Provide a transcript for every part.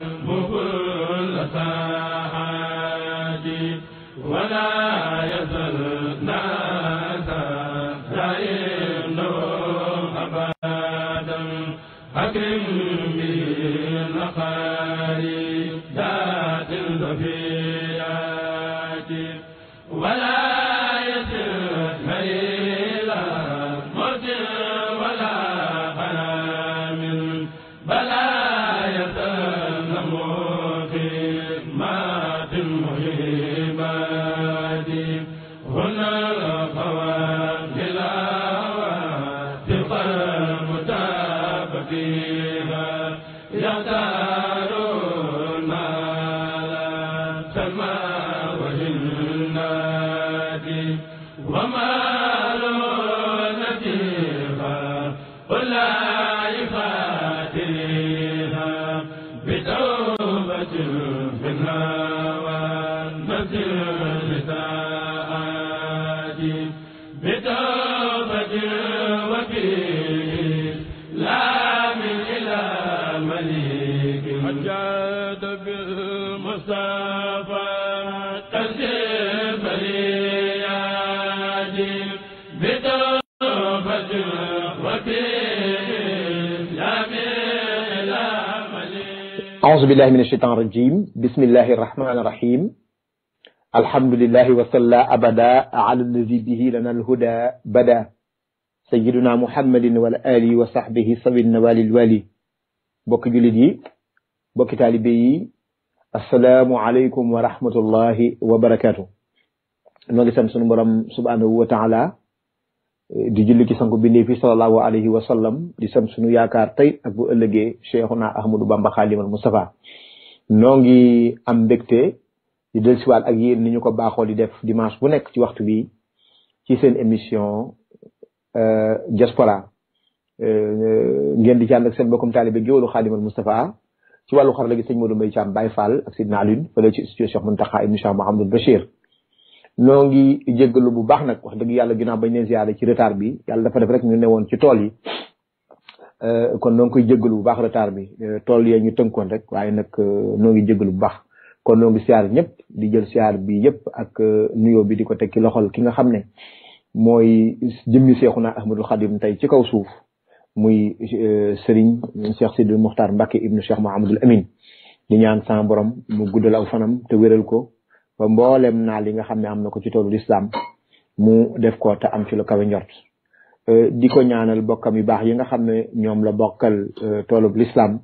وكل ساعات ولا يزال بالله من الشيطان الرجيم بسم الله الرحمن الرحيم الحمد لله وصلى أبدا على الذي به لنا الهدى بدا سيدنا محمد والآل وصحبه صبي النوال الوالي بك جلدي بك تالبي السلام عليكم ورحمة الله وبركاته نغي سان سونو سبحانه وتعالى di julli ci sangu bi nii fi sallallahu alayhi wa sallam di sant sunu yaakaar tey ak bu ëllëgee Cheikhuna Ahmadou Bamba Xaadimal Mustafa noo ngi am mbégte di dellusiwaat ak yéen ni ñu ko baaxoo di def dimanche bu nekk ci waxtu bi ci seen émission euh, diaspora euh, ngeen di ci ànd ak seen bokkum taalibe géwalu Xaadimal Mustafa ci wàllu xarala gi sëñ Modou Mbaye Thiam Baye Fall ak Sidna Alioune fële ci situation Cheikh Mountakha ibn Cheikh Mouhamadou Bachir Nongi ngi jéggalu bu baax nak wax dëgg yàlla ginnaaw bañ leen ziaré ci retard bi yàlla dafa def rek ñu newoon ci tool yi euh, kon nongi ngi jéggalu bu baax retard bi euh, tool yi ñu tënkoon rek waaye nag euh, nongi jéggalu bu baax kon nongi ngi ñëpp di jël bi ak nuyoo bi di ko teg ci loxol ki nga xam ne mooy jëmmi Ahmadul Xadim tey ci kaw suuf muy Serigne Cheikh sidou Muxtaar Mbacke ibnu Cheikh Mahamadul Amin di ñaan sa borom mu guddal aw fanam te wéral ko ba mboolem naal yi nga xam ne am na ko ci toolu lislaam mu def ko te am ci lu kawe njort euh, di ko ñaanal bokkam yu baax yi nga xam ne ñoom la bokkal euh, toolub lislam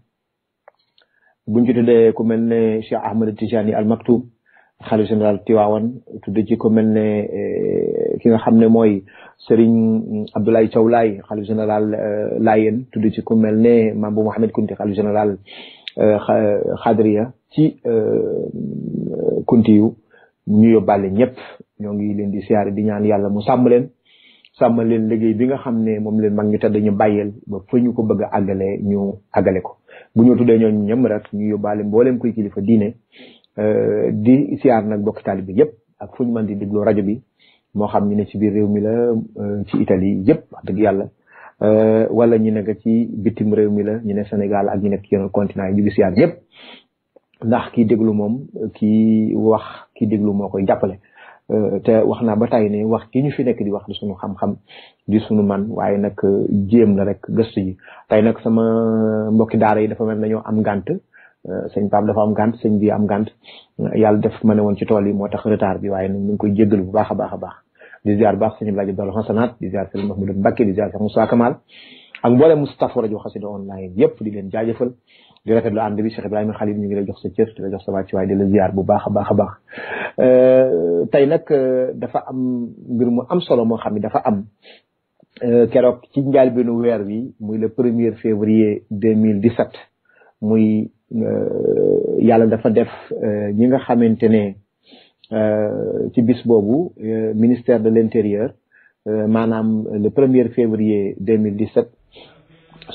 buñ ci tuddee ku mel ne Cheikh Ahmed Tijani al Maktoum xalif général Tiwaawan tudd ci ku mel euh, nga xam ne mooy Serigne Abdoulaye Thiaw Laye xalif général Layen tudd ci ku mel ne Mame Bou Mouhamed Kounti xalif général Xadriya ci Kunti ñu yóbbaale ñëpp ñoo ngi leen di siyaare di ñaan yàlla mu sàmm leen sàmm leen liggéey bi nga xam ne moom leen mag ñu tedd ñu bàyyeel ba fa ñu ko bëgg a ñu àggale ko bu ñu tuddee ñooñu ñëm rek ñu yóbbaale mbooleem koy kilifa diine euh, di siyaar nag bokki bi yëpp ak fu ñu mën di dégloo rajo bi moo xam ñu ne ci biir réew mi la euh, ci Italie yëpp wax dëgg yàlla euh, wala ñu ne nekk ci bitim réew mi la ñu ne Sénégal ak ñu nekk ci yeneen continent yi ñu ngi siyaar ñëpp ndax kii déglu moom kii wax kii déglu moo koy jàppale euh, te wax naa ba tey ne wax ki ñu fi nekk di wax di suñu xam-xam di suñu man waaye nag euh, jéem la rek gëstu yi tey nag sama mbokki daara yi dafa mel nañoo am gànt euh, sëñ Pape dafa am gànt sëñ bi am gànt yàlla def ma ne woon ci tool yi moo tax retard bi waaye nag ñu ngi koy jéggalu bu baax a baax a baax di ziar baax sëñ Abdoulaye Abdoulaye Hassanaat di ziar sëñ Mahmoud Mbacké di ziar sëñ Moussa Kamal ak mboolem Moustapha rajo Xassida online yëpp di leen jaajëfal di rafetlu ànd bi Cheikh Ibrahima khalid ñu ngi lay jox sa cër di la jox sa wàcc waaye di la ziar bu baax a baax a baax tey nag dafa am mbir mu am solo moo xam ne dafa am keroog ci bi nu weer wi muy le premier février 2017 muy yàlla dafa def ñi nga xamante ne ci bis boobu ministère de l'intérieur maanaam le premier février 2017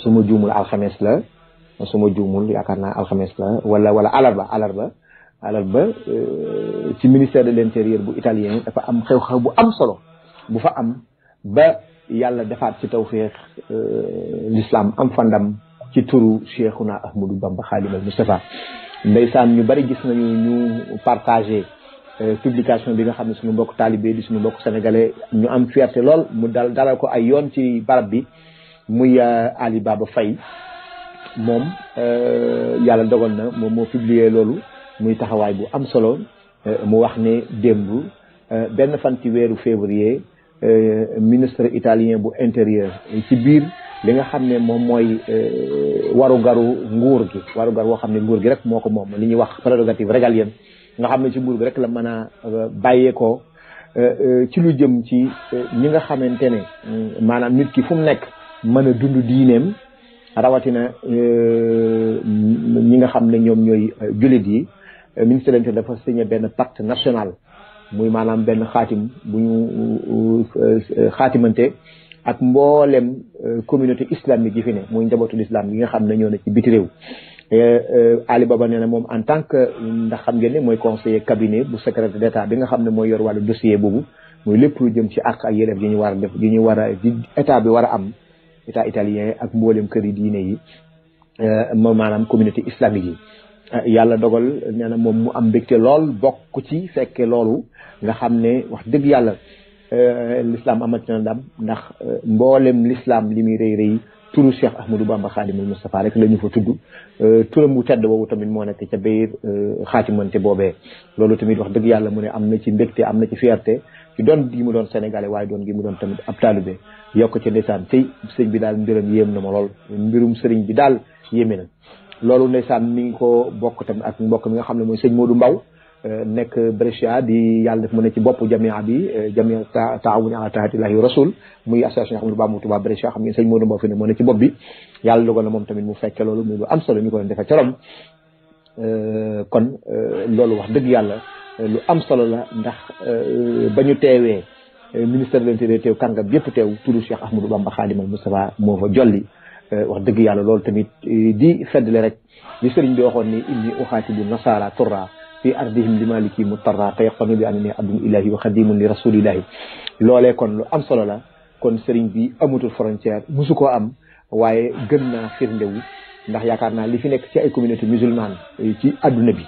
sumu ma juumul alxames la suma juumul yaakaar naa alxames la wala wala alarba alarba alarba euh, ci ministère de l'intérieur bu italien dafa am xew-xew bu am solo bu fa am ba yàlla defaat ci tawféex euh, l'islam am fandam ci turu Cheikhuna Ahmadou Bamba Xaadimal Moustapha ndeysaan ñu bari gis nañu ñu partagé euh, publication bi nga xam ne suñu mbokk taalibe di suñu mbokk sénégalais ñu am fierté lool mu dal dalal ko ay yoon ci barab bi muy Ali Baba Faye moom euh, yàlla dogal na moom moo publier loolu muy taxawaay bu am solo euh, mu wax ne démb euh, benn fan ci weeru février ministre italien bu intérieur ci biir li nga xam ne moom mooy warugaru nguur gi warugar woo xam ne nguur gi rek moo ko moom li ñuy wax prérogative régalienne nga xam ne ci nguur gi rek la mën a bàyyeekoo ci lu jëm ci ñi nga xamante ne maanaam nit ki fu nekk mën a dund diineem rawatina euh, ñi nga xam ne ñoom ñooy euh, jullit yi euh, ministre de l'Intérieur dafa signé benn pacte national muy maanaam benn xaatim bu ñu xaatimante ak mboolem communauté islamique yi fi ne muy njabootu l'islam yi nga xam ne ñoo ne ci biti réew Ali Baba nee na moom en tant que ndax xam ngeen mooy conseiller cabinet bu secrétaire d'État bi nga xam ne mooy yor wàllu dossier boobu muy lépp lu jëm ci àq ak yelleef yi ñu war a def yi ñu war a état bi war a am état italien ak mboolem këri diine yi euh, ma maanaam communauté islamique yi euh, yàlla dogal nee moom mu am mbégte lool bokk ci fekke loolu nga xam ne wax dëgg yàlla euh, l'islam amat na ndam ndax mboolem l'islam li muy rëy rëy turu Cheikh Ahmadou Bamba Khadimul Moustapha rek lañu ñu fa tudd turam bu tedd boobu tamit moo nekk ca biir xaatimante boobee loolu tamit wax dëgg yàlla mu ne am na ci mbégte am na ci fierté ci doon gi mu doon sénégalais waaye doon gi mu doon tamit ab taalibe yokk ci ndeysaan sëy sëñ bi daal mbiram yéem na ma lool mbirum sëriñ bi daal yéeme na loolu ndeysaan mi ngi ko bokk tamit ak mbokk mi nga xam ne mooy sëñ Modou Mbaw eh, nekk Brescia di yàlla def mu ci bopp jamia bi eh, jamia taawun ala taatillahi wa rasul muy association nga xam ne baa mu Tuubaa Brescia xam ngeen sëñ Modou Mbaw fi ne moo ci bopp bi yàlla dogal na moom tamit mu fekke loolu muy lu am solo ñu ko doon defee kon loolu wax dëgg yàlla lu am solo la ndax ba ñu teewee ministère de l'intérieur teew kanga yépp teew tudu Cheikh ahmadu Bamba Xaadimal Moustapha moo fa jolli wax dëgg yàlla loolu tamit di feddle rek li sëriñ bi waxoon ni inni uxaatibu nasara turra fi ardihim li maliki mutarra tayaqanu bi annani abdun ilahi wa xadimun li rasulillahi loolee kon lu am solo la kon sëriñ bi amutul frontière mosu koo am waaye gën naa firndewu ndax yaakaar naa li fi nekk ci ay communauté musulmane ci adduna bi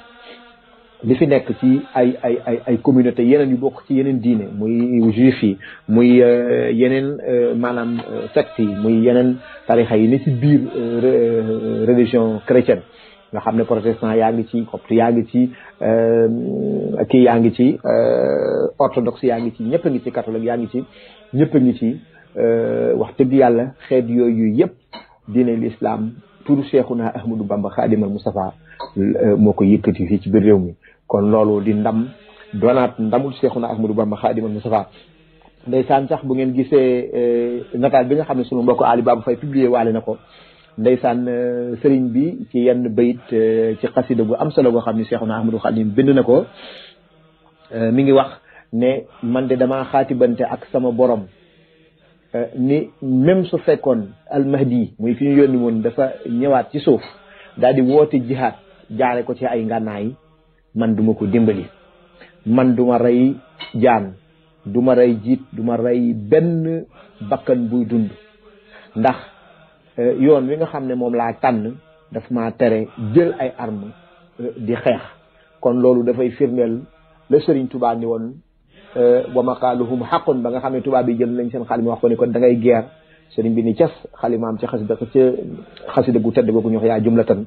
li fi nekk ci ay ay ay ay communauté yeneen yu bokk ci yeneen diine muy juif yi muy euh, yeneen euh, maanaam euh, secte yi muy yeneen tarixa yi ni ci biir religion chrétienne nga xam ne protestant yaa ngi ci copte yaa ngi ci kii yaa ngi ci orthodoxe yaa ngi ci ñëpp a ngi ci catholique yaa ngi ci ñëpp a ngi ci wax dëgg yàlla xeet yooyu yëpp diine l'islam turu Seexuna Ahmadou Bamba Xaadimal Moustapha euh, moo ko yëkkati fii ci biir réew mi kon loolu di ndam doonaat ndamul Seexuna Ahmadou Bamba Xaadimal Moustapha ndeysaan sax bu ngeen gisee euh, nataal bi nga xam ne sunu mbokk Ali Baba Faye publier waale na ko ndeysaan euh, sëriñ bi ci yenn bayit ci xasida bu am solo boo xam ne Seexuna naa Xaadim bind na ko mi ngi wax ne man de damaa xaatibante ak sama borom Euh, ni même su fekkoon almahdi muy ki ñu yónni woon dafa ñëwaat ci suuf daal di woote jihaat jaare ko ci ay ngànnaay man duma ko dimbali man duma rey jaan duma rey jiit duma rey benn bakkan buy dund ndax euh, yoon wi nga xam ne moom laa tànn daf ma tere jël ay arme euh, di xeex kon loolu dafay firndeel la Sëriñ Tuubaa ni woon Eh, wa maqaaluhum xaqun ba nga xam ne tubaab yi jël nañ seen xalima wax ko ni ko da ngay geer sëriñ bi ni cas xalimaam ca xasida ca xasida gu tedd googu ñu wax yaa jumlatan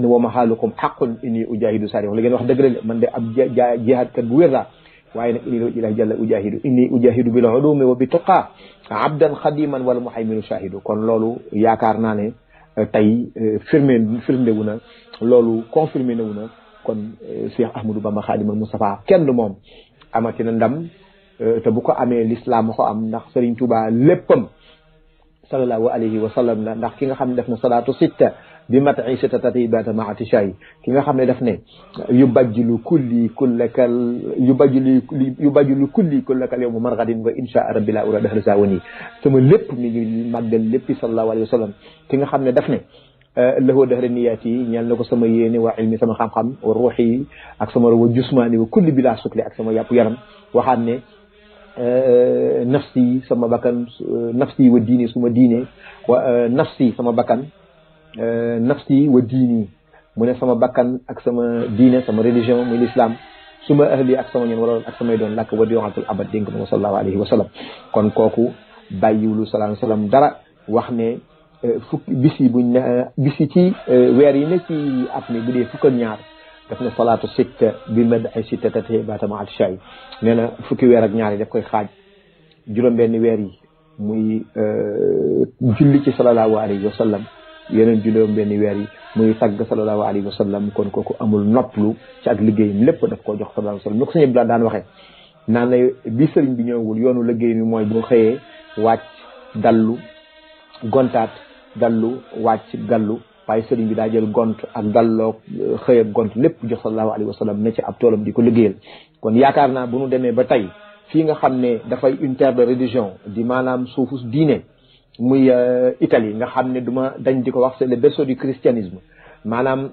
ni wa maqaalukum xaqun inni ujahidu sari wax li ngeen wax dëgg man de ab jihaad kat bu wér laa waaye nag inni u jalla ujahidu inni ujahidu bil ulumi wa bi tuqa abdan xadiman wala muhayminu shahidu kon loolu yaakaar naa ne eh, tey eh, firme firnde wu na loolu confirmé na wu na kon Cheikh Ahmadou Bamba Xaadimal Moustapha kenn lu moom amati na ndam euh, te bu ko amee lislaam ko am ndax Serigne Touba léppam sallallahu alayhi wa sallam la ndax ki nga xam ne def na salaatu sitta bi mati sitta tatibata maati shay ki nga xam ne def ne yu bajjilu kulli kullakal yu bajjilu yu bajjilu kulli kullakal yowma margadin wa insha rabbi la ura dahra sawani sama lépp mi ngi màggal léppi sallallahu alayhi wa sallam ki nga xam ne def ne آه، اللي هو دهر النياتي نيال يعني نكو سما ييني وا علمي سما خام خام وروحي اك سما رو جسماني وكل بلا سكل اك سما ياب يرم وخاني آه، نفسي سما بكن آه، نفسي وديني سما ديني ونفسي سما بكن نفسي وديني من سما بكن اك سما دين سما ريليجيون مي الاسلام سما اهلي اك سما نين يعني ورا اك سما دون لاك ودي وخات الابد دينك صلى الله عليه وسلم كون كوكو بايولو سلام سلام دارا واخني fukki bis yi buñ ne bis yi ci euh, weer yi ne ci at mi bu dee fukk ñaar daf na salaatu sitta bi mad ay sitta tati batama at shay nee na fukki weer ak ñaar yi daf koy xaaj juróom-benn weer yi muy euh, julli ci salallaahu alayhi wa sallam yeneen juróom-benn weer yi muy tàgg salallaahu alayhi wa sallam kon kooku amul nopplu ci ak liggéeyam lépp daf koo jox salallaahu alayhi wa sallam ni ko sëñ daan waxee naan bi sëriñ bi ñëwul yoonu liggéey mi mooy boo xëyee wàcc dallu gontaat dallu wàcc gallu waaye sëriñ bi daa jël gont ak galloo euh, xëy ak gont lépp jox sallallahu alayhi wa ne ci ab toolam di ko liggéeyal kon yaakaar naa bu nu demee ba tey fii nga xam ne dafay une terre de religion di maanaam suufus diine muy euh, Italie nga xam ne duma dañ di ko wax c'est le berceau du christianisme maanaam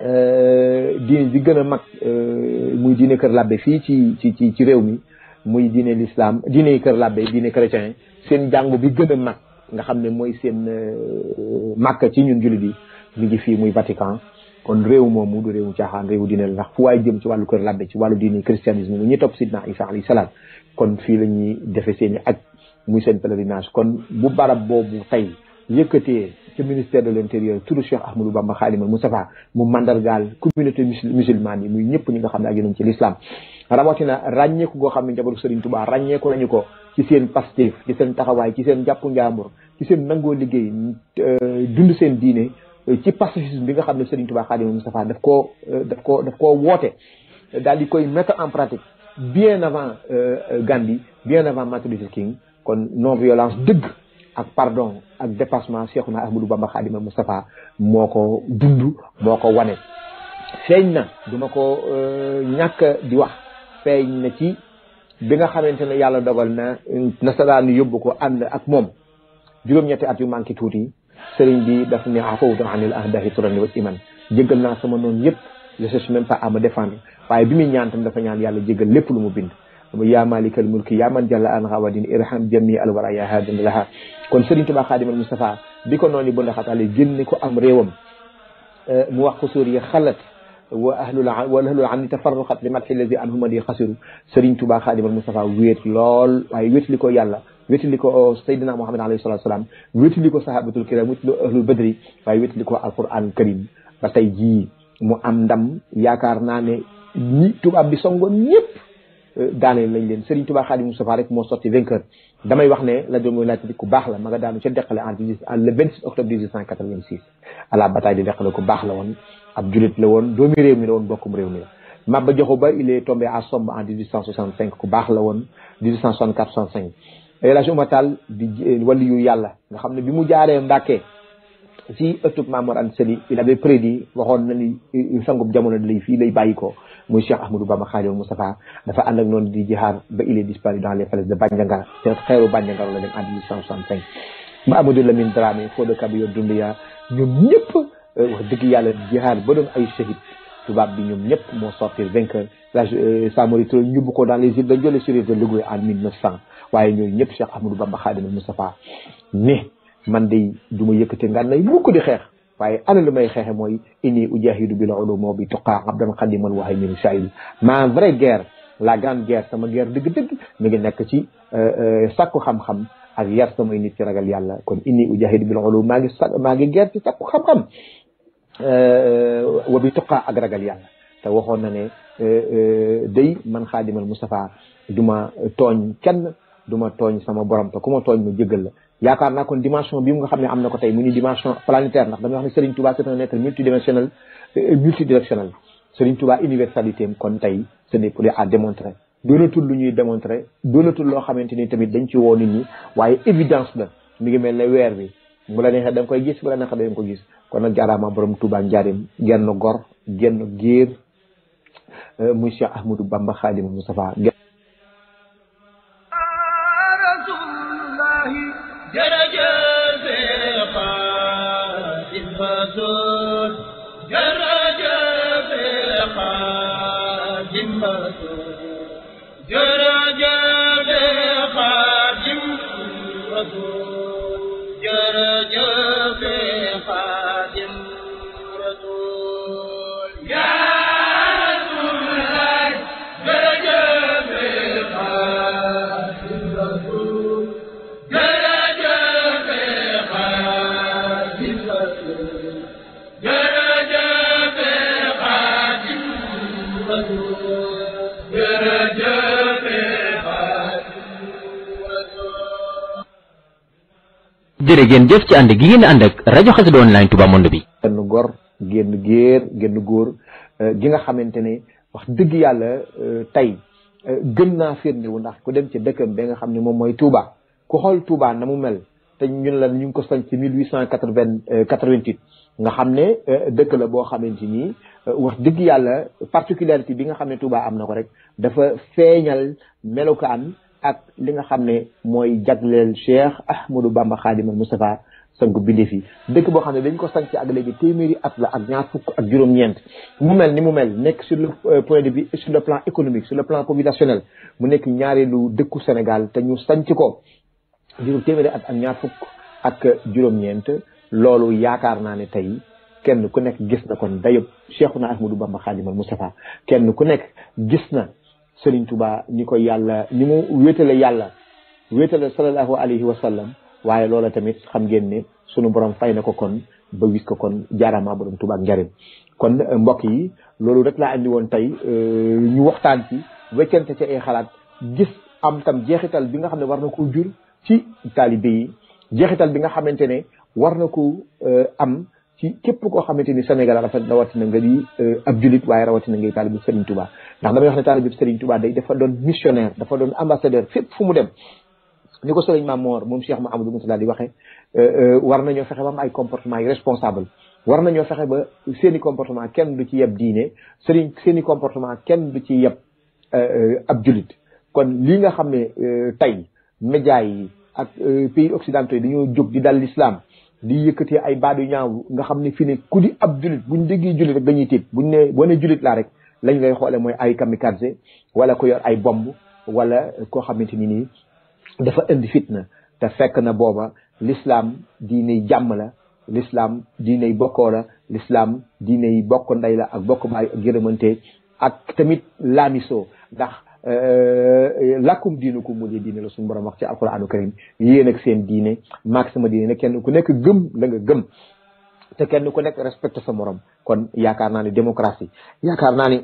euh, diine bi gën a mag muy diine kër labbe fii ci ci ci ci réew mi muy diine l'islam diine kër labbe diine chrétien seen jàngu bi gën a mag nga xam ne mooy seen euh, màkk ci ñun jullit yi ñu ngi fii muy Vatican kon réew mu du mu caaxaan réewu diine la ndax fu waaye jëm ci wàllu kër labbe ci wàllu diine christianisme mu ñuy topp sidna Isa alayhi salaam kon fii la ñuy defe seen i ak muy seen pèlerinage kon bu barab boobu tey yëkkatee ci ministère de l' intérieur turu Cheikh Ahmadou Bamba Xaadimal Mustafaa mu mandargaal communauté musulmane yi muy ñëpp ñu nga xam ne ak yéen ci l'islam rawatina ràññeeku goo xam ne njabaru Sëriñ Tuubaa ràññeeku nañu ko ci seen pastéef ci seen taxawaay ci seen jàppu njaambur ci seen nangoo liggéey euh, dund seen diine euh, ci pacifisme bi nga xam ne Serigne Touba Khadim Moustapha daf ko euh, daf koo daf koo woote daal di koy mettre en pratique bien avant Gandhi bien avant Martin Luther King kon non violence dëgg ak pardon ak dépassement Cheikhouna Ahmadou Bamba Khadim Moustapha moo ko dund moo ko wane feeñ na duma ko ñàkk di wax feeñ na ci bi nga xamante ne yàlla dogal na nasaraan yóbbu ko ànd ak moom juróom-ñetti at yu manqué tuuti sëriñ bi daf ne afawtu anil ahdahi turani wal iman jéggal naa sama noonu yëpp je cherche même pas à me défendre waaye bi muy ñaan dafa ñaan yàlla jéggal lépp lu mu bind yaa malikal mulki yaa man jalla an xawadin irham jami alwara ya hadin laha kon sëriñ Tuubaa xaadimal Mustafa bi ko noonu bu ndaxatale génne ko am réewam eh, mu wax ko sóor yi xalat واهل الع... ونهل عني تفرقت لمدح الذي انهم لي خسروا سرين توبا خادم المصطفى ويت لول واي ويت ليكو يالا ويت ليكو سيدنا محمد عليه الصلاه والسلام ويت ليكو صحابه الكرام ويت ليكو اهل البدر واي ويت ليكو القران الكريم باتاي جي مو ام دام ياكار ناني نيب داني لين سرين توبا خادم المصطفى رك مو سورتي فينكر damay wax ne la demu la ci ku bax la ma nga daanu ci deqale en 10 le 26 octobre 1896 ala ab julit la won domi rew mi la won bokkum rew mi la Maba Ba il est tombé à somme en 1865 ku bax la won 1864 65 El di wali eh, yu yalla nga xamne bi mu jare Mbàkke si ëttub Mamour an seli il avait prédit waxon na ni eh, eh, sangum jamono lay fi lay bayiko ko muy Cheikh Ahmadou bama Khadim mustafa dafa and ak non di jihad ba il est disparu dans les falaises de Bandiangara te xéru Bandiangara la dem en 1865 Mahamadou Lamine fo de Kabio Dundiya ñom ñepp wax dëgg yàlla jihad ba doon ay shahid tubab bi ñom ñep mo sortir vainqueur la sa Touré ñu bu ko dans les îles de Ndiolé sur de Louga en 1900 waye ñoy ñep Cheikh amadou Bamba Khadim Moustapha ne man de duma ma yëkkate ngànnaay mukk di xex waye ana lu may xexé moy inni ujahidu bil ulum bi tuqa abdan qadim wa haymin shahid ma vraie guerre la grande guerre sama guerre deug deug mi ngi nek ci euh euh sàkku xam-xam ak yar sama nit ci ragal yàlla kon inni ujahidu bil ulum ma ngi sa ngi guerre ci sàkku xam-xam وبتقى أجر جليان توهونا نه دي من خادم المصطفى دما تون كن دما تون سما برام تكما تون مجيغل يا كارنا كون ديماشون بيم غا امنا كو تاي ديماشون بلانيتير ناخ دامي واخني سيرين توبا سي تان نيتر ملتي ديمينسيونال ملتي ديريكسيونال سيرين توبا يونيفرساليتيم تاي سي بولي ا ديمونتري دونا تول لو ني ديمونتري لو خامتيني تامي دنجي وو نيت واي ايفيدنس لا ميغي ميل لي وير bu la neexee da nga koy gis bu la neexee da nga ko gis kon nag jaaraama borom Touba njaarim genn gor genn giir euh, muy Cheikh Ahmadou Bamba Xaadimu Mustafa jërë ngeen jëf ci ànd gi ngeen ànd ak rajo online tuba Monde bi. genn gor génn géer génn góor euh, gi nga xamante ne wax dëgg yàlla euh, tey euh, gën naa firnde wu ndax ku dem ci dëkkam ba nga xam ne moom mooy Touba ku xool Touba na mu mel te ñun la ñu ngi ko sañ ci 1888 nga xam ne dëkk la boo xamante ni wax dëgg yàlla particularité bi nga xam ne Touba am na ko rek dafa feeñal melokaan. ak li nga xam ne mooy jagleel Cheikh Ahmadou Bamba Xaadimal Moustapha sangu bindee fi dëkk boo xam ne dañ ko sanc ak léegi téeméeri at la ak ñaar fukk ak juróom-ñeent mu mel ni mu mel nekk sur le euh, point de vue le plan économique sur le plan populationnel mu nekk ñaareelu dëkku Sénégal te ñu sanc ko juróom téeméeri at ak ñaar fukk ak juróom-ñeent loolu yaakaar naa ne tey kenn ku nekk gis na kon dayëb Cheikhuna Ahmadou Bamba Xaadimal Moustapha kenn ku nekk gis na Serigne Touba ni koy yàlla ni mu wéetale yàlla wéetale sallallahu alayhi wa waaye loola tamit xam ngeen ne sunu borom fay na ko kon ba wis ko kon jaarama borom Touba njariñ kon euh, mbokk yi loolu rek laa andi woon tey euh, ñu waxtaan ci weccante ci ay xalaat gis am tam jeexital bi nga xam ne war na koo jur ci taalibe yi jeexital bi nga xamante ne war na ko euh, am ci képp koo xamante ni Sénégal rafet rawatina nga di ab julit waaye rawatina ngay taalibe Serigne tubaa ndax damay wax ne taalibe bi Serigne Touba day dafa doon missionnaire dafa doon ambassadeur fépp fu mu dem ni ko Serigne Mamor moom Cheikh Mouhamadou Mourtada di waxee euh, euh, war nañoo fexe ba ay comportement yu responsable war nañoo fexe ba seen comportement kenn du ci yeb diine Serigne seeni comportement kenn du ci yeb euh, ab julit kon lii nga xam ne tey média yi ak pays occidentaux yi dañoo jóg di dal l'islam di yëkkatee ay baadu ñaaw nga xam ne fi ne ku di ab julit buñ déggee julit rek dañuy tiit bu ne boo ne julit laa rek lañ ngay xoole mooy ay kamikaze wala ku yor ay bomb walla koo xamante ni nii dafa indi na te fekk na booba lislaam diiney jàmm la l'islam diiney bokkoo lislaam l'islam diiney bokk ndey la ak bokk baay ak yërëmante ak tamit laamiso ndax euh, lakkum diinu ko mu diine la suñu borom wax ci alquranu karim yéen ak seen diine maag sama diine ne kenn ku nekk gëm la nga gëm te kenn ku nekk respecté sa morom kon yaakaar naa ne démocratie yaakaar naa ni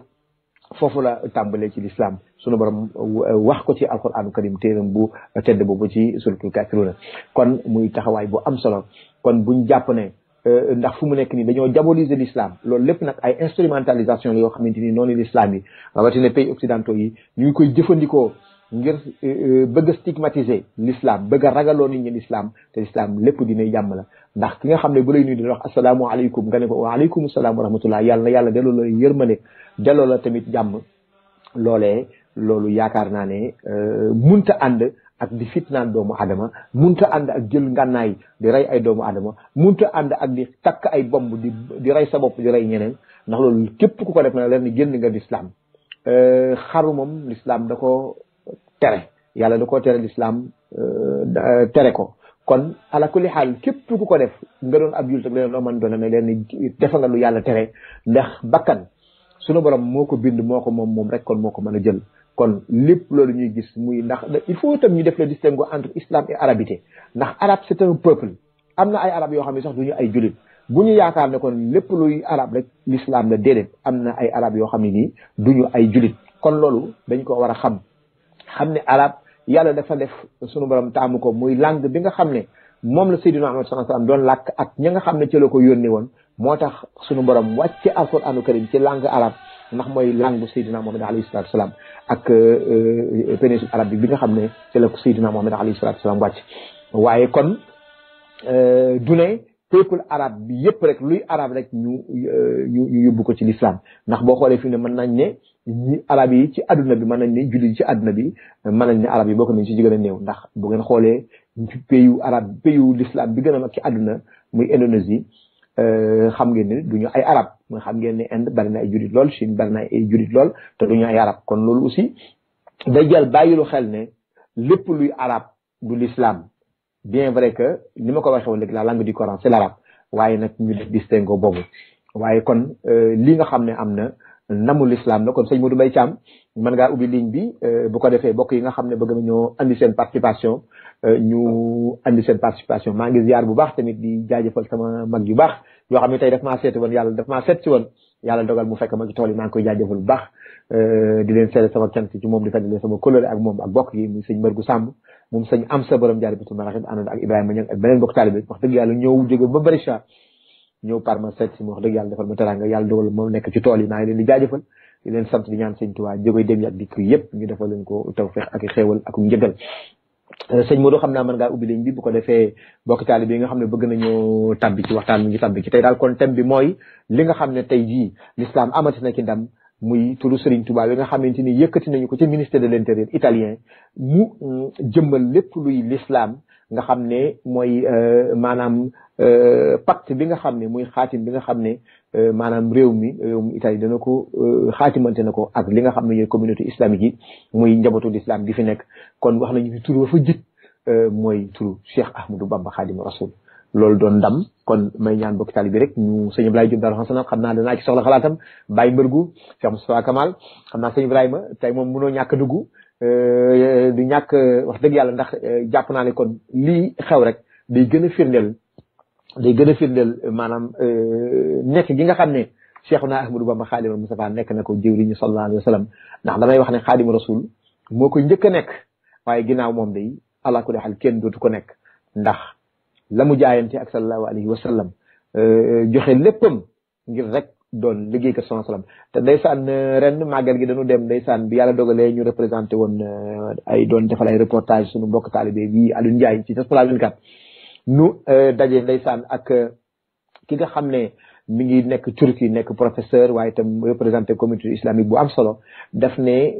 foofu la tàmbalee ci lislaam sunu borom euh, wax ko ci alquranu karim téeram bu tedd boobu ci suratul kafiruna kon muy taxawaay bu am solo kon buñ jàpp ne euh, ndax fu mu nekk nii dañoo diaboliser l'islam loolu lépp nag ay instrumentalisation la yoo xamante ni noonu l'islam yi rawatina pays occidentaux yi ñu ngi koy jëfandikoo ngir euh, euh, bëgg a stigmatiser l'islam bëgg ragaloo nit ñi l'islam te l'islam lépp dina jàmm la ndax ki nga xam ne bu lay nuyu di wax asalaamaaleykum nga ne ko waaleykum salaam wa rahmatullah yàlla na yàlla delloo la yërmande delloo la tamit jàmm loole loolu yaakaar naa ne euh, munta ànd ak di fitnaan doomu adama munta ànd ak jël ngànnaay di rey ay doomu adama munta ànd ak di takk ay bomb di di rey sa bopp di rey ñeneen ndax loolu képp ku ko def na leen ni génn nga lislaam xaru tere yàlla lu ko tere lislaam euh, tere ko kon ala kulli xaal képp ku ko def nga doon ab jullit ak leneen loo mën doon ne leen defa nga yàlla tere ndax bakkan sunu borom moo ko bind moo ko moom moom rek kon moo ko mën a jël kon lépp loolu ñuy gis muy ndax il faut tam ñu def le distinguo entre islam et arabité ndax arabe c'est un peuple am na ay arab yoo xam ne sax du ñu ay jullit bu ñu yaakaar ne kon lépp luy arab rek l'islam la déedéet am na ay arab yoo xam ne nii du ay jullit kon loolu dañ ko war a xam xam ne arab yàlla dafa def sunu borom taamu ko muy langue bi nga xam ne moom la Seydina Muhammad sallallahu alayhi wasallam doon làkk ak ñi nga xam ne ci ko yónni woon moo tax sunu borom wàcc alquranu karim ci langue arab ndax mooy langue Seydina Muhammad alayhi salatu wasalam ak euh, euh, péninsule arabe bi bi nga xam ne ci la ko Seydina Muhammad alayhi salatu wasalam wàcc waaye kon euh, du peuple arabe bi yëpp rek luy arabe rek ñu euh, ñu ñu ko ci l'islam ndax boo xoolee fi ne mën nañ ne ñi arab yi ci adduna bi mën nañ ne jullit ci adduna bi mën nañ ne arab yi bokk nañ ci jigéen a néew ndax bu ngeen xoolee pays arab pays l'islam bi gën a mag ci adduna muy Indonésie euh, xam ngeen ni du ñu ay arab mooy xam ngeen ne Inde bari na ay jullit lool Chine bari na ay jullit lool te du ñu ay arab kon loolu aussi day jël bàyyilu xel ne lépp luy arab du l'islam bien vrai que ni ma ko waxee woon léegi la langue du Coran c'est l'arabe waaye nag ñu def distingo boobu waaye kon euh, li nga xam ne am na namu l'islam la kon sëñ Modou Mbaye Thiam mën ngaa ubbi ligne bi euh, bu ko defee bokk yi nga xam ne bëgg nañoo andi seen participation euh, ñu andi seen participation maa ngi ziar bu baax tamit di jaajëfal sama mag yu baax yoo xam ne tey daf ma seeti woon yàlla daf maa seet si woon yàlla dogal mu fekk ma ci tool yi maa ngi koy jaajëfal baax euh, di leen seede sama cant ci moom di fàttali sama kóllëre ak moom ak bokk yi muy sëñ Mërgu Samb moom sëñ am sa borom jaar bitu maraxib àndoon ak Ibrahima Niang ak beneen bokk ba Baricha ñëw par ma seet si ma wax dëgg yàlla defal yàlla dogal moom nekk ci tool yi maa ngi leen di jaajëfal di leen sant di ñaan sëñ Tuubaa jógoy dem yi ak dikk yëpp ñu defal ko tawfeex ak ak njëgal Euh, sëñ Modou xam naa mën ngaa ubbi ligne bi bu ko defee bokk taali bi nga xam ne bëgg nañu tabbi ci waxtaan mi ngi tabbi ci tey daal kon thème bi mooy li nga xam ne tey jii l'islam amati na ci ndam muy turu Serigne Touba bi nga xamante ni yëkkati nañu ko ci ministère de l'intérieur italien mu mm, jëmmal lépp luy lislaam nga xam ne mooy euh, maanaam euh, pacte bi nga xam ne muy xaatim bi nga xam ne Euh, maanaam réew mi réew mi Italie dana ko euh, xaatimante na ko ak li nga xam ne ñooy communauté islamique yi muy njabootu l'islam gi fi nekk kon wax nañu ni turu ba fa jëkk euh, mooy turu Cheikh Ahmadou Bamba Xaadimu Rasul loolu doon ndam kon may ñaan bokk tali bi rek ñu sëñ Ibrahima Diop daal xanaa xam naa danaa ci soxla xalaatam Baye Mbërgu Cheikh Moustapha Kamal xam naa sëñ Ibrahima tey moom mënoo ñàkk dugg du ñàkk wax dëgg yàlla ndax jàpp naa ne kon lii xew rek day gën firndeel day gën a firndeel euh, maanaam euh, nekk ji nga xam ne Cheikhuna Ahmadou Bamba Xaadimu Mustafa nekk na ko jëwriñu sallallahu alayhi wa sallam ndax damay wax ne Xaadimu Rasul moo ko njëkk a nekk waaye ginnaaw moom day ala kulli xaal kenn dootu ko nekk ndax la mu jaayante ak sallallahu alayhi wa sallam euh, joxe léppam ngir rek doon liggéey ko sallallahu alayhi wa sallam te ndeysaan ren màggal gi dañu dem ndeysaan bi yàlla dogalee ñu représenté woon ay doon defal ay reportage suñu mbokk taalibe bi Aliou Ndiaye ci Diaspora 24 nous daje ndeysaan ak ki nga xam ne mi ngi nekk turki nekk professeur waaye itam représenté communauté islamique bu am solo daf ne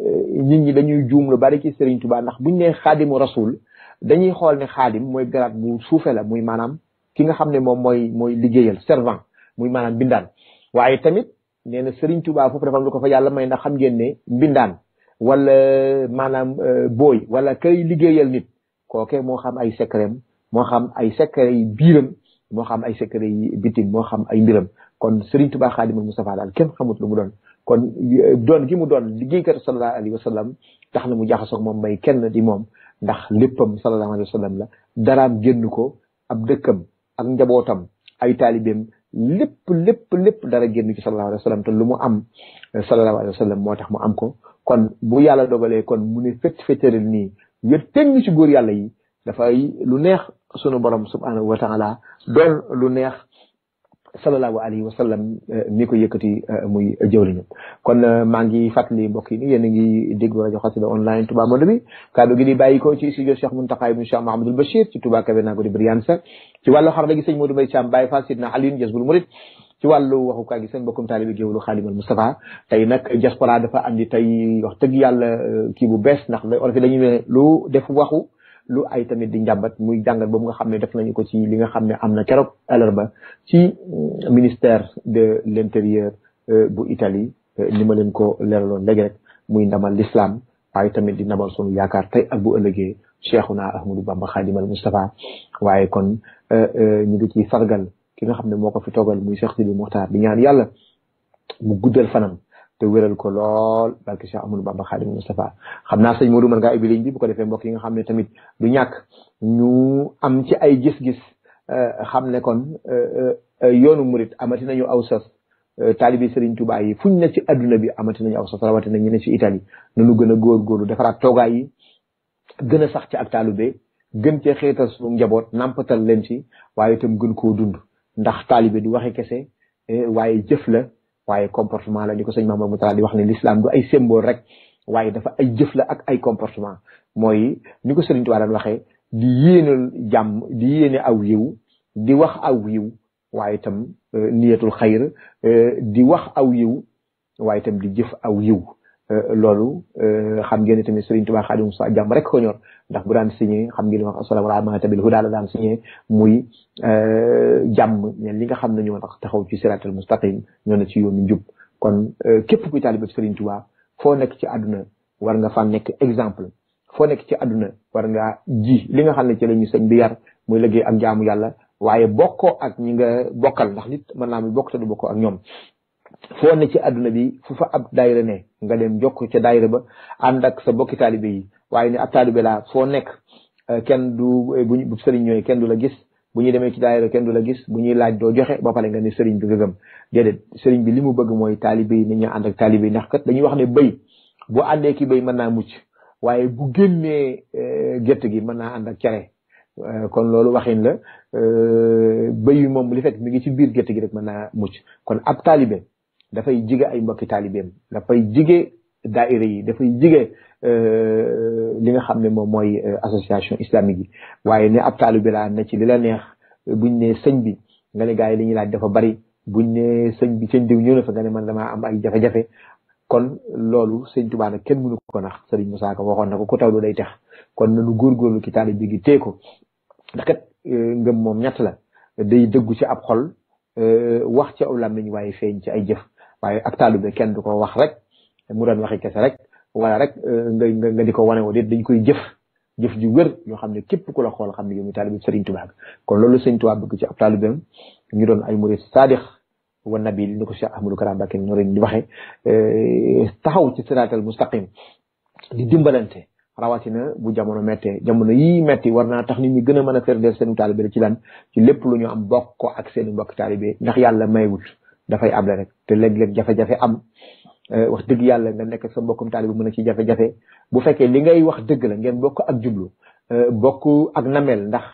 nit ñi dañuy juum lu bari ci Serigne Touba ndax buñ ne xaadimu rasul dañuy xool ne xaadim mooy garaat bu suufe la muy maanaam ki nga xam ne moom mooy liggéeyal servant muy maanaam bindaan waaye tamit nee Serigne Touba foofu dafa lu ko fa yàlla may ndax xam ngeen ne mbindaan wala maanaam booy wala kay liggéeyal nit kooke moo xam ay secret moo xam ay secret yi biiram moo xam ay secret yi bitim moo xam ay mbiram kon Serigne Touba Xaadimul Mustafa daal kenn xamut lu mu doon kon euh, doon gi mu doon liggéey sallallahu alayhi wa sallam tax na mu jaxasoog moom may kenn di moom ndax léppam sallallahu alayhi wa sallam la daraam génn ko ab dëkkam ak njabootam ay taalibeem lépp lépp lépp dara génn ci sallallahu alayhi wa lu mu am euh, sallallahu alayhi wa sallam moo tax mu am ko kon bu yàlla dogalee kon mu ne fett fettéral nii wét teg ci góor yàlla yi dafay lu neex sunu borom subhanahu wa taala doon lu neex sallallahu alayhi wa sallam eh, mi ko yëkkati eh, muy jëwliñu kon eh, maa ngi fàttali mbokk yi ni yéen a ngi déglu rajo xasida online Touba Monde bi kàddu gi di bàyyi ko ci studio Cheikh Mountakha ibn Cheikh ko di Brian Seck ci wàllu xarala gi sëñ Modou Mbaye Thiam Baye Fall Sidna Alioune Jazbul Murid ci wàllu waxukaay gi seen bokkum taalibi géwlu xaalimal Moustapha tey nag diaspora dafa andi tey wax dëgg yàlla kii bu bees ndax olof yi dañuy lu def waxu lu ay tamit di njàmbat muy jàngat boobu nga xam ne def nañu ko ci li nga xam ne am na keroog àllarba ci euh, ministère de l' euh, bu Italie euh, ni ma leen ko leeraloon léegi rek muy ndamal l'islam waaye tamit di ndamal sunu yaakaar tey ak bu ëllëgee Cheikhuna Ahmadou Bamba Khadimal Moustapha waaye kon ñu ngi ciy sargal ki nga xam ne moo ko fi toogal muy Cheikh Sidi Mokhtar di ñaan yàlla mu guddal fanam te wéral ko lool barke Cheikh Amadou Bamba Xaadimu Mustafa xam naa sëñ Modou mën ngaa ubbi ligne bi bu ko defee mbokk yi nga xam ne tamit du ñàkk ñu am ci ay gis-gis euh, xam ne kon euh, euh, yoonu murit amati ñu aw sas taalibi Serigne Touba yi fuñ ne ci adduna bi amati nañu aw sas rawatina ñu ne ci Italie nanu gën a góorgóorlu defaraat toogaay yi gën a sax ci ak taalube gën cee xeetal suñu njaboot nampatal leen ci waaye itam gën koo dund ndax taalibe du waxe kese waaye jëf la waaye comportement la ni ko sëñ Mamadou Moutala di wax ne l'islam du ay symbole rek waaye dafa ay jëf la ak ay comportement mooy ni ko Sëriñ Tuubaa daan waxee di yéenal jàmm di yéene aw yiw di wax aw yiw waaye itam euh, niyatul xayr euh, di wax aw yiw waaye itam di jëf aw yiw euh, loolu xam ngeen ne tamit Sëriñ Tuubaa Xaadimu Mustafaa jàmm rek ko ñor ndax bu daan signé xam ngi li wax asalaamaaleykum tabil daal la daan signé muy euh, jàmm ñen li nga xam ne ñoo tax taxaw ci siratal mustaqim ñoo ne ci yoonu njub kon euh, képp kuy taalibe Serigne Touba foo nekk ci àdduna war nga fa nekk exemple foo nekk ci àdduna war ngaa ji li nga xam ne ci la ñu sëñ bi yar muy liggéey ak jaamu yàlla waaye bokkoo ak ñi nga bokkal ndax nit mën naa mi bokk te du ak ñoom foo ne ci àdduna bi fu fa ab daayira ne nga dem jokk ca daayira ba ànd ak sa bokki taalibe yi waaye ni ab taalibe laa foo nekk euh, kenn du euh, bu sëriñ ñooy kenn du la gis bu ñuy demee ci daayira kenn du la gis bu ñuy laaj doo joxe ba pare nga ni sëriñ bi nga gëm déedéet sëriñ bi li mu bëgg mooy taalibe ni ñu ànd ak taalibe yi ndax kat dañuy wax ne béy bu àndee ki béy mën naa mucc waaye bu génnee euh, gerte gi mën naa ànd ak cere kon loolu waxin la béy moom li fekk mu ngi ci biir gerte gi rek mën naa mucc kon ab taalibe dafay jige ay mbokki taalibeem dafay jige دائري يي دافاي جيغي اه، ليغا خامني موم موي اسوسياسيون اسلاميك يي واي ني اب طالب لا نتي ليلا نيه بون ني سيغ بي غالي غاي لي ني لاج دافا بري بون ني سيغ بي سيغ ديو نيو نفا غاني مان دا ام اي جافا جافا كون لولو سيغ توبا نا كين مونو كو ناخ سيغ كو تاو داي تخ كون نانو غور غور كي طالب تيكو داكات ngëm moom ñatt la day dëggu ci ab xol wax ci aw lammiñ waaye feeñ ci ay jëf waaye ak taalube kenn du mu doon waxi kese rek wala rek nga nga di ko wane woo déet dañ koy jëf jëf ju wër yoo xam ne képp ku la xool xam ne yow mi taalib sëriñ tubaa kon loolu sëriñ tubaa bëgg ci ab taalibam ñu doon ay murid saadix wa nabi li ni ko cheikh ahmadou karam bakke ñoo leen di waxe taxaw ci siraatal mustaqim di dimbalante rawatina bu jamono mettee jamono yi metti war naa tax nit ñi gën a mën a ferdeel seenu taalibe la ci lan ci lépp lu ñu am bokk ak seeni mbokk taalibe ndax yàlla maywut dafay able rek te léeg-léeg jafe-jafe am Euh, wax dëgg yàlla nga nekk sa mbokkum taalibe mën a ci jafe-jafe bu fekkee li ngay wax dëgg la ngeen bokk ak jublu euh, bokk ak namel ndax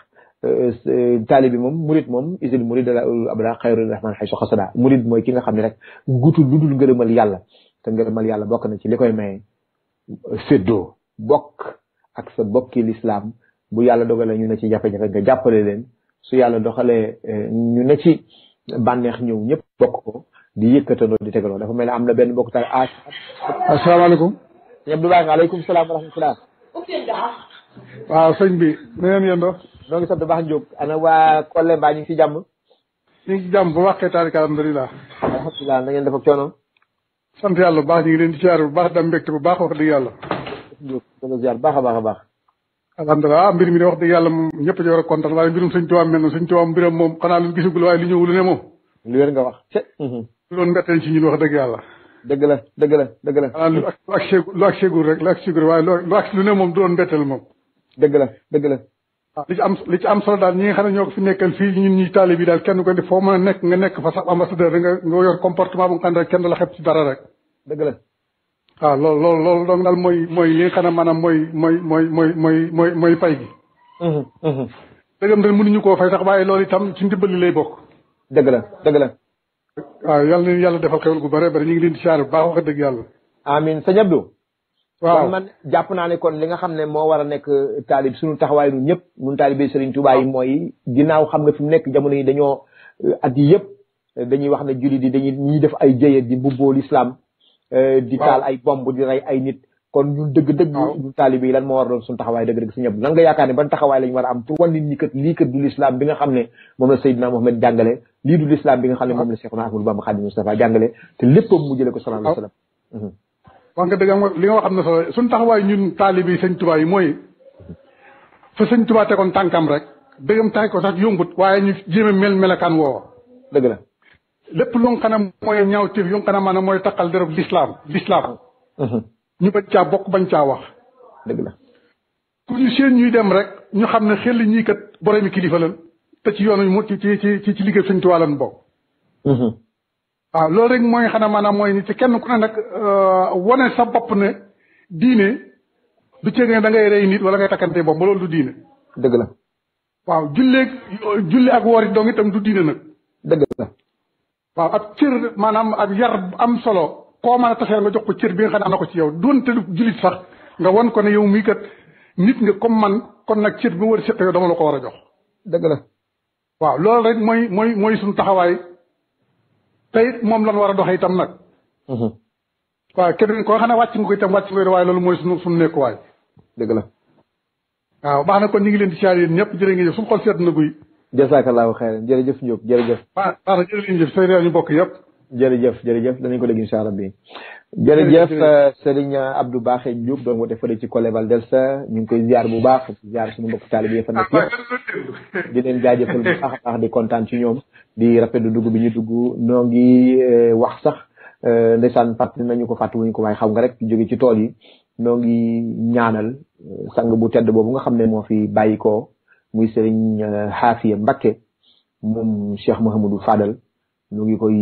euh, taalibe bi moom murid moom isil murid ala ulul abra xayrul rahman xaysu mooy ki nga xam ne rek gutul lu dul ngërëmal yàlla te ngërëmal yàlla bokk na ci li koy maye séddoo bokk ak sa bokki lislaam bu yàlla dogalee ñu ne ci jafe-jafe nga jàppale leen su yàlla doxalee ñu ne ci bànneex ñëw ñëpp bokk ko di yëkkatandoo di tegaloo dafa mel ne am na benn mbokk taal ah. asalaamaaleykum. ñëpp du baax maaleykum salaam wa rahmatulah. waaw sëñ bi. na ngeen yëndoo. ñoo ngi sant baax Diop. ana waa Kolle mbaa ñu ngi si jàmm. ñu ngi si jàmm bu waxee taarika alhamdulilah. alhamdulilah na ngeen def ak coono. sant yàlla bu baax ñu ngi leen di ziar bu baax dam mbégte bu baax wax dëgg yàlla. Diop dana ziar baax a baax a baax. alhamdulilah ah, mbir mi de wax dëgg yàlla moom ñëpp ci war a kontaan waaye mbirum sëñ Tuubaa mel na sëñ Tuubaa mbiram moom xanaa lu gisagul waaye li ñëwul ne moom. lu wér nga wax. Mhm. loolu mbetteel ci ñun wax dëgg yàlla. dëgg la dëgg la dëgg la. maanaam lu ak lu lu ak ségul rek lu ak ségul waaye lu ak lu ne moom du doon mbetteel moom. dëgg la dëgg la. Ah, li ci am li solo daal ñi nga xam ne ñoo ko fi nekkal fii ñun ñuy taali bi daal kenn a nekk nga nekk fa sax ambassadeur nga nga yor comportement bu nga xam ne rek kenn la xeeb ci dara rek. Ah, mooy mooy li nga xam mooy mooy mooy mooy mooy mooy mooy pay gi. dëggam daal mënuñu koo fay sax waaye loolu itam ci ndimbali lay bokk. dëgg la dëgg la. waaw yàlla na yàlla defal xewal gu bare bare ñu ngi leen di siyaare bu baax wax dëgg yàlla. amiin sëñ Abdou. waaw man jàpp naa ne kon li nga xam ne moo war a nekk taalib suñu taxawaay ñun ñëpp ñun taalibe Serigne Touba yi ah. mooy ginnaaw xam nga fi mu nekk jamono yi dañoo at yi yëpp dañuy wax ne jullit yi dañuy ñuy def ay jëye di mbubboo l'islam euh, di taal ay bomb di rey ay nit kon ñu dëgg dëgg ñu talibi lan mo war doon sun taxaway dëgg dëgg suñu ñëpp nan nga yaakaar ban taxaway lañu wara am pour wan nit ñi kat li kat du l'islam bi nga xamne mom la Seydina Mohamed jàngale li du l'islam bi nga xamne mom la Cheikh Ahmadou Bamba Khadim mustafa jàngale te leppam mu jële ko sallallahu alayhi wasallam wax nga dëgg li nga xamne sun taxaway ñun talibi yi sëñ yi moy fa sëñ te kon tankam rek dëggam tay ko sax yombut waye ñu jëme mel melakan wo dëgg la lepp lu nga xam ne mooy yu nga xam moy takal mooy l'islam l'islam ñu bañ caa bokk bañ caa wax dëgg la ku ñu seen ñuy dem rek ñu xam ne xel ñii kat boromi kilifa lan te ci yoonu mu ci ci ci ci liggéey Sëñ Tuubaa lan bokk. Mm-hmm. waaw loolu rek mooy xanaa maanaam mooy ni ci kenn ku ne nag euh, wane sa bopp ne diine du cee ne da rey nit wala ngay takkante bopp ba loolu du diine. dëgg la. waaw julleeg julli ak woor it dong du diine nag. dëgg la. waaw ab cër maanaam ab yar am solo. koo mën a taseel nga jox ko cër bii nga xam ne am na ko ci yow donte du jullit sax nga won ko ne yow mii kat nit nga comme man kon nag cër bi war a yow dama la ko war a jox. dëgg la. waaw loolu rek mooy mooy mooy suñu taxawaay tey moom lan war a doxee itam nag. Mm-hmm. waaw kenn koo xam ne wàcc nga ko itam waaye loolu mooy suñu suñu nekkuwaay. dëgg la. waaw baax na kon ñu ngi leen di siyaar yéen ñëpp jërë ngeen jëf su ma seet na guy. jazaakallaahu xayran jërëjëf Diop jërëjëf. waaw baax na jërëjëf say réew ñu bokk yëpp. jërëjëf jërëjëf danañ ko dégg incha allah bi jërëjëf Serigne Abdou Baaxe Diouf doon woote fële ci Kole Valdelsa ñu ngi koy ziar bu baax ziar suñu mbokk taalibe yi fa nekk yëpp di leen jaajëfal di kontaan ci ñoom di rafetlu dugg bi ñu dugg noo ngi eh, wax sax eh, ndeysaan fàttali nañu ko fàttali wuñu ko waaye xam nga rek jóge ci tool yi noo ñaanal eh, sang bu tedd boobu nga xam ne moo fi bàyyi ko muy Serigne Xaafiya Mbakke moom Cheikh Mouhamadou Fadal ñu ngi koy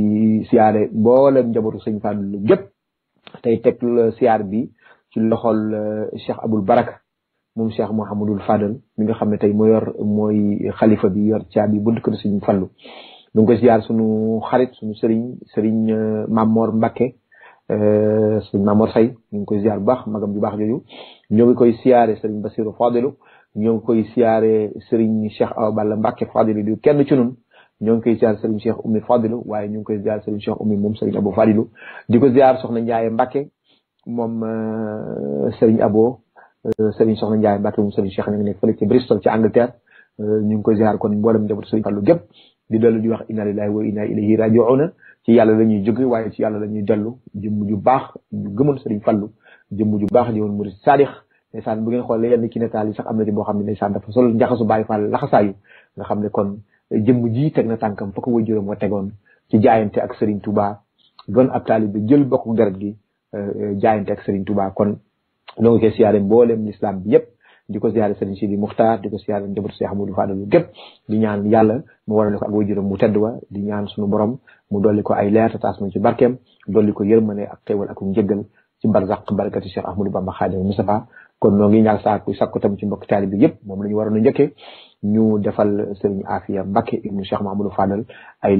siyaare boole njabootu sëñ Fallou gépp tey teg siyaar bi ci loxol eh, Cheikh Abul Baraka moom Cheikh Mouhamadul Fadal mi nga xam ne tey moyor yor mooy xalifa bi yor caabi bunt kër sëñ Fallou ñu ngi koy siyaar sunu xarit sunu Serigne Serigne eh, Mamor Mbakke eh, Serigne Mamor Say ñu ngi koy siyaar bu baax magam bu baax jooju ñoo ngi koy siyaare Serigne Bassirou Fadilou ñoo ngi koy siyaare Serigne Cheikh Awa Balla Mbakke Fadilou di kenn ci ñoo ngi koy ziar Serigne Cheikh Oumy Fadilou waaye ñu koy ziar Serigne Cheikh Oumy moom Serigne Abo Fadilou di ko ziar soxna Ndiaye Mbacke moom euh, Serigne Abo euh, Serigne soxna Ndiaye Mbacke moom Serigne Cheikh ñu ngi nekk fële ci Bristol ci Angleterre euh, ñu ngi koy ziar kon mboolem njabootu Serigne Fallou gépp di dellu di wax inna lillahi wa inna ilayhi raji'un ci yàlla la ñuy jóge waaye ci yàlla la ñuy dellu jëmm ju baax ju gëmoon Serigne Fallou jëmm ju baax jëwoon murid saadix ndeysaan bu ngeen xoolee yenn ci nataal yi sax am na ci boo xam ne ndeysaan dafa sol njaxasu Baye Fall laxasaayu nga xam ne kon jëm ji teg na tànkam fa ko waajuram wa tegoon ci jaayante ak Serigne Touba doon ab taalibe jël bokku deret gi euh, jaayante ak seriñ Touba kon ñoo ngi koy siyaare mboolem lislaam bi yépp di ko siyaare Serigne Sidi Muxtaar di ko siyaare njabootu Cheikh Amadou Fadal gépp di ñaan yàlla mu warale ko ak mu tedd wa di ñaan suñu borom mu dolli ko ay leer te taas ma ci barkeem dolli ko yërmane ak xéewal ak njëggal ci barzaq barakati Cheikh Ahmadou Bamba Xaadimu Mustafaa kon noo ngi ñaan saa ku sàkku tam ci mbokk taalibe bi yépp moom la ñu waroon a njëkkee ñu defal sëriñ afiya mbakke ibnu cheikh mamadou fadal ay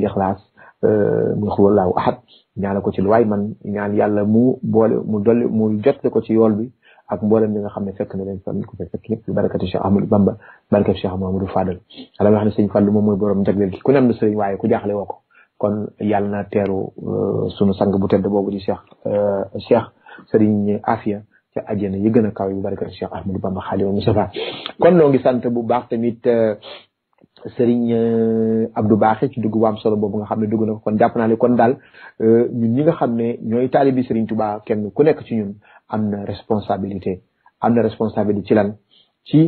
euh muy xuwallaahu ahad ñaala ko ci lu man ñaan yàlla mu boole mu dol mu jot ko ci yool bi ak mbolam ñi nga xamne fekk na len fan ko fekk yëpp barakatu cheikh amadou bamba barakati cheikh mamadou fadal ala wax ne sëriñ fàllu moom moy borom jagleel gi ku nam na sëriñ waye ku jaxlé woko kon yàlla na téru euh sunu sang bu tedd bobu di cheikh euh cheikh sëriñ afiya ca àjjana yi gën a kaw yu kon noo ngi sant bu baax tamit euh, Serigne euh, Abdou Baaxe ci dugg waam solo boobu nga xam ne dugg na kon jàpp naa ne kon daal euh, ñun ñi nga xam ne ñooy taalibi Serigne Touba kenn ku nekk ci ñun am na responsabilité am na responsabilité ci lan ci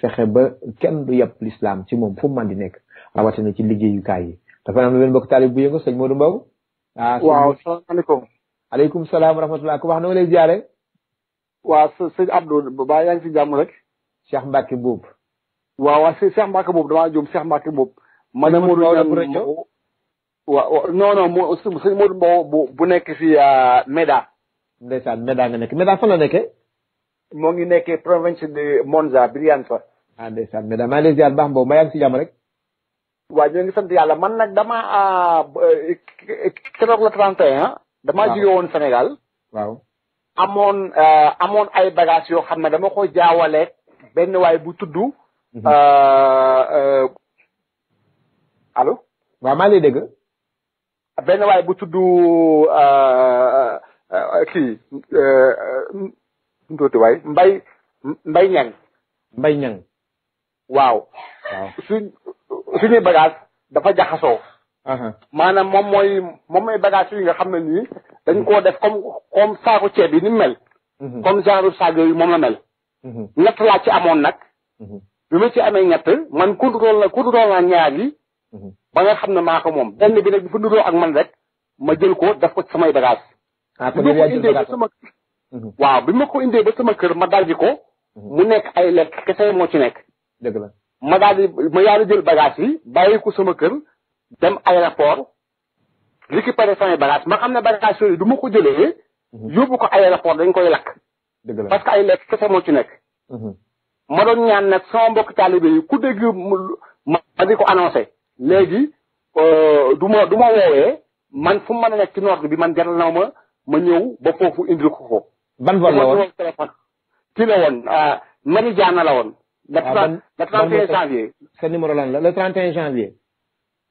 fexe ba kenn du yàpp lislaam ci moom fu mu mën di nekk rawatina ci liggéeyukaay yi dafa am lu benn bokk taalib bu yëngu sëñ Modou Mbow. Ah, waaw aleykum salaam wa rahmatulah ku wax na waa sëñ Abdou baa yaa ngi si jàmm rek. Cheikh Mbacke Mbuub. waaw waaw Cheikh Mbacke Mbuub damaa juum Cheikh Mbacke Mbuub. ma ne Modou Mbow waaw non non mu sëñ Modou Mbow bu bu nekk si euh, Méda. ndeysaan Méda nga nekk Méda fan la nekkee. moo ngi nekkee province de Monza Brianza. ah ndeysaan Méda maa ngi lay ziar baax Mbow ngi si jàmm rek. waaw ñoo ngi sant yàlla man nag dama euh, euh, keroog la 31. waaw ah. damaa waaw. amoon euh, amoon ay bagages yoo xam ne dama ko jaawaleeg benn waay bu tuddu euh, mhm. euh, alo waaw maa lay dégg. benn waay bu tuddu kii ndooti waay mbay mbay ñang mbay ñang waaw. waaw suñ suñuy bagage dafa jaxasoo. maanaam moom mooy moom mooy bagage yi nga xam ne nii dañ koo def comme comme saako ceeb yi ni mu mel. Mhm. comme genre saag yooyu moom la mel. Mhm. ñett laa ci amoon nag. Mhm. bi ma ci amee ñett man ku dudoon la ku dudoon naa ñaar yi. ba nga xam ne maa ko moom benn bi nag bu fa dudoo ak man rek ma jël ko def ko ci samay bagage ah bi ma ko indee ba sama. waaw bi ma ko indee ba sama kër ma daldi ko. mu nekk ay lekk kese moo ci nekk. dëgg la ma daal di ma yaal jël bagage yi bàyyi ko sama kër. dem aéroport récupérer samay bagage ma xam ne bagage yooyu du ma ko jëlee mhm. yóbbu ko aéroport dañ koy lakk parce que ay lekk kese moo ci nekk mhm. ma doon ñaan nag sama mbokk taalibe yi ku dégg ma di ko annoncé léegi euh, du ma du ma woowee man fu mu mën a nekk ci nord bi man jaral na ma ma ñëw ba foofu indil ko ko ban vol la woon téléphone kii la woon ah, Marie Diana la woon le 31 ah, janvier sa numéro lan la le 31 janvier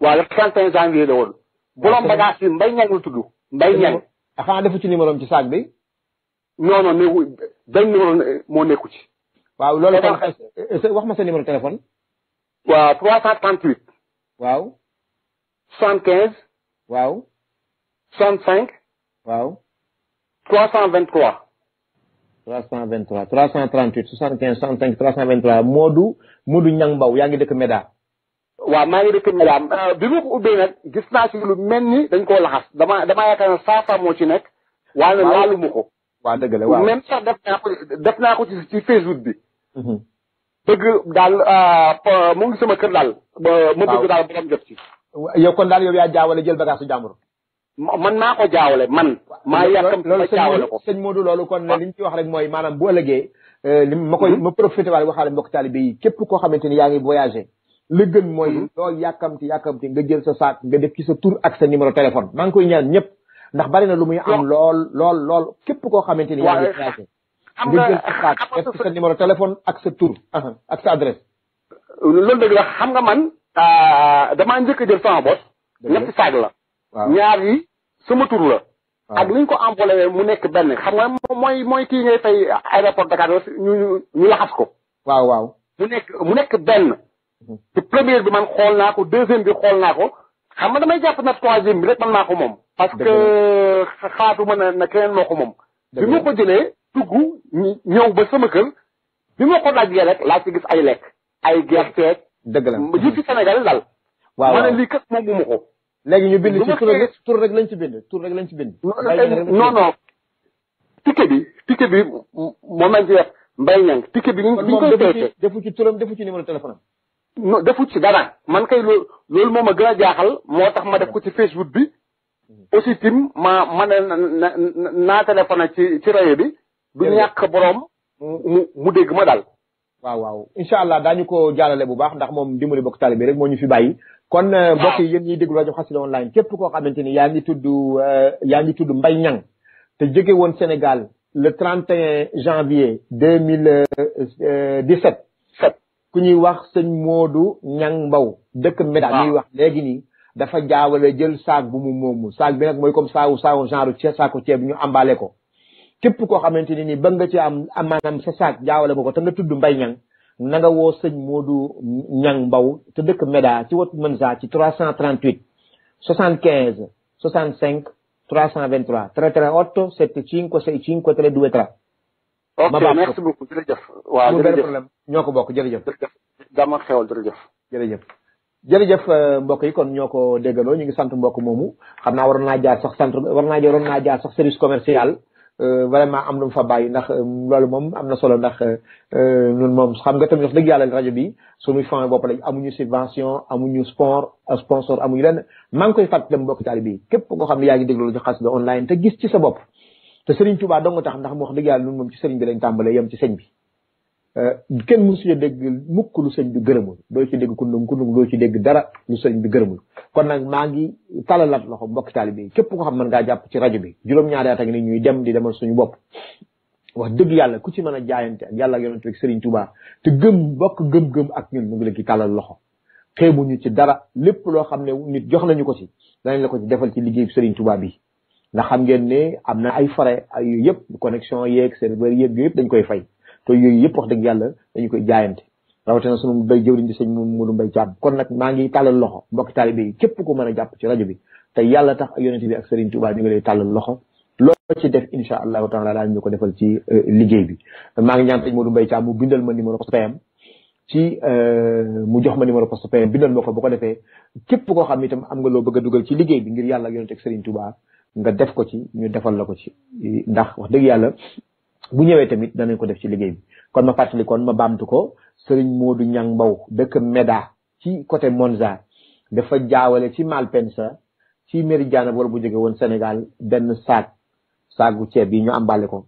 waaw le 31 janvier la woon. borom bagage yi mbay ñang la tudd. mbay ñang xanaa defu ci numéro ci saag bi. non non néew benn numéro moo nekku ci. waaw loolu kon wax ma sa numéro téléphone. waaw 338. waaw. 75. waaw. 65. waaw. 323. 323 338 75 65 323 Modou Modou Niang Mbaw yaa ngi dëkk Méda. waaw maa ngi dëkk Madiame euh, bi ma ko ubbee nag gis naa ci lu mel ni dañ koo laxas dama damaa yaakaar ne saafara moo ci nekk. waaw waaye laalu ma ko. waaw dëgg la waaw même sax def naa ko naa ko ci ci Facebook bi. bëgg mhm. daal euh, mu ngi sama kër daal. waaw ma bëgg daal borom jot ci. yow kon daal yow yaa jaawale jël bagage su jàmbur. man maa ko jaawale man. maa yàkkam ma jaawale ko loolu kon li ñu ci wax rek mooy maanaam bu ëllëgee. Euh, li ma koy mhm. ma profité waale waxaale mbokk taalibe képp koo xamante ni yaa ngi voyagé. la gën mooy hmm. loolu yàkkamti yàkkamti nga jël sa saak nga def ci sa tur ak sa numéro téléphone maa ngi koy ñaan ñëpp ndax bari na lu muy am lool lool lool képp koo xamante ni yaa ngi traité nga jël saak ak sa tur ak sa adresse loolu dëgg la xam nga man ah, a jël sama bos ñetti saag la ñaar yi sama tur la ak li ñu ko envolé mu nekk benn xam nga mooy mooy kii ngay fay aéroport Dakar ñu ñu laxas ko waaw waaw mu nekk mu nekk benn ci première bi man xool naa ko deuxième bi xool naa ko xam nga damay jàpp na troisième bi rek man maa ko moom. parce que xaatu ma na ne keneen moo ko moom. bi ma ko jëlee tugg ñëw ba sama kër bi ma ko laajee rek laa ci gis ay lekk. ay gerte dëgg la ji ci Sénégal daal. waaw kat moom mu ñu bind ci tur rek lañ ci bind tur rek lañ ci bind. non non. bi ticket bi moom lañ ci def mbay ñang ticket bi. ni ñu koy defu ci turam defu ci numéro téléphone defut ci dara man kay loolu moom a ma gën a jaaxal moo tax ma def ko ci Facebook bi mm-hmm. aussi tim ma ma ne naa téléphone ci ci rajo bi du ñàkk boroom mu mu dégg ma daal waaw waaw incha allah daañu ko jàllale bu baax ndax moom dimbali bokk taalibe rek moo ñu fi bàyyi kon euh, mbokk yi yéen ñiy déglu rajo xasida online képp koo xamante ni yaa ngi tudd euh, yaa ngi tudd Mbaye Niang te jóge woon Sénégal le 31 janvier 2017 ku ñuy wax sëñ Modou Ñang Mbaw dëkk Médane ñuy wax léegi nii dafa jaawale jël saag bu mu moomu saag bi nag mooy comme saagu saagu genre ce saako ceeb bi ñu ambale ko képp koo xamante ni nii ba nga ci am maanaam sa saag jaawale nga ko te nga tudd Mbay Ñang na nga woo sëñ Modou Ñang Mbaw te dëkk Médane ci wat mën sa ci 338 75 65 323 33 du 653 ok merci beaucoup jërëjëf waaw jërëjëf problème ñoo ko bokk jërëjëf dama xewal jërëjëf jërëjëf jërëjëf euh, mbokk yi kon ñoo ko déggaloo ñu ngi sant mbokk moomu xam naa waroon naa jaar sax centre war naa waroon naa jaar sax service commercial euh, vraiment am lu mu fa bàyyi ndax euh, loolu moom am na solo ndax ñun moom xam nga tamit wax dëgg yàlla rajo bi suñuy fond bopp lañ amuñu subvention amuñu sport sponsor amuñu lenn maa ngi koy fàttali dem mbokk taalibe yi képp koo xam ne yaa ngi déglu rajo Xassida online te gis ci sa bopp te Serigne Touba dong tax ndax mu wax dëgg yàlla nun moom ci Serigne bi lañ tàmbalee yem ci sëñ bi euh, kenn mësu ci dégg mukk lu sëñ bi gërëmul doo ci dégg kundum kundum doo ci dégg dara lu sëñ bi kon nag maa ngi talalat loxo mbokki taalibe yi képp ko xam mën ngaa jàpp ci rajo bi juróom-ñaari at ak ñuy dem di demal suñu bopp wax dëgg yàlla ku ci mën a jaayante ak yàlla ak yonent bi tubaa Touba te gëm bokk gëm-gëm ak ñun mu ngi la ki tàllal loxo xeebuñu ci dara lépp loo xam ne nit jox nañu ko ci danañ la ko ci defal ci liggéey Serigne Touba bi ndax xam ngeen ne am na ay frais ay yooyu yëpp connexion yeeg serveur yeeg yooyu yëpp dañ koy fay te yooyu yëpp wax dëgg yàlla dañu koy jaayante rawatina sunu bay jëwriñ di sëñ Modou Mbaye Thiam kon nag maa ngi tàllal loxo mbokki taalibe yi képp ku mën a jàpp ci rajo bi te yàlla tax ak yonente bi ak ñu ngi lay tàllal loxo loo ci def incha allahu taala daan ñu ko defal ci euh, liggéey bi maa ngi ñaan sëñ Modou Mbaye Thiam mu bindal ma numéro poste payam ci euh, mu jox ma numéro poste payam bindal ma ko bu ko defee képp koo xam ne itam am nga loo bëgg a dugal ci liggéey bi ngir yàlla ak yonente ak Serigne Touba nga def ko ci ñu defal la ko ci ndax wax dëgg yàlla bu ñëwee tamit danañ ko def ci liggéey bi kon ma fàttali kon ma baamtu ko sëriñ Modou Niang Mbow dëkk Meda ci côté Monza dafa jaawale ci Malpensa ci Meridiana wala bu jóge woon Sénégal benn saag saagu ceeb yi ñu àmbale ko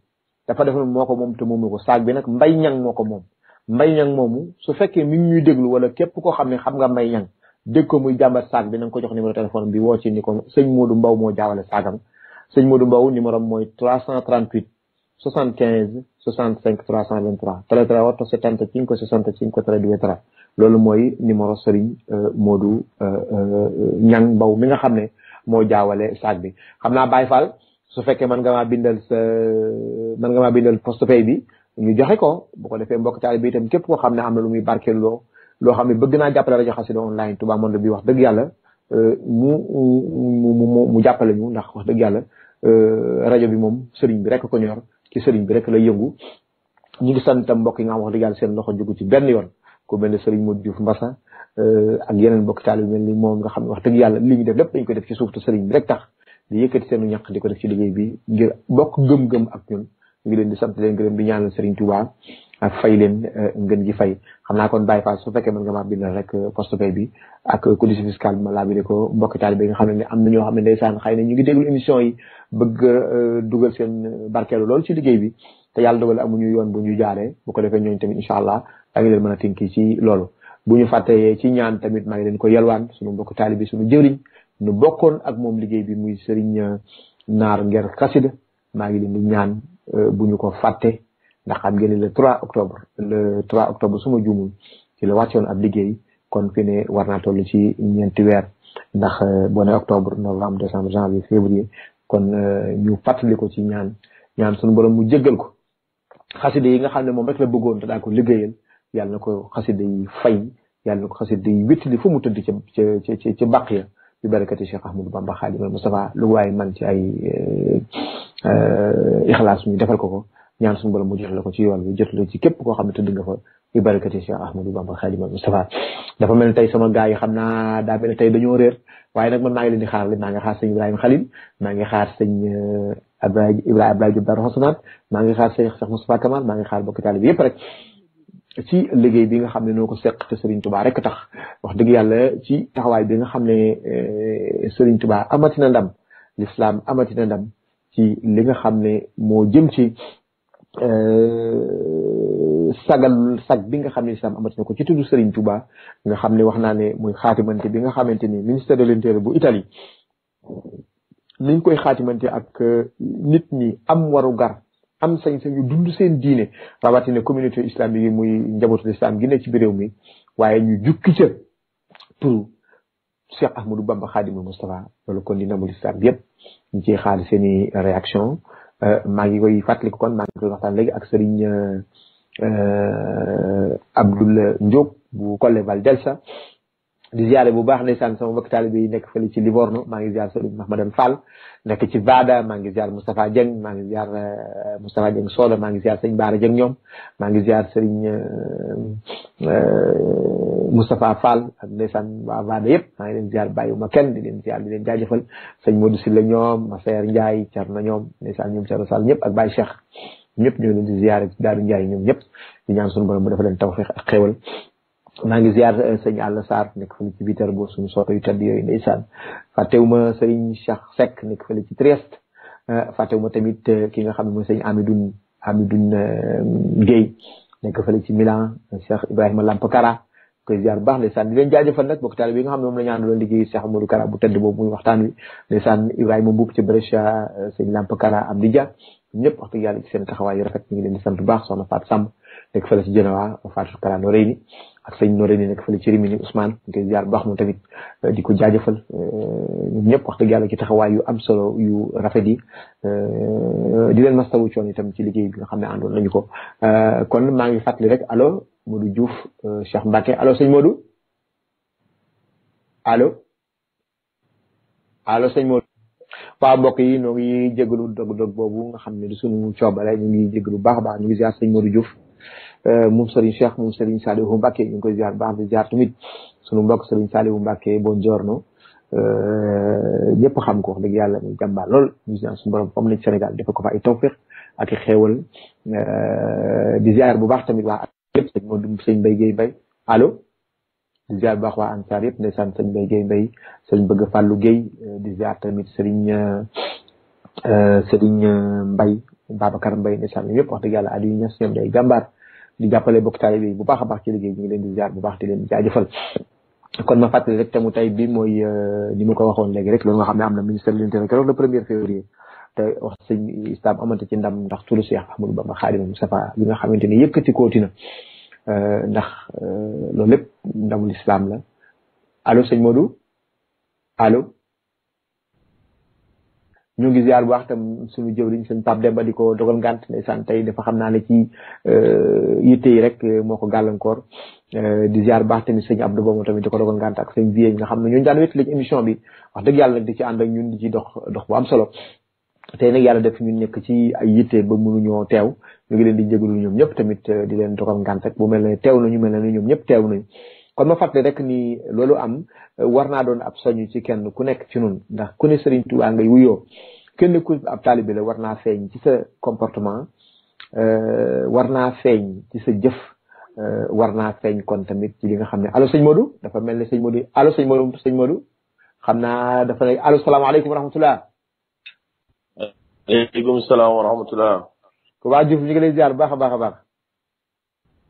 dafa defoon moo ko moom te moomu ko saag bi nag Mbay Niang ko moom Mbay moomu su fekkee mi ñuy déglu wala képp koo xam ne xam nga Mbay Niang dégg ko muy jàmbat saag bi na nga ko jox numéro téléphone bi woo ci ni ko sëñ Modou Mbaw moo jaawale saagam sëñ Modou Mbaw numéro am mooy 338 75 65 323 33 75 65 33 loolu mooy numéro Serigne euh, Modou Ñang euh, euh, Mbaw mi nga xam ne moo jaawale saag bi xam naa Baye Fall su fekkee man nga maa bindal sa mën nga maa bindal postepay bi ñu joxe ko bu ko defee mbokk taal bi itam képp koo xam ne am na lu muy barkeeloo loo xam ne bëgg naa jàppale rajo xasida online Touba Monde bi wax dëgg yàlla euh, mu mu mu jàppale ñu ndax wax dëgg yàlla euh, rajo bi moom sëriñ bi rek ko ñor ci sëriñ bi rek lay yëngu ñu ngi sant tam mbokk yi nga xam wax dëgg yàlla seen loxo jugu ci benn yoon ku mel ne sëriñ Modou Diouf Mbassa euh, ak yeneen mbokk taal yu mel ni moom nga xam ne wax dëgg yàlla li ñu def lépp dañ koy def ci suuf te sëriñ bi rek tax di yëkkati seenu ñaq di ko def ci liggéey bi ngir bokk gëm-gëm ak ñun ñu ngi leen di sant leen gërëm di ñaanal sëriñ Touba fay leen euh, ngeen gi fay xam naa kon Baye Fall su fekkee mën nga maa bindal rek euh, poste pay bi ak euh, codice fiscale bi ma laabile ko mbokki taalibe bi nga xam ne am na ñoo xam ne ndeysaan xëy na ñu ngi déglu émission bëgg dugal seen barkeelu loolu ci liggéey bi te yàlla dogal amuñu yoon bu ñu jaaree bu ko defee ñooñu tamit incha allah da ngi leen mën a tinki ci loolu bu ñu fàttee ci ñaan tamit maa ngi leen ko yelwaan suñu mbokki taalibe bi suñu jëwriñ ñu bokkoon ak moom liggéey bi muy sëriñ naar nger xasida maa ngi leen di ñaan bu ñu ko fàtte ndax xam ngeen le 3 octobre le 3 octobre suma juumul ci la wàccoon ab liggéey kon fi ne war naa toll ci ñeenti weer ndax euh, boo ne octobre novembre décembre janvier février kon euh, ñu fàttali ko ci ñaan ñaan suñu borom mu jëggal ko xaside yi nga xam ne moom rek la bëggoon te daa ko liggéeyal yàlla na ko xaside yi fay yàlla na ko xaside yi wéttali fu mu tëdd ca ca ca ca bàq ya bi barakati Cheikh yi Bamba Xaadimal Mustafa lu waaye man ci ay euh, ixlaas ñu defal ko ko ñaan suñu borom mu jot la ko ci yoon bi jot la ci képp koo xam ne tudd nga fa yu barakati Cheikh Ahmadou Bamba Xaadimal Mustafa dafa mel ne tey sama gars yi xam naa daa mel ne tey dañoo réer waaye nag man maa ngi leen di xaar maa ngi xaar sëñ Ibrahima Khalil maa ngi xaar sëñ euh, Abdoulaye Ibrahima Abdoulaye yëpp rek ci liggéey bi nga xam ne noo ko seq te Serigne Touba rek tax wax dëgg yàlla ci taxawaay bi xam ne euh, Serigne Touba amati na ndam l'islam amati na ndam ci li xam ne moo jëm ci Euh, sagal sag bi nga xam ne islam amati na ko ci tudd Serigne Touba nga xam ne wax naa ne muy xaatimante bi nga xamante ni ministère de l'intérieur bu Italie niñ koy xaatimante ak euh, nit ñi am waru gar am sañ-sañu dund seen diine rawatina communauté islamique yi muy njabootu islam gi ne ci biir réew mi waaye ñu jukki ca turu Cheikh Ahmadou Bamba Khadimul Moustapha loolu kon di namul islam yëpp ñu réaction Euh, maa ngi koy fàttaliku kon maa ngi koy waxtaan léegi ak sëriñ euh, euh, Abdoul Ndiop bu Collé Valdelsa di ziare bu baax ndeysaan sama mbokk taalibe yi nekk fële ci Livorno maa ngi ziar Sëriñ Mahmadan Fall nekk ci Vada maa ngi ziar Moustapha Dieng maa ngi ziar euh, Moustapha Dieng Soda maa ngi ziar sëñ Baara Dieng ñoom maa ngi ziar sëriñ euh, euh, Moustapha Fall ak ndeysaan waa Vada yëpp maa ngi leen ziar bàyyiwuma ken di leen ziar di leen jaajëfal sëñ Modou Sylla ñoom Massaer Ndiaye Thierno ñoom ndeysaan ñoom Thierno Sall ñëpp ak Baye Cheikh ñëpp ñoo leen di ziare Daaru Ndiaye ñoom ñëpp di ñaan suñu borom bu dafa leen tawfeex ak xéewal maa ngi ziar sëñ Alla Sarr nekk fële ci Viterbo suñu soto yu tedd yooyu ndeysaan fàttewuma sëriñ Cheikh Seck nekk fële ci Trieste eh, fàttewuma tamit eh, ki nga xam ne mooy sëñ Amidoun Amidoun eh, Guèye nekk fële ci Milan Cheikh Ibrahima Lampakara koy ziar bu baax ndeysaan di leen jaajëfal nag bi nga xam ne moom la ñu àndaloon liggéey Cheikh Amadou Kara bu tedd boobu muy waxtaan wi ndeysaan Ibrahima Mbuub ci Brescia sëñ Lampakara Amdi am ñëpp wax dëgg yàlla ci seen taxawaay yu rafet ñu ngi leen di bu baax soxna Fatou Samb nekk fële ci Genoa Fatou Kara Noreyni ak sëñ Noré ni nek fële ci Rimini Ousmane ngi ziar bax mu tamit diko jaajeufal euh ñëpp wax deug yàlla ci taxawaay yu am solo yu rafet di mastawu ci liggéey bi nga nañu ko kon ngi rek allo Modou Diouf Cheikh Mbacke allo sëñ Modou allo allo sëñ Modou. mbokk yi ngi dog dog-dog nga du sunu ñu ngi baax baax ñu ziar sëñ Modou Diouf. Eh, moom Serigne Cheikh moom Serigne Saliou Mbacke ñu ngi koy ziar baax di ziar tamit sunu mbokk Serigne Saliou Mbacke buongiorno eh, ñëpp xam ko wax dëgg yàlla muy jàmbaar lool ñu ziar suñu ko fa ay tawféex ak i xéewal eh, di ziar bu baax tamit waa ak yëpp sëñ moo dum sëñ Mbaye Guèye Mbaye allo di ziar bu baax waa Ansaar yëpp ndeysaan sëñ Mbaye Guèye Mbaye sëñ Bëgg Fallou di ziar tamit Serigne Serigne Mbaye Babacar Mbaye ndeysaan ñëpp wax dëgg yàlla Aliou Niass ñoom day jàmbaar di jàppale bokk taalibe yi bu baax a baax ci liggéey bi ñu ngi leen di ziar bu baax di leen kon ma fàttali rek temu tay bi mooy euh, ni ma ko waxoon léegi rek loolu nga xam ne am na ministère de l'intérieur keroog le premier février te wax sëñ islam amante ci ndam ndax turu Cheikh Ahmadou Bamba Khadimou Moustapha bi nga xamante ni yëkkati kooti na euh, ndax euh, loolu lépp ndamul islam la allo sëñ Modou allo ñu ngi ziar bu baax tam suñu jëwriñ seen de Demba di ko dogal ngànt ndeysaan tey dafa xam naa ne ci euh, yitte yi rek euh, moo ko gàllankoor euh, di ziar baax tamit sëñ Abdou Ba moom tamit di ko dogal ngànt nga xam ne ñooñu daan wét lañ émission bi wax dëgg yàlla nag di ci ànd ak ñun dox dox bu am solo tey nag yàlla def ñun nekk ci ay yitte ba mënuñoo teew ñu ngi leen di jégalu ñoom ñëpp tamit di leen dogal ngànt ak bu mel ne teew ñu mel ne ñoom ñëpp teew nañu kon ma fàttali rek nii loolu am war naa doon ab soñu ci kenn ku nekk ci nun ndax ku ne Serigne Touba nga wuyoo kenn ku ab taalibe la war naa feeñ ci sa comportement euh, war naa feeñ ci sa jëf euh, war naa feeñ kon tamit ci li nga xam ne allo sëñ Modou dafa mel ne sëñ Modou allo sëñ Modou sëñ xam naa dafa ne allo salaamaaleykum wa rahmatulah. waaleykum salaam wa rahmatulah. waa Diouf ñu ngi lay ziar bu baax a baax a baax.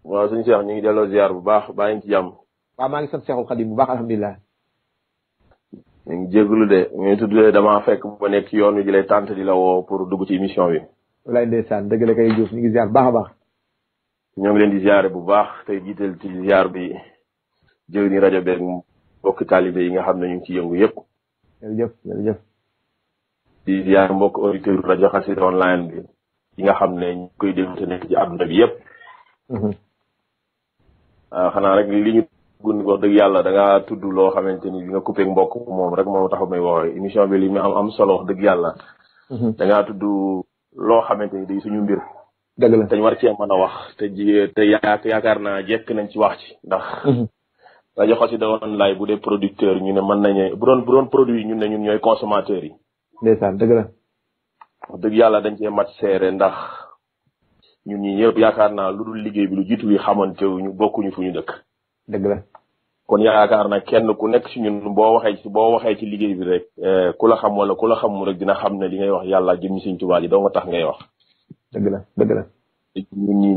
waaw suñu Cheikh ñu ngi delloo ziar bu baax baa ci jàmm. waaw maa ngi sant Seexul Xadim bu baax alhamdulilah. ñu ngi de ñu tuddee dama fekk ba ci yoon wi di lay tànt di la pour dugg ci émission bi. de ndeysaan dëgg la kay Diouf ñu ngi ziar baax a baax. ngi leen di ziare bu baax tey jiital ci ziar bi jëw ni rajo beeg mbokki taalibe yi nga xam ne ñu ngi ciy yëngu yëpp. jërëjëf jërëjëf. di ziar mbokk auditeur rajo Xassida online bi yi nga xam ne ñu koy déglu te nekk ci àdduna yépp yëpp. Mm-hmm. Ah, xanaa rek gun go deug yalla da nga tuddu lo xamanteni bi nga couper mbokk mom rek mom taxu may woowee émission bi li mi am am solo deug yalla da nga tuddu lo xamanteni ni day suñu mbir deug la dañ war ci mën wax te ji te yaakar ya na jek nañ ci wax ci ndax da joxo mhm. rajo xasida online bu dee producteur ñu né man nañ bu don bu don produit ñun né ñun ñoy consommateur yi ndeysaan deug la deug yalla dañ ci mat séré ndax ñun ñi ñëpp yaakar na luddul liggéey bi lu jitu wi xamante ñu bokku ñu fuñu dëkk deug la kon yaakaar na kenn ku nekk si ñun boo waxee ci boo waxee ci liggéey bi rek eh, ku la xam wala ku la xamul rek dina xam ne li ngay wax yàlla jëm Sëñ Tuubaa ji doo nga tax ngay wax dëgg la dëgg la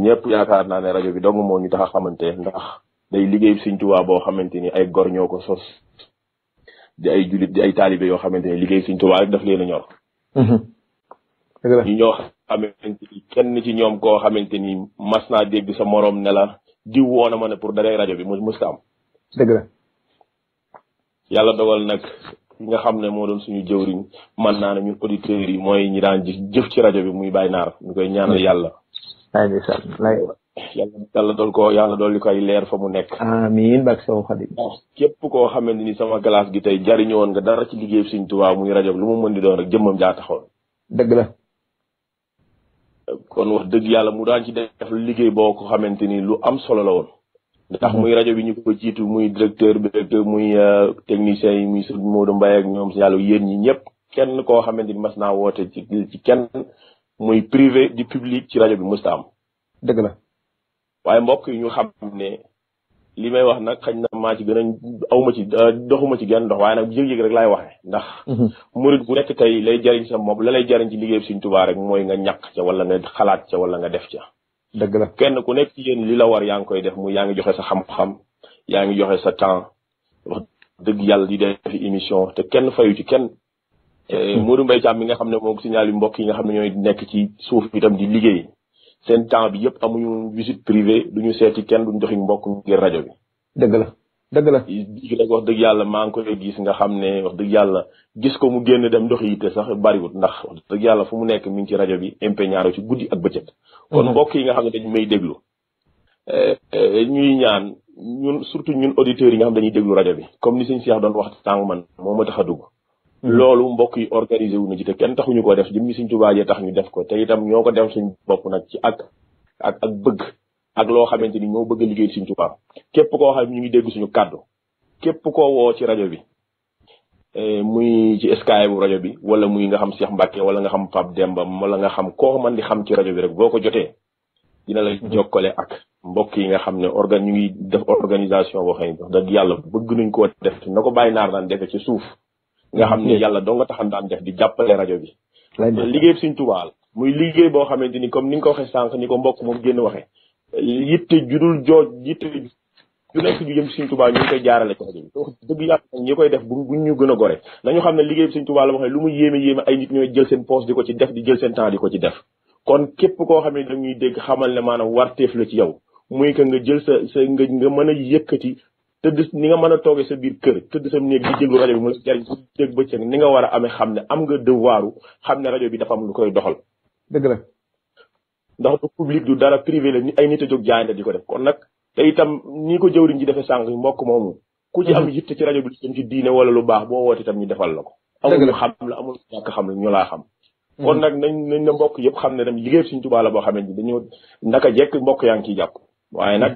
ñëpp yaakaar naa ne rajo bi dong moo ñu tax a xamante ndax day liggéey Sëñ Tuubaa boo xamante ni ay gor ñoo ko sos di ay julit di yoo xamante ni liggéey Sëñ Tuubaa rek daf a mm-hmm. ñoo xamante ni kenn ñoom koo xamante ni mas naa dégg sa moroom nela la diw woon ma ne pour daree rajo bi mu mës am dëgg la. yàlla dogal nag ki nga xam ne moo doon suñu jëwriñ man naa ne ñun auditeur yi mooy ñi daan jëf ci rajo bi muy Baye Naar ñu koy ñaan yàlla. yàlla yàlla dool ko yàlla dool li koy leer fa mu nekk amiin bak saw xadim képp koo xamante ni sama galaas gi tey jariñoo nga dara ci liggéey Sëriñ Tuubaa muy rajo lu mu mën di doon rek jëmmam jaa taxoon dëgg la kon wax dëgg yàlla mu daan ci def liggéey boo ko xamante ni lu am solo la woon tax muy rajo bi ñu ko jiitu muy directeur bi muy euh, technicien yi muy sëñ Modou Mbaye ak ñoom si yàlla yéen ñi ñëpp kenn koo xamante ni mas naa woote ci ci kenn muy privé di public ci rajo bi musta am dëgg la waaye mbokk yi ñu xam ne li may wax nag xañ na maa ci gën a awma ci euh, doxuma ci genn ndox waaye nag yëg-yëg rek laay waxee ndax mhm. murit bu nekk tey lay jariñ sa moom la lay jariñ ci liggéey bi Sëñ Tuubaa rek mooy nga ñàkk ca wala nga xalaat ca wala nga def ca dëgg la kenn ku nekk ci yéen li la war yaa ngi koy def mu yaa ngi joxe sa xam-xam yaa ngi joxe sa temps wax dëgg yàlla di def émission te kenn fayu ci kenn. Eh, hmm. Modou Mbaye Thiam mi nga xam ne moom signal yu mbokk yi nga xam ne ñooy nekk ci suuf itam di liggéey seen temps bi yëpp amuñu visite privée ñu seeti kenn duñu joxi mbokk ngir rajo bi. dëgg la dëgg la fii rek wax dëgg yàlla maa ngi koy gis nga xam ne wax dëgg yàlla gis ko mu génn dem ndox yi te sax bariwut ndax wax dëgg yàlla fu mu nekk mi ngi ci rajo bi impéñaaro ci guddi ak bëccëg. Mhm. kon mbokk yi nga xam ne may déglu. Eh, eh, ñuy ñaan ñun surtout ñun auditeurs yi nga xam dañuy déglu rajo bi comme ni sëñ Cheikh doon wax tàng man moo ma tax a dugg. Mhm. loolu mbokk yi organisé wu ñu ci te kenn ñu ko def jëmmi sëñ Tuubaa jee tax ñu def ko te itam ñoo ko def suñ bopp nag ci ak ak ak bëgg. ak loo xamante ni moo bëgg a liggéey Sëriñ Tuubaa képp koo xam ñu ngi dégg suñu kàddu képp koo woo ci rajo bi eh, muy ci Skype bu rajo bi wala muy nga xam Cheikh Mbacke wala nga xam Pape dembam wala nga xam koo mën di xam ci rajo bi rek boo ko jotee dina la jokkale ak mbokk yi nga xam ne organ ñu ngi def organisation boo xam ne wax dëgg yàlla bëgg nuñ koo def na ko bàyyi naar daan defee ci suuf nga xam ne yàlla doo nga taxan daan def di jàppale rajo bi liggéey Sëriñ Tuubaa muy liggéey boo xamante ni comme ni ko waxee sànq ni ko mbokk moom génn waxee yitte judul jooj yitte du nekk ju jëm Sëriñ Tuubaa ñu ngi koy jaarale ci rajo bi ñu koy def bu buñ ñu gën a gore nañu xam ne liggéey Sëriñ Tuubaa la wax ne lu mu yéeme yéeme ay nit ñooy jël seen poos di ko ci def di jël seen temps di ko ci def kon képp koo xam ne dañuy dégg xamal ne maanaam warteef la ci yow muy que nga jël sa sa nga nga mën a yëkkati tëdd ni nga mën a toogee sa biir kër tëdd sa néeg di déglu rajo bi mu la jariñ su dégg bëccëg ni nga war a amee xam ne am nga devoiru xam ne rajo bi dafa am lu koy doxal dëgg la ndax du public du dara privé la ay nit a jóg jaayante di ko def kon nag te itam ni ko jëwriñ ji defee sànq mbokk moomu ku ci am mhm. yitte ci rajo bi jëm ci diine lu baax boo woote ñu defal la ko amul xam la amul ñàkk xam la ñu laa xam kon mhm. nag nañ nañ na mbokk yëpp xam ne dem liggéey suñ tubaa la boo xamante ni dañoo naka jekk mbokk yaa ngi ciy jàpp waaye nag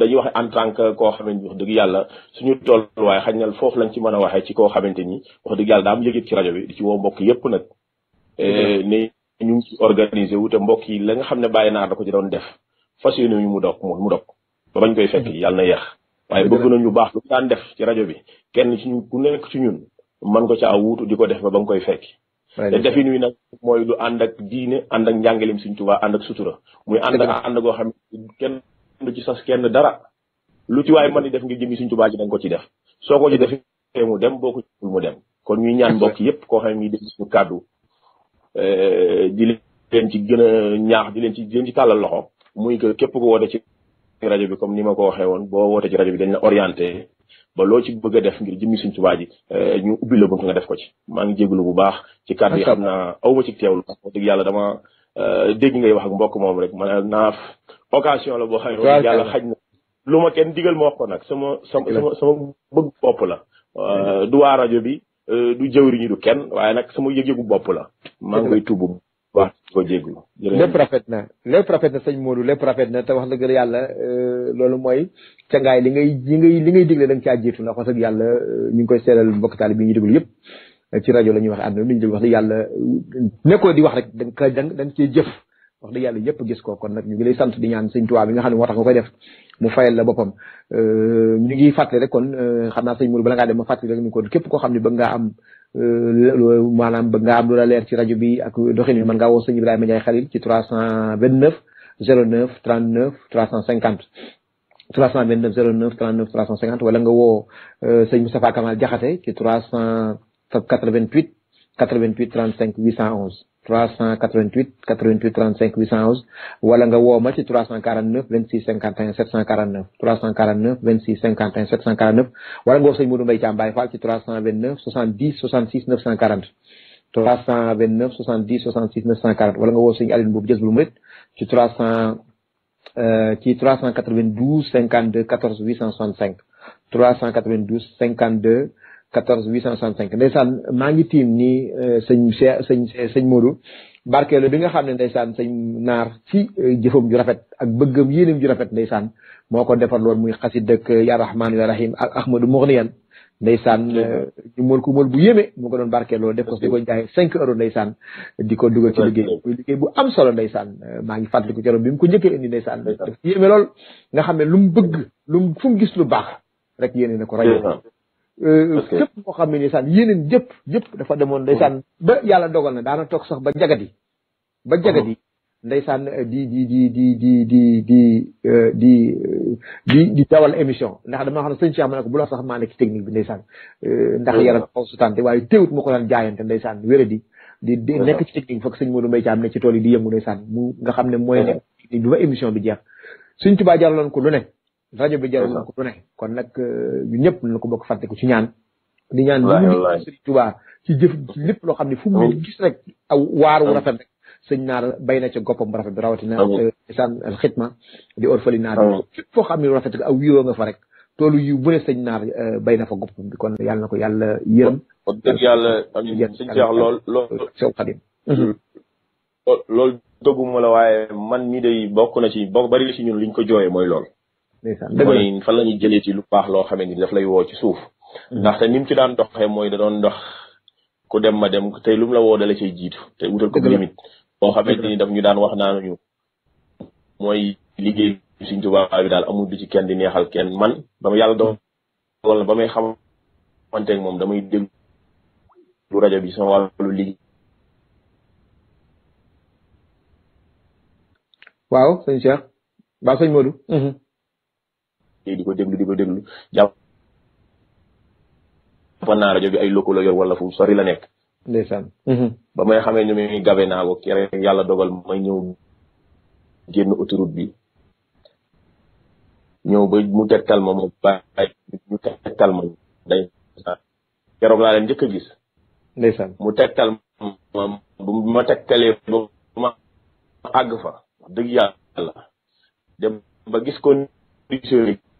dañuy wax en tant koo xamante ni wax dëgg yàlla suñu tolluwaay xañ na foofu lañ ci mën a waxee ci koo xamante ni wax dëgg yàlla daa am yëgit ci rajo bi di ci woo mbokk yëpp nag ñu ngi ci organisé wu te mbokk yi la nga xam ne bàyyi naar da ko ci doon def fas yéene ñu mu dok mu dok ba bañ koy fekk yàlla na yeex waaye bëgg nañu baax lu daan def ci rajo bi kenn ci ñu ku nekk ci ñun mën ko caa wuutu di ko def ba ba nga koy fekki te defin wi nag mooy lu ànd ak diine ànd ak njàngalim suñ tubaa ànd sutura muy ànd ak ànd goo xam ne kenn sas kenn dara lu ci waay mën di def ngi jëmi suñ tubaa ji da ko ci def soo ko ci defee mu dem boo ko mu dem kon ñuy ñaan mbokk yépp koo xam ne ñi dégg Euh, di leen ci gën ñaax di leen ci di leen loxo muy que képp ku woote ci rajo bi comme ni ma ko waxee woon boo woote ci rajo bi dañ la orienté ba loo ci bëgg a def ngir jëmmi suñ tubaa ji euh, ñu ubbi la bunt nga def ko ci maa ngi jégalu bu baax ci kàddu yi xam naa awma ci teewlu wax dëgg yàlla dama euh, dégg ngay wax ak mbokk moom rek a naa occasion la boo xam ne yàlla xaj na lu ma kenn digal ma wax ko nag sama sama sama bëgg bopp la Euh, du jëwriñu du kenn waaye nag sama yëg-yëgu bopp la. maa ngi koy tuubu wax ko jéglu. lépp rafet na lépp rafet na sëñ Modou lépp rafet na te wax dëgg yàlla euh, loolu mooy cangaay li ngay li ngay li ngay digle da nga caa jiitu ndax wax dëgg yàlla euh, ñu ngi koy seeral mbokk taali bi ñu déglu yëpp. ci rajo la ñuy wax àdduna li ñu déglu wax dëgg yàlla nekkoo di wax rek da nga da cee jëf. wax dëgg yalla yëpp gis ko kon nak ñu ngi lay sant di ñaan sëñ Tuubaa bi nga xamni motax moo nga koy def mu fayal la euh ñu ngi fatte rek kon euh, xamna naa sëñ Mourou bala nga dem ma fatte rek ñu ko kep ko xamni ba nga ngaa am euh, manam ba nga am lu la leer ci radio bi ak doxin man nga wo woo sëñ Ibrahima Ndiaye Khalil ci 329 09 39 350 329 09 350 wala nga wo euh, sëñ Moustapha Kamal jaxate ci 388 88 35 811 388 88 35 811 wala nga woo ma ci 349 26 51 749 349 26 51 749 wala nga woo sëñ Modou Mbaye Thiam Baye Fall ci 329 70 66 940 329 70 66 940 wala nga woo sëñ Aline boobu jës bu murit ci 300 euh, ci 392 52 14 865 392 52 14 865 e e ndeysaan maa ngi tiim nii eh, sëñ sëñ sëñ Modou barkeelu bi nga xam ne ndeysaan sëñ naar ci eh, jëfam ju rafet ak bëggam yéenam ju rafet ndeysaan moo ko defar loon muy xasid ak ya rahmaan ya rahim ak ahmadou mourniyan ndeysaan ñu mën ko mën bu yéeme mu ko doon barkeeloo def ko di jaay cinq euros ndeysaan di ko ci liggéey muy liggéey bu am solo ndeysaan maa ngi fàttaliku keroog bi mu ko njëkkee indi ndeysaan def yéeme lool nga lu mu bëgg lu fu mu gis lu baax rek na ko rajo Euh, képp koo xam ne ndeysaan yeneen jëpp jëpp dafa demoon ndeysaan ba yàlla dogal na daana toog sax ba jagadi ba jagadi uh-huh. ndeysaan euh, di di di di di di di euh, di di di ndax damaa xam ne sëñ Cheikh sax maa nekk ci technique ndax uh-huh. yaram xaw sutante waaye teewut ma ko daan jaayante ndeysaan wére di di di uh-huh. nekk ci technique bi foog sëñ Modou may Thiam ne ci tool yi di yëngu ndeysaan mu nga xam ne mooy nekk bi ba émission bi jeex suñ tubaa jaraloon ko lu ne rajo bi jaral lu ne kon nag euh, ñu ñëpp nañu ko bokk fàtteku ci ñaan di ñaan limu Sëriñ Tuubaa ci jëf ci lépp loo xam ne fu mu gis rek aw waaru rafet rek sëñ naar bay na ca goppam rafet bi rawatina euh, saan al xitma di orfali naar fépp xam ne rafet aw yiwoo nga fa rek toolu yiw bu ne euh, bay na fa goppam bi kon yàlla na ko yàlla yërëm kon dëgg yàlla amiin sëñ Cheikh lool lool sew xadim loolu dëgguma la waaye man mii de bokk na ci bokk bari ci ñun liñ ko jooyee mooy lool mooy fan la ñuy jëlee ci lu paax loo xamee ni daf lay woo ci suuf mm-hmm. ndaxte ni mu ci daan doxee mooy da doon dox ku dem ma dem tey lu mu la woo dala cay jiitu te wutal ko limite boo xamante ni daf ñu daan wax ñu mooy liggéey Sëriñ Tuubaa bi daal amul du ci kenn di neexal kenn man ba ma yàlla doon wala ba may xamanteeg moom damay déglu rajo bi sama waaw sëñ Cheikh tey di ko déglu di ko déglu jàpp naa rajo bi ay loko la yor wala fu sori la nekk. ndeysaan. Mhm. ba may xamee ñu muy gabe naa ko kere yàlla dogal may ñëw génn autoroute bi ñëw ba mu tegtal ma ma bàyyi mu tegtal ma day keroog laa leen njëkk a gis. ndeysaan mu tegtal ma bu ma tegtalee ba ma àgg fa dëgg yàlla dem ba gis ko.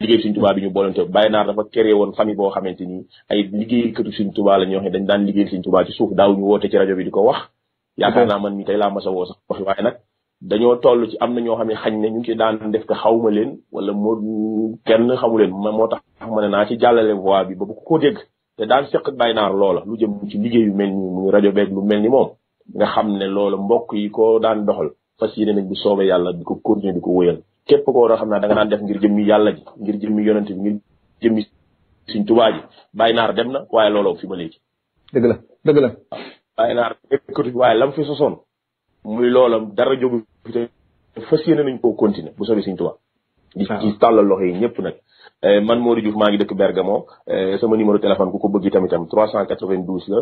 liggéey suñ tubaa bi ñu boolante Baye Naar dafa créé woon famille boo xamante ni ay liggéeykatu suñ tubaa la ñoo xam ne dañ daan liggéeyal suñ tubaa ci suuf daawuñu woote ci rajo bi di ko wax mi laa mas a woo sax wax waaye toll ci am na ñoo xam ne xañ ne ñu ngi ci daan def ko xawma leen wala moo kenn xamu leen ma moo tax ma ne naa ci jàllale voix bi ba bu ko dégg te daan seq ak Baye Naar loola lu jëm ci liggéey yu mel ni muy rajo beeg lu mel ni moom nga xam ne loola mbokk yi ko daan doxal fas yéene nañ bu soobee yàlla di ko continuer di ko wóyal képp koo war a xam naa da nga naan def ngir jëmmi yàlla ji ngir jëmmi yonent bi ngir jëmmi suñ tubaa ji bàyyi dem na waaye looloo fi ba léegi. dëgg la dëgg la. bàyyi naar ékkatu waaye lam fi sosoon muy loolam dara jógu fi te fas yéene nañ koo continuer bu soobee suñ tubaa ah. di ci tàllal loxo yi ñëpp nag Eh, man moo Diouf maa ngi dëkk Bergamo eh, sama numéro téléphone ku ko bëgg tamitam 392 la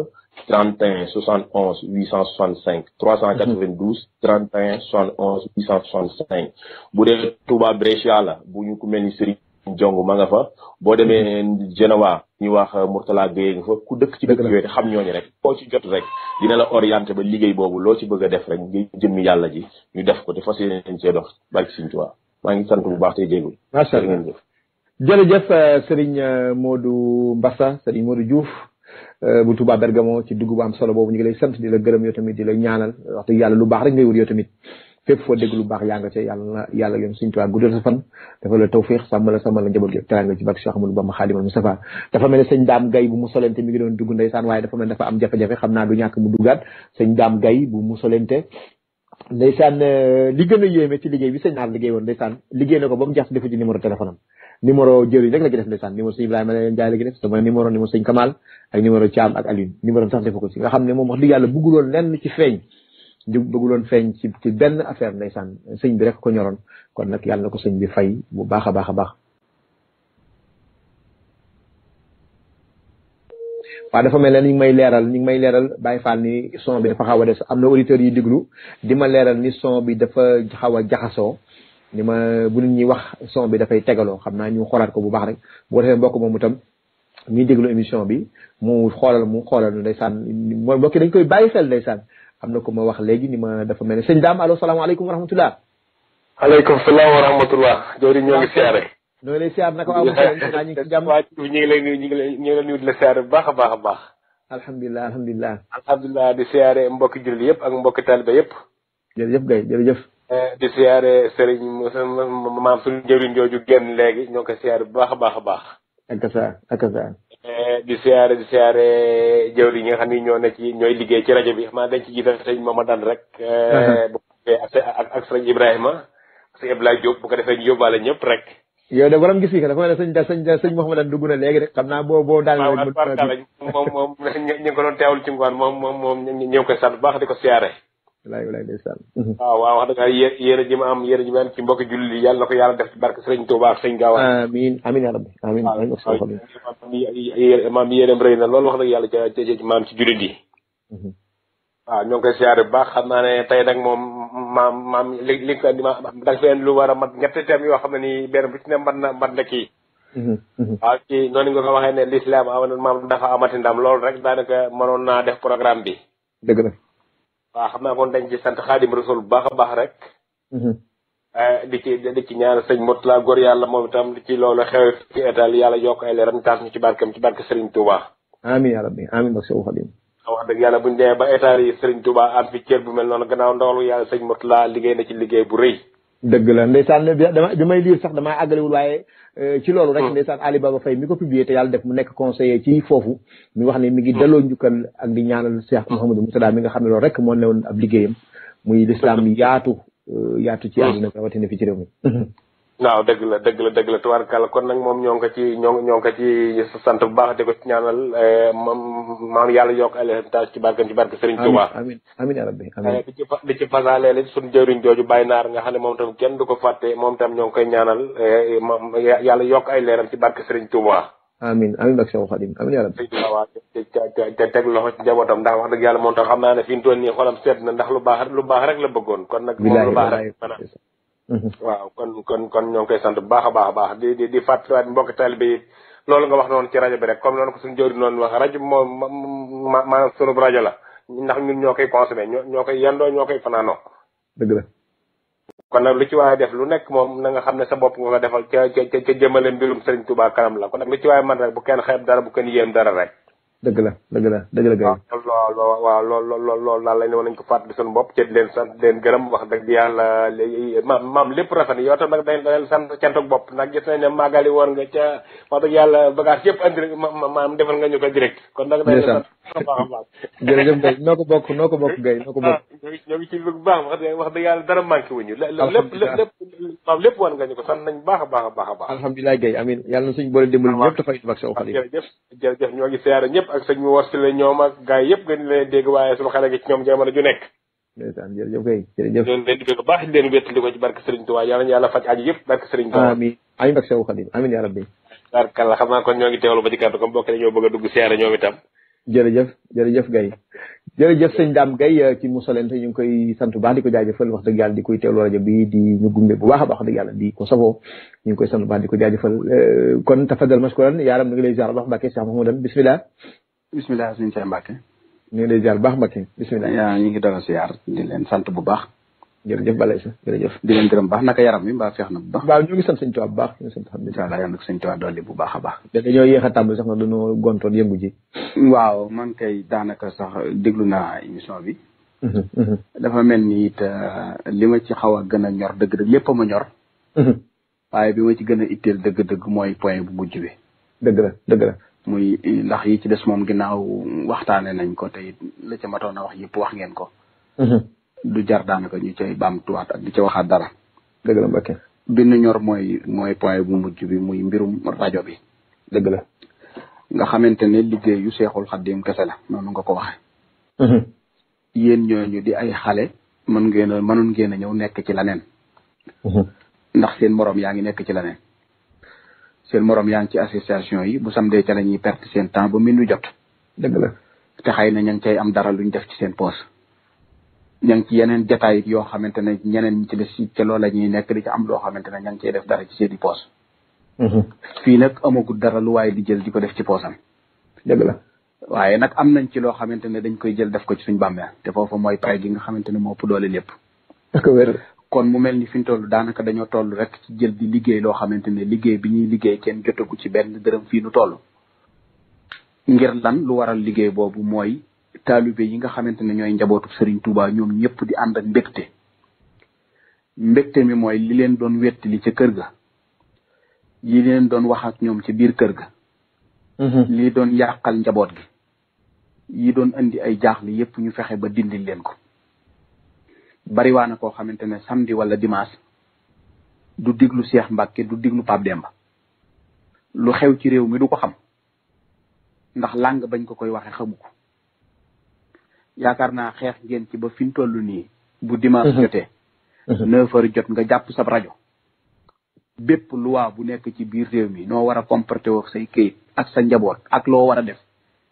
31 71 865 392 31 71 865 bu dee tubaab Brescia la bu ñu ko mel ni Serigne Jong ma nga fa boo demee Genoa ñu wax Mourtala Gueye nga fa ku dëkk ci dëkk yooyu xam ñooñu rek koo ci jot rek dina la orienté ba liggéey boobu loo ci bëgg a def rek ngir jëmmi yàlla ji ñu def ko te fas yéeneen cee dox barki maa ngi sant bu baax tey jéegul jërëjëf Serigne Modou Mbassa Serigne Modou Diouf bu tuba Bergamo ci dugg bu am solo boobu ñu ngi lay sant di la gërëm yow tamit di la ñaanal wax dëgg yàlla lu baax rek ngay wut yow tamit fépp foo dégg lu baax yaa nga ca yàlla na yàlla yoon suñ guddal sa fan dafa la tawfiq sàmm la sàmm la gi ci Cheikh Amadou Bamba Mustafa dafa mel ne sëñ gay bu musolente mi ngi doon dugg ndeysaan waaye dafa eh, mel dafa am jafe-jafe xam du ñàkk mu duggaat sëñ daam gay bu musolente ndeysaan li gën a yéeme ci liggéey bi sëñ naar liggéey woon ndeysaan liggéey na ko ba mu jax defu ci numéro téléphone am numéro jëriñ rek la ci def ndeysaan numéro sëñ Ibrahima Ndiaye la ci def sama numéro numéro sëñ Kamal ak numéro Thiam ak Alioune numéro sax defu ko ci nga xam ne moom wax dëgg yàlla bëgguloon lenn ci feeñ di feeñ ci benn affaire ndeysaan sëñ bi rek ko ñoroon kon nag yàlla na ko sëñ bi fay bu baax a baax a baax waaw dafa mel ne ñu may leeral ñu ngi may leeral Baye Fall ni son bi dafa xaw a des am na auditeurs yi diglu di ma leeral ni son bi dafa xaw a jaxasoo ni ma bu nit ñi wax son bi dafay tegaloo xam naa ñu xoolaat ko bu baax rek boo defee mbokk tam itam muy déglu émission bi mu xoolal mu xoolal nu ndeysaan mooy mbokk dañ koy bàyyi xel ndeysaan am na ko ma wax léegi ni ma dafa mel ne sëñ daam salaamaaleykum wa rahmatullah aleykum salaam wa rahmatullah jawri ñoo ngi siyaare noo lay siyaar naka la siyaare bu baax a baax a baax alhamdulilah alhamdulilah alhamdulilah di siyaare mbokki julli yëpp ak mbokki taalibe yëpp jërëjëf gay jërëjëf di siyaare sëriñ maam suñu njëriñ jooju génn léegi ñoo ko siyaare bu baax a baax a baax. ak sa a sa. Eh, di siyaare di siyaare jëwri yi nga xam ni ñoo ne ci ñooy liggéey ci rajo bi xanaa dañ ci jiital sëñ Mamadou rek. a eh, ko defee ak ak sëñ Ibrahima sëñ Abdoulaye Diop bu ko defee ñu ñëpp rek. yow de borom gis nga dafa mel ne dugg na léegi rek xam naa boo boo daal moom moom ñu ngi ko doon teewul moom moom moom ñoo ngi koy sant bu baax di ko siyaare lay lay ndessal mhm. waaw waaw wax nga yéen yéen ji ma am yéen ji ma am ci mbokk julli yàlla na ko yàlla def ci barke sëriñ Touba ak sëriñ Gawa amin amin ya rabbi amin amin maam yéenam rëy na loolu wax dëgg yàlla ci maam ci jullit yi mhm. waaw ñoo ngi koy siyaare bu baax xam naa ne tey nag moom maam maam li li ko ma danga fi lu war a mat ñetti thèmes yoo xam ne nii benn bu ci ne mat na mat na kii mhm, waaw ci noonu nga ko waxee ne maam dafa amati ndam loolu rek daanaka mënoon naa def programme bi dëgg la waaw xam naa kon dañ ci sant xaadim rasul bu baax a baax rek. Mm-hmm. Eh, di ci di ci ñaanal sëñ gor góor yàlla moom itam di ci loolu xew ci état yàlla yokk ay leeram taas ñu ci barkeem ci barke sëriñ tuba amiin yaa rabbi amiin ba Seydou Xaadim. Ah, wax dëgg yàlla buñ demee ba état yi Serigne Touba am fi cër bu mel noonu gannaaw ndawlu yàlla sëñ Moutala liggéey na ci liggéey bu rëy. dëgg la ndeysaan dama bi may liir sax damaa àggalewul waaye euh, ci loolu rek hmm. ndeysaan Ali Baba Faye mi ko publié te yàlla def mu nekk conseiller ci foofu mu wax ni mi ngi hmm. delloo njukkal ak di ñaanal Cheikh Mouhamadou Moustada mi nga xam ne loolu rek moo newoon ab liggéeyam muy lislaam yaatu euh, yaatu ci hmm. àdduna rawatina fi ci réew mi waaw dëgg la dëgg la dëgg la tubaarkàlla kon nag moom ñoo ngi ci ñoo ñoo ngi ko ci sant bu baax di ko ci ñaanal eh, maam yàlla yokk alhamdulilah ci barkeem ci barke Serigne Touba. amiin amiin rabbi eh, ci di ci fasaale jooju Baye Naar nga xam ne moom tam kenn du ko fàtte moom tam ñoo koy ñaanal eh, maam yàlla yokk ay leeram ci barke Serigne Touba. amiin amiin ak Seexu Xadim amiin yaa rabbi. waaw te teg loxo ci njabootam ndax dëgg yàlla moom tam xam naa ne fi xolam seet na ndax lu baax lu baax rek la bëggoon kon nag moom lu Mm-hmm. waaw kon kon kon ñoo koy sant bu baax a baax a baax di di di fàttaliwaat mbokk taalibe yi loolu nga wax noonu ci rajo bi rek comme noonu ko suñu jëwriñ noonu wax rajo bi moom maanaam sunu rajo la ndax ñun ñoo koy consommé ñoo ñoo koy yandoo ñoo koy fanaanoo. dëgg la. kon nag lu ci waaye def lu nekk moom na nga xam ne sa bopp nga ko defal ca ca ca jëmale mbirum Serigne Touba kanam la kon nag lu ci waaye man rek bu kenn xeeb dara bu kenn yéem dara rek. dëgg la dëgg la dëgg la. waaw ah, lool waaw lool lool lool daal lañ ne woon nañ ko fàttali sunu bopp ci leen sant leen gërëm wax dëgg yàlla maam maam lépp rafet yow tam nag dañ leen sant cant ak bopp ndax gis nañ ne màggali woon nga ca wax dëgg yàlla bagage yëpp maam defal nga ñu ko direct. kon nag dañ leen sant jërëjëf Guèye noo ko bokk noo ko bokk Guèye noo ko bokk. Ah, ñoo ngi ci lu baax wax dëgg yàlla dara manqué wuñu lépp lépp maam lépp wan nga ñu ko sant nañ baax a baax a baax a alhamdulilah Guèye amiin yàlla na suñu boole dimbali ñëpp dafay ak sa xarit jërëjëf jërëjëf ñoo la ñoom nga kon ñoo ngi ba ci kàddu comme bokk ñoo bëgg a dugg siyaare ñoom itam jërëjëf jërëjëf gay jërëjëf sëñ Dame Gaye euh, ci Mousalente ñu ngi koy sant bu baax di ko jaajëfal wax dëgg yàlla di koy teewlu rajo bi di ñu gunge bu baax a baax dëgg yàlla di ko safoo ñu ngi koy sant baax di ko jaajëfal euh, kon tafadal mashkuran yaaram ñu ngi lay ziar baax Mbacke Cheikh Mahmoudan bisimilah bisimilah sëñ Cheikh Mbacke ñu ngi lay ziar bu baax Mbacke bisimilah ñu ngi dara ziar di leen sant bu baax jërëjëf balay sa jërëjëf di leen gërëm baax naka yaram mi mbaa feex na bu baax waaw ñu ngi sant sëñ Tuubaa baax ñu ngi sant alhamdulilah yàlla nag sëñ Tuubaa dolli bu baax a baax da nga ñoo yéex a tàmbali sax na dañoo gontoon yëngu ji waaw man kay daanaka sax déglu naa émission bi dafa mel ni it li ma ci xaw a gën a ñor dëgg-dëgg lépp ma ñor waaye bi ma ci gën a itteel dëgg-dëgg mooy point bu mujj bi dëgg la dëgg la muy ndax yi ci des moom ginnaaw waxtaane nañ ko te it la ca matoon a wax yëpp wax ngeen ko du jar daanaka ñu cay baamtuwaat ak di ca waxaat dara. dëgg la Mbacke. bi ñor mooy mooy point bu mujj bi muy mbirum rajo bi. dëgg la. nga xamante ne liggéey yu seexul xaddim kese la noonu nga ko waxee. Mhm. yéen ñooñu di ay xale. mën ngeen a mënoon ngeen a ñëw nekk ci leneen. Mhm. ndax seen morom yaa ngi nekk ci leneen. seen morom yaa ngi ci association yi bu samdee ca la ñuy perte seen temps ba min nu jot. dëgg la te xëy na ña ngi cay am dara luñ def ci seen poche. ña ngi ci yeneen jataay yoo xamante ne ñeneen ñi ci des ci ñuy nekk di ci am loo xamante ne ña ngi def dara ci seen i poos mm-hmm. fii nag amagul dara lu waaye di jël di ko def ci poosam dëgg la waaye nag am nañ ci loo xamante ne dañ koy jël def ko ci suñ bàmmeel te foofu mooy pay gi nga xamante ne moo ëpp doole lépp kon mu mel ni fi ñu toll daanaka dañoo toll rek ci jël di liggéey loo xamante ne liggéey bi ñuy liggéey kenn jotagu ci benn dërëm fii nu toll ngir lan lu waral liggéey boobu mooy taalibe yi nga xamante ne ñooy njabootu Serigne Touba ñoom ñëpp di ànd ak mbëgte mbégte mi mooy li leen doon li ca kër ga yi leen doon wax ñoom ci biir kër ga mm-hmm. li doon yàqal njaboot gi yi doon indi ay jaaxle yëpp ñu fexe ba dindil leen ko bariwaa na koo xamante ne samedi walla dimanche du diglu Cheikh Mbacke du diglu Pape Demba lu xew ci réew mi du ko xam ndax làng bañ ko koy waxe xamu ko yaakaar naa xeex ngeen ci ba fi mu toll nii. bu dimanche mhm. jotee. Mhm. neuf jot nga jàpp sab rajo. bépp loi bu nekk ci biir réew mi noo war a comporté woo say këyit ak sa njaboot ak loo war a def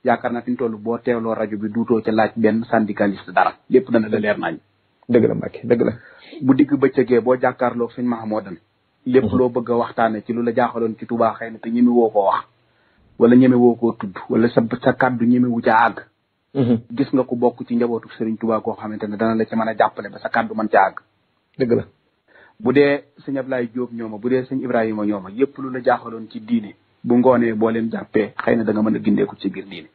yaakaar na fi toll boo teeloo rajo bi duutoo ci laaj benn syndicaliste dara lépp dana la leer nañ. dëgg la Mbacke dëgg la. bu digg bëccëgee boo jàkkaarloog suñ Mahmoudan. lépp mhm. loo bëgga a waxtaanee ci lu la jaaxaloon ci Touba xëy na te ñeme woo koo wax. wala ñeme woo tudd wala sa sa kàddu ñeme wu ca àgg. Mm-hmm. gis nga ko bokk ci njabootu Serigne Touba koo xamante ne dana la ci mën a jàppale ba sa kàddu mën ca àgg. dëgg la bu dee sëñ Ablaye Diop ñooma bu dee sëñ Ibrahima ñooma yépp lu la jaaxaloon ci diine bu ngoonee boo leen jàppee xëy na da nga mën a gindeeku ci biir diine.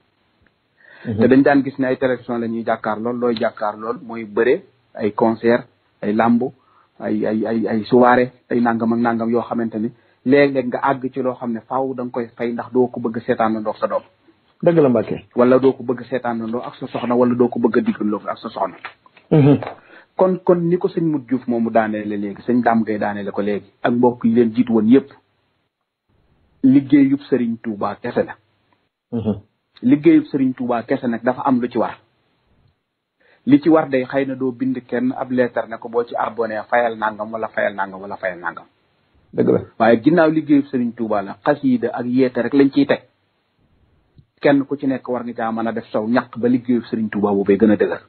Mm-hmm. te dañ daan gis ne ay télévision la ñuy jàkkaar lool looy jàkkaar lool mooy bëre ay concert ay lambu ay ay ay ay soirée ay nangam ak nangam yoo xamante ne léeg-léeg nga àgg ci loo xam ne faaw da nga koy fay ndax doo ko bëgg seetaan na ndox sa doom. dëgg la Mbacke. wala doo ko bëgg seetaan seetaanandoo ak sa soxna wala doo ko bëgg a digandoo ak sa soxna. Mm-hmm. kon kon ni ko sëñ Modou Diouf moomu daaneele léegi sëñ Dame Gueye daaneele ko léegi ak mbokk yi leen jiitu woon yëpp liggéeyub Serigne Touba kese na mm-hmm. liggéeyub Serigne Touba kese nag dafa am lu ci war. li ci war day xëy na doo bind kenn ab leetar na ko boo ci abonné fayal nangam wala fayal nangam wala fayal nangam. waaye ginnaaw liggéeyub Serigne Touba la xasiida ak yeete rek lañ ciy teg. kenn ku ci nekk war nga caa mën a def saw ñàq ba liggéeyu Serigne Touba boobee gën a dëgër.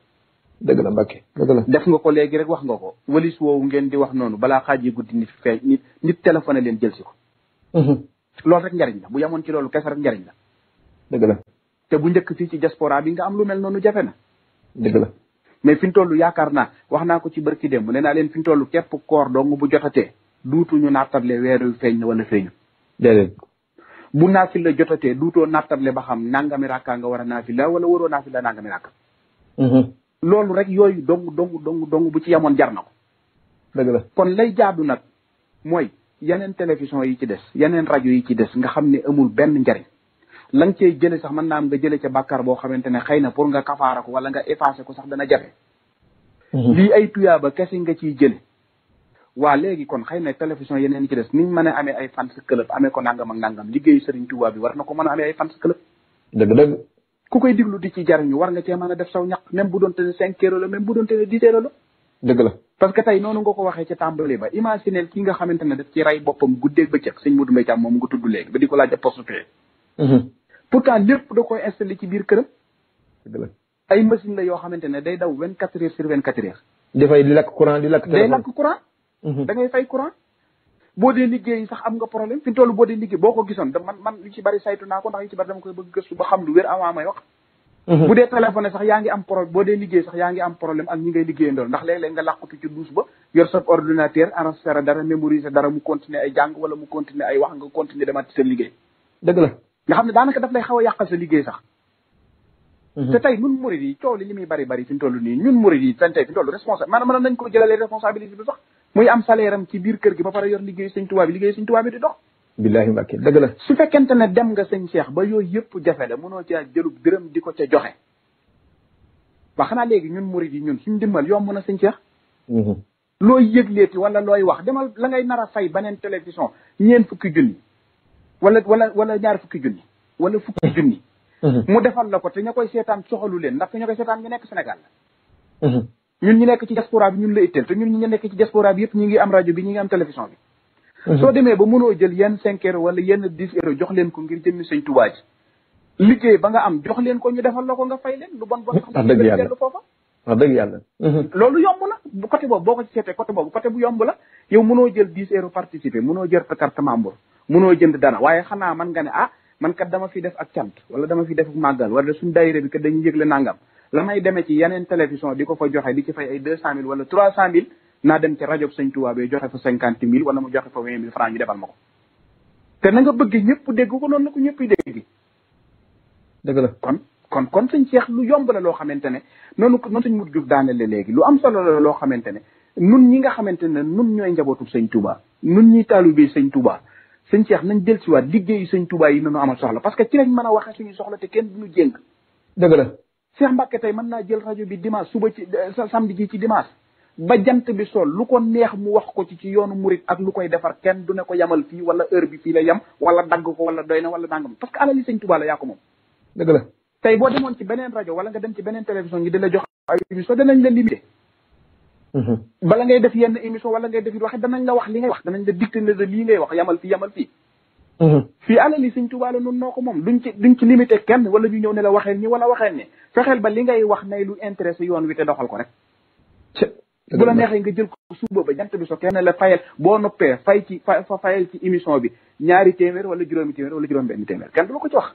dëgg la Mbacke dëgg def nga ko léegi rek wax nga ko walis woowu ngeen di wax noonu balaa xaajee guddi nit fee nit nit téléphoné leen jël si ko. Mhm. loolu rek njariñ la bu yamoon ci loolu kese rek njariñ la. dëgg te bu njëkk fii ci diaspora bi nga am lu mel noonu jafe na. dëgg la. mais fi mu toll yaakaar naa wax naa ko ci barki démb nee naa leen fi mu toll képp koor dong bu jotatee duutuñu naatable weer yu feeñ na wala feeñu. déedéet bu naafila jotatee duutoo nattable ba xam nangami rakka nga war a naafila wala waroo naafila nangami rakka mhm. loolu rek yooyu dong dong dong dong bu ci yemoon jar na ko dëgg la kon lay jaadu nag mooy yeneen télévision yi ci des yeneen rajo yi ci des nga xam ne amul benn njariñ la nga jële sax mën naa am nga jële ca bakkar boo xamante ne xëy na pour nga kafaara ko wala nga effacé ko sax dana jafe mhm. lii ay tuyaaba kese nga ciy jële wa legi kon xeyna television télévision yeneen ci dess niñ mën amé ay fans club amé ko nangam ak nangam liggéey serigne Touba bi war nako ko amé ay fans club deug deug ku koy diglu di ci jarñu war nga ci mën def saw ñak même bu doonte ne 5 euro la même bu doonte ne 10 euro la deug la parce que tay nonu nga ko waxé ci tambalé ba imaginer ki nga xamantene ne daf ci rey boppam guddeeg bëccëg sëñ Modou Mbaye Thiam moom nga tuddu léegi ba diko laj laaj poste pay mhm. pourtant lepp da koy installé ci biir kërëm deug la ay machine la yo xamantene day daw 24 heures sur 24 heures dafay di lak courant di lak téléphone day lak courant Mhm. da ngay fay courant boo dee liggéey sax am nga problème fi boo de liggéey boo ko gisoon da man man li ci bari saytu naa ko ndax li ci bari dama koy bëgg gëstu ba xam lu wér avant may wax mhm. bu dee téléphoné sax yaa ngi am problème boo dee liggéey sax yaa ngi am problème ak ñi ngay liggéeyandool ndax léeg-léeg nga làqutu ci douche ba yor sa ordinateur enregistré dara mémoriser dara mu continuer ay jàng wala mu continuer ay wax nga continuer demaat ci liggéey dëgg xam ne daanaka daf lay xaw a yàqal sa liggéey sax te tey ñun murid yi coow li li muy bari bari fi mu toll nii ñun murid yi tey fi mu toll responsable maanaam mën nañ ko jëlalee responsabilité bi sax muy am salaire ci biir kër gi ba pare yor liggéey sëñ tubaab bi liggéey sëñ di dox su fekkente ne dem nga sëñ Cheikh ba yooyu yëpp jafe la mënoo caa jëlub dërëm di ko ca joxe waa xanaa léegi ñun murid yi ñun suñ dimbal yomb na sëñ Cheikh mm-hmm. looy yëgleeti wala looy wax demal la ngay nar say fay beneen télévision ñeen fukki junni wala wala wala ñaar fukki junni wala fukki junni Mhm. mu defal la ko te ñakoy koy soxalu len ndax ñakoy koy ñu nekk sénégal la mhm. ñun ñu nekk ci diaspora bi ñun la ittel te ñun ñi nekk ci diaspora bi yëpp ñi ngi am radio bi ñi ngi am télévision bi mhm. so démé ba mëno jël yenn 5 heures wala yenn 10 heures jox leen ko ngir jëmmi sëñ touba ji liggéey ba nga am jox leen ko ñu defal la ko nga fay leen lu bon bon xam dëgg yalla wax dëgg yalla loolu yomb la côté boobu boko ci sété côté boobu côté bu yomb la yow mëno jël 10 heures participer mëno jël sa carte membre mëno jënd dara waye xana man nga ne ah man kat dama fi def ak cant wala dama fi def ak màggal wala suñ daayira bi kat dañuy yëgle nangam la may demee ci yeneen télévision di ko fa joxe di ci fay ay deux cent mille wala trois cent mille naa dem ci rajo Sëñ Tuubaa bi joxe fa cinquante wala mu joxe fa vingt mille franc ñu ko te na nga bëgg ñëpp dégg ko noonu na ko ñëpp dégg dëgg la kon kon kon sëñ Cheikh lu yomb la loo xamante ne noonu noonu sëñ mut Juuf daanale léegi lu am solo loo xamante ne nun ñi nga xamante ne nun ñooy njabootu sëñ Tuubaa nun ñi taalu bi sëñ Tuubaa sëñ cheikh nañ del siwaat liggéeyu sëñ tubaay yi nañu amal soxla parce que ci lañ mën a waxee suñu soxla te kenn duñu jéng dëgg la cheikh mbàkke tey mën naa jël rajo bi dimanche suba ci euh, samedi ji ci dimanche ba jant bi sol lu ko neex mu wax ko ci ci yoonu murit ak lu koy defar kenn du ne ko yamal fii wala heure bi fii la yam wala dagg ko wala doy na wala nangam parce que alali sëñ tuba la yaa ko moom dëgg la tey boo demoon ci beneen rajo wala nga dem ci beneen télévision ngi di la jox ay émission danañ la limité bala ngay def yenn émission wala ngay def it waxe danañ la wax li ngay wax danañ la dicter ne li ngay wax yamal fi yamal fi fi ala li sëñ touba la nun noko mom duñ ci duñ ci limité kenn wala ñu ñëw ne la waxeel ni wala waxeel ni fexel ba li ngay wax nay lu intéressé yoon wi te doxal ko rek bu la neexee nga jël ko suba ba jant bi so kenn la fayal boo noppee fay ci fa fayal ci émission bi ñaari téeméer wala juróomi téeméer wala juróom benn téeméer kenn du ko ci wax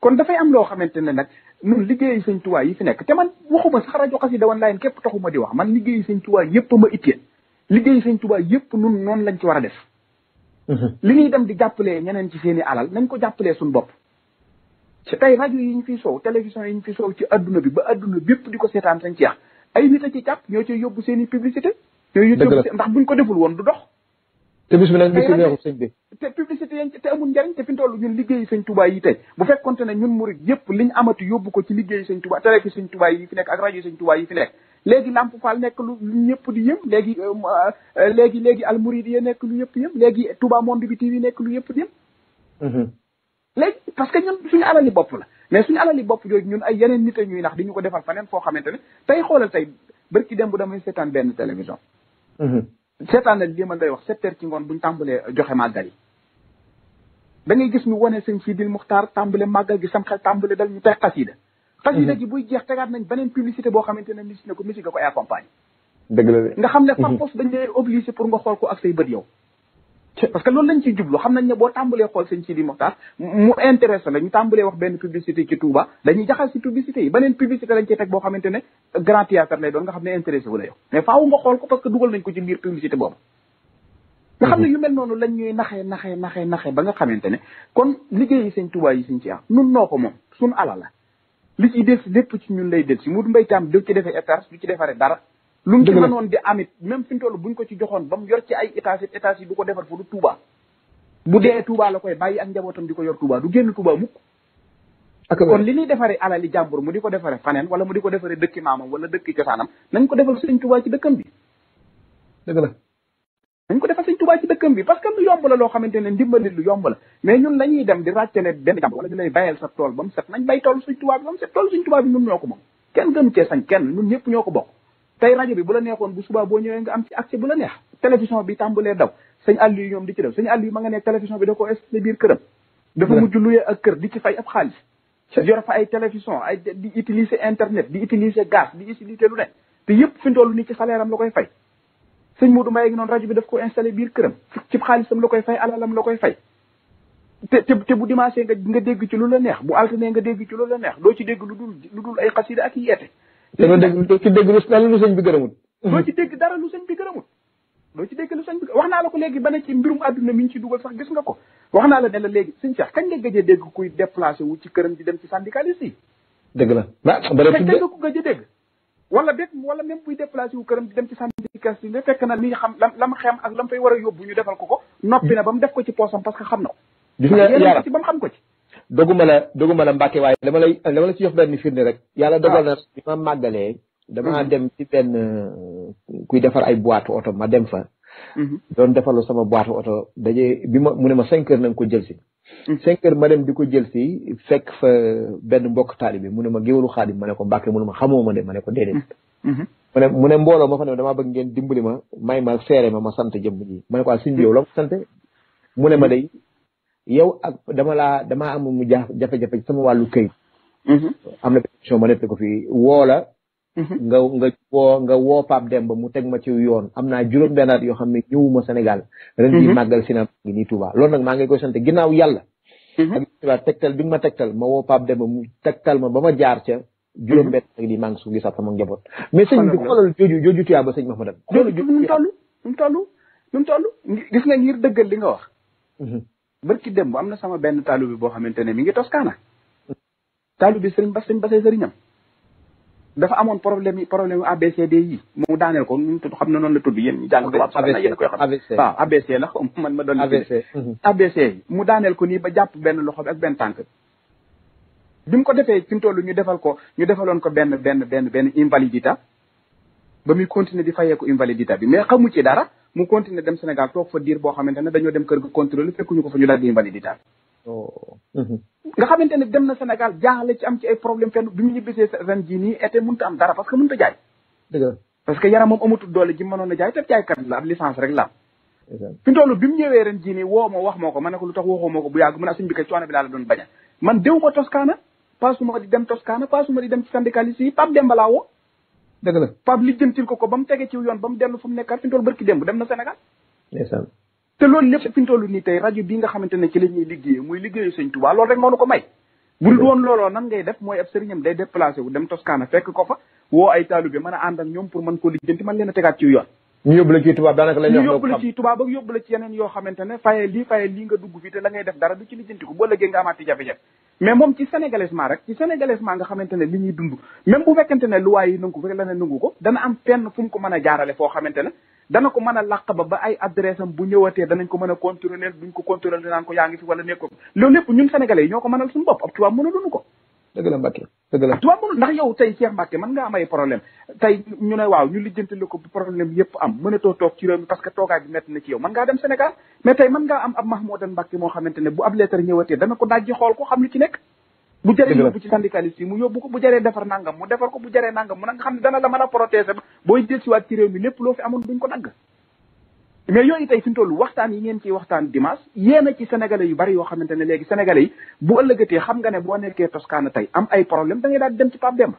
kon dafay am loo xamante ne nag nun liggéey sëñ tuwaay yi fi nekk te man waxuma sax rajo xasida wan laayeen képp taxuma di wax man liggéey sëñ tuwaay yépp ma itteel liggéey sëñ tuwaay yépp nun noonu lañ ci war def mhm. li ñuy dem di jàppalee ñeneen ci seeni alal nañ ko jàppalee suñ bopp ci tey rajo yi ñu fi soow télévision yi ñu fi soow ci adduna bi ba adduna bépp di ko seetaan sañ ci yax ay nit ci ñoo ci yóbbu seeni publicité ñoo ndax buñ ko deful woon du dox te bis bi nag bisu weeru sëñ bi te publicité yañ te amul njariñ te fi ñu toll ñun liggéeyu sëñ Touba yi tey bu fekkonte ne ñun murid yëpp liñ amati yóbbu ko ci liggéeyu sëñ Touba télé fi sëñ Touba yi fi nekk ak rajo sëñ Touba yi fi nekk léegi Lamp Fall nekk lu ñëpp di yëm léegi euh, euh, léegi léegi Almouridiyyah nekk lu ñëpp yëm léegi Touba Monde bi TV nekk lu ñëpp yëpp yëpp léegi parce que ñun suñu alali bopp la mais suñu alali bopp jooju ñun ay yeneen nit a ñuy nax di ñu ko defal faneen foo xamante ne tey xoolal tey bërki dem bu damay seetaan benn télévision mm-hmm. seetaan nag li ma lay wax sept heures ci ngoon buñ tàmbalee joxe màggal yi da ngay gis ñu wane sëñ Sidil Muxtaar tàmbale màggal gi sam xel tàmbale dal ñu teg xasida hmm. xasida gi buy jeex tegaat nañ beneen publicité boo xamante ne musique na ko musique a ko nga xam ne par hmm. force dañ lay obligé pour nga xool ko ak say bët yow parce que loolu lañ ciy jublu xam nañ ne boo tàmbalee xool sëñ Sidi Moxtaar mu intéressé la ñu wax benn publicité ci Touba dañuy jaxal si publicité yi beneen publicité lañ ciy teg boo xamante ne grand théâtre lay doon nga xam ne intéressé wu la yow mais faaw nga xool ko parce que dugal nañ ko ci biir publicité boobu nga xam ne mhm. yu mel noonu lañ naxee naxee naxee naxee ba nga xamante ne kon liggéey yi sëñ Touba yi sëñ ci am nun noo ko moom suñ alal la li ciy des lépp ci ñun lay del si Modou Mbaye Thiam ci defee étage du ci defaree dara lu mu ci mënoon di amit même fi mu toll buñ ko ci joxoon ba mu yor ci ay étage it du ko defar fu du Touba bu dee Touba la koy bàyyi ak njabootam di ko yor Touba du génn Touba mukk kon li ñuy defaree alali jàmbur mu di ko defaree faneen wala mu di ko defaree dëkki maamam wala dëkki cosaanam nañ ko defal sëñ Touba ci ci dëkkam bi parce que lu yomb la loo xamante ne ndimbali lu yomb la mais ñun lañuy dem di ràcce ne benn jàmbur wala di lay bayal sa tool ba mu kenn gënu ñëpp ñoo ko bokk tey rajo bi bu la neexoon bu subaa boo ñëwee nga am ci accès bu la neex télévision bi tàmbalee daw sëñ àll yi ñoom di ci daw sëñ àll yi ma nga nekk télévision bi da koo installé biir këram dafa mujj luyee ak ay télévision internet di utiliser gaz di utiliser lu ne te yëpp fi mu toll nii ci salaire am la koy fay rajo bi daf ko installé biir këram ci xaalisam la koy fay alalam la koy fay te te bu dimanche nga dégg ci lu la neex bu alterné nga dégg ci lu la neex doo ci dégg lu dul lu dul ay xasida ak yeete doo dégg doo ci dégg lu sëñ bi gërëmul doo ci dégg lu sëñ bi gërëmul doo ci dégg lu sëñ bi wax naa la ko léegi ba ne ci mbirum àdduna mi ñu ci dugal sax gis nga ko wax naa la ne la léegi sëñ Cheikh kañ nga gëj a dégg kuy déplacé wu ci këram di dem ci syndicaliste yi dëgg la kañ nga ko gëj dégg wala bég wala même buy déplacé wu këram di dem ci syndicaliste yi nga fekk na li xam lam lam xam ak lam fay war a yóbbu ñu defal ko ko noppi na ba ko ci poosam parce que xam na ko gis nga yaara ko ci doguma la doguma la Mbàkke waaye dama lay la ci jox benn firnde rek. yàlla ah. dogal na bi ma màggalee. damaa mm-hmm. dem ci benn euh, kuy defar ay boîte oto ma dem fa. Mm-hmm. doon defarlu sama boîte oto daje bi ma mu ne ma cinq heures na ko jël si. Mm-hmm. cinq ma dem di ko jël si fekk fa benn taali bi mu ne ma géwalu xaadim ma ne ko Mbàkke mu ne ma xamoo ma de ma ne ko déedéet. mu ne mu ne fa ne damaa bëgg ngeen dimbali ma may ma seere ma ma sant jëm ji ma ne ko ah suñu yow la ma sant mu ma day yow ak ah, dama la dama am mu jafé jafé ci sama walu keuy hmm amna pétition ma def ko fi wo la mm-hmm. nga nga wo nga wo pap dem ba mu tek ma ci yoon amna naa benat yo at ñewuma xam Sénégal ren di magal mm-hmm. sina naa ngi nii Touba lool nak ma ngi koy sant ginnaw yalla mm-hmm. ak tektal bi nga ma tegtal ma woo Pape Demba mu tektal ma bama jaar ca juróom benat ak di mang su ngi sa gisaat sama njaboot mais señ bi xoolal joju joju tuyaa ba señ ma fa dem xoolal jooju nu mu toll nu mu tollu mu toll gis nga ngir deugal li nga wax bërki dem bu am na sama benn taalu bi boo xamante ne mi ngi toskaana taalu bi sëriñ ba sëriñ ba say sëriñam dafa amoon problème yi problème yi mu daaneel ko ñu tudd xam na noonu la tudd yéen ñu jàng ko wax na yéen koy xam waaw ABC la xaw man ma doon ABC mhm. ABC mu daaneel ko nii ba jàpp benn loxo bi ak benn tànk bi mu ko defee fi mu toll ñu defal ko ñu defaloon ko benn benn benn benn invalidita ba muy continuer di fayee ko invalidita bi mais xamu ci dara mu continuer dem Sénégal toog fa diir boo xamante dañoo dem kër ga contrôle fekkuñu ko fa ñu daal di invalidité oh. mm-hmm. nga xamante dem na Sénégal jaaxle ci am ci ay problème fenn bi mu ren jii nii été am dara parce que mënut a jaay. dëgg parce que yaram moom amatul doole ji mënoon jaay te jaaykat la ab rek la fi toll bi mu ñëwee ren jii woo ma wax moo ko ma ko lu tax waxoo ko bu yàgg mu ne suñ bi doon baña man déw dëgg la Pape lijjantil ko ko ba mu tege ci yoon ba mu dellu fu mu nekkaat fi mu toll barki démb dem na Sénégal. ndeysaan. te loolu lépp fi toll nii tey rajo bi nga xamante ne ci la ñuy liggéeyee muy liggéeyu sëñ Touba loolu rek moo nu ko may. bu dul woon nan ngay def mooy ab sëriñam day déplacé wu dem Toscana fekk ko fa woo ay taalibe mën a ànd ak ñoom pour mën koo lijjanti mën leen a tegaat ci yoon ñu yóbbu la ci tubaab daanaka la ñu yóbbu la ci tubaab yóbbu la ci yeneen yoo xamante faye lii faye lii nga dugg fii te la ngay def dara du ci lijjantiku boo lëggee nga amaati jafe-jafe mais nga xamante li ñuy dund même bu fekkente ne luwaa yi nangu fekk la ne nangu ko dana am fenn fu ñu ko mën a jaarale foo xamante ne dana ko mën a làq ba ba ay adresse am bu ñëwatee danañ ko mën a contrôler duñ ko contrôler naan ko yaa ngi fi wala nekko ko mënal ko dëgg la Mbacke dëgg la tubaab mënul ndax yow tey Cheikh Mbacke mën nga am ay problème tey ñu ne waaw ñu lijjanti la ko problème yëpp am mënatoo toog ci réew mi parce que toogaay bi métti na ci yow mën ngaa dem Sénégal mais tey mën ngaa am ab Mahmoudan Mbacke moo xamante ne bu ab lettre ñëwatee dana ko dajji xool ko xam li ci nekk bu jëree yóbbu ci syndicaliste yi mu yóbbu ko bu jëree defar nangam mu defar ko bu jëree nangam mu nag xam ne dana la mën a protéger booy delsiwaat ci réew mi loo fi amoon ko dagg mais yooyu tey fi mu toll waxtaan yi ngeen ciy waxtaan dimanche yéen a ci sénégalais yu bari yoo xamante ne léegi sénégalais yi bu ëllëgatee xam nga ne boo nekkee Toscana tey am ay problème da ngay daal dem ci Pape Demba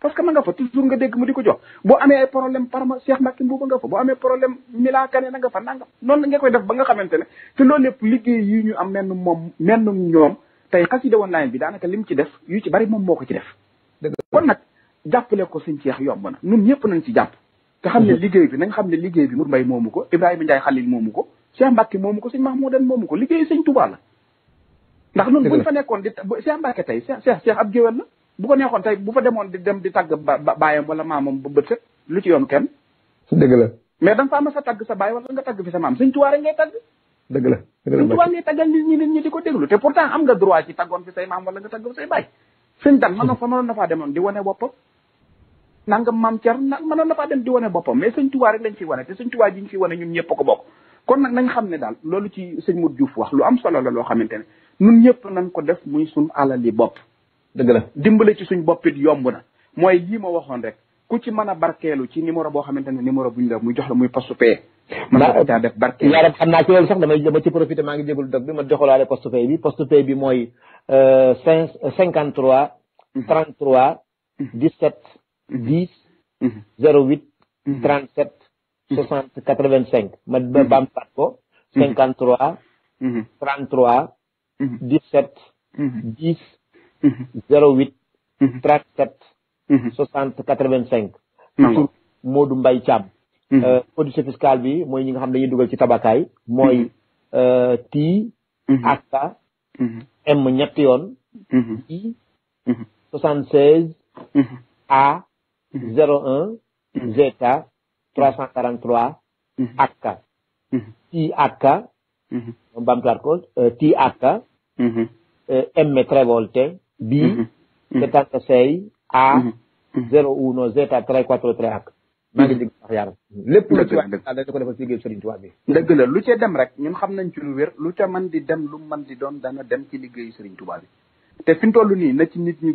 parce que ma nga fa toujours nga dégg mu di ko jox boo amee ay problème parma Cheikh Mbacke Mboup nga fa boo amee problème Mila Kane na nga fa nanga noonu nga koy def ba nga xamante ne te loolu lépp liggéey yi ñu am menn moom menn ñoom tey xasida online bi daanaka lim ci def yu ci bari moom moo ko ci def kon nag jàppale ko sëñ Cheikh yomb na ñun ñëpp nañ ci jàpp te xamne mhm. liggey bi nañ xamne liggey bi mur mbay momuko ibrahim ndjay Khalil momuko Cheikh Mbacke momuko seigne mahmoud Mahmoudan momuko liggey seigne Touba la ndax noonu buñ fa nekkon di Cheikh Mbacke tay Cheikh Cheikh Cheikh la bu ko neexoon tay bu fa demoon di dem di tag baayam wala mamam bu beut set lu ci yoon kenn deug la mais da fa ma sa tag sa baay wala nga tag fi sa mam seigne Touba rek ngay tag deug la seigne Touba ngay tagal nit ñi nit ñi diko deglu te pourtant am nga droit ci tàggoon fi say mam wala nga tag fi say baay seigne dan man fa na fa demoon di woné bopam nangam mam ciar nak man na fa dem di woné bopam mais seigne touba rek lañ ci woné té seigne touba jiñ ci woné ñun ñëpp ko bok kon nak nañ xamné dal lolu ci seigne mut juuf wax lu am solo la lo xamantene ñun nun ñëpp nañ ko def muy sun ala li bop deug la dimbalé ci suñ boppit yomb na moy lii ma waxon rek ku ci mëna barkélu ci numéro bo xamantene numéro buñ la muy jox la muy poste pay mën ko ta def barké ya rab xamna ci lolu sax damay jëm ci profiter ma ngi jëgul dog bi ma doxalaale poste pay bi poste pay bi moy euh 53 33 17 dix mhm. zéro huit mhm. trente sept mhm. soixante quatre vingt cinq ma ba bamtat ko cinquante trois trente trois dix sept dix zéro huit trente sept soixante quatre vingt cinq tur Modou Mbaye Thiam codice euh, bi mooy ñi nga xam dañuy dugal ci tabakaay mooy euh, tii akka m ñetti yoon soixante seize a 01 ZK 343 AK TAK bamtuwaat ko TAK M Travolta B 76 mm-hmm. mm-hmm. A 01 ZK 343 AK maa ngi dégg sax yaaram lépp lu ci wax dañ ko defal bi dëgg la lu ca dem rek ñun xam nañ ci lu wér lu ca mën di dem lu mën di doon dana dem ci liggéeyu Sëriñ Tuubaa bi te fi ñu toll nii na ci nit ñi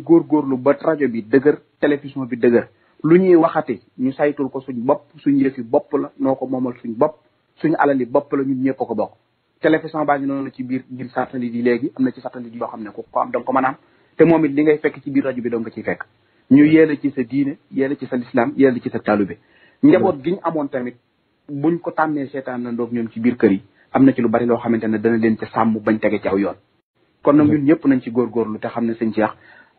lu ba rajo bi dëgër télévision bi dëgër lu ñuy waxati ñu saytul ko suñ bopp suñ yëfi bopp la noo ko moomal suñ bopp suñu alali bopp la ñun ñëpp ko bokk télévision baa ngi noonu ci biir biir satellite yi léegi am na ci satellite yoo xam ne ku ko am da ko a am moom it li ngay fekk ci biir rajo bi doo nga ciy fekk ñu mm-hmm. yéene ci sa diine yéene ci sa lislaam yéene ci sa taalube mm-hmm. njaboot gi ñu amoon tamit buñ ko tàmmee seetaan na ndoog ñoom ci biir kër yi am na ci lu bari loo xamante ne dana leen ci sàmm bañ tege ci aw yoon kon nag mm-hmm. ñun ñëpp nañ ci góorgóorlu te xam ne sëñ Cheikh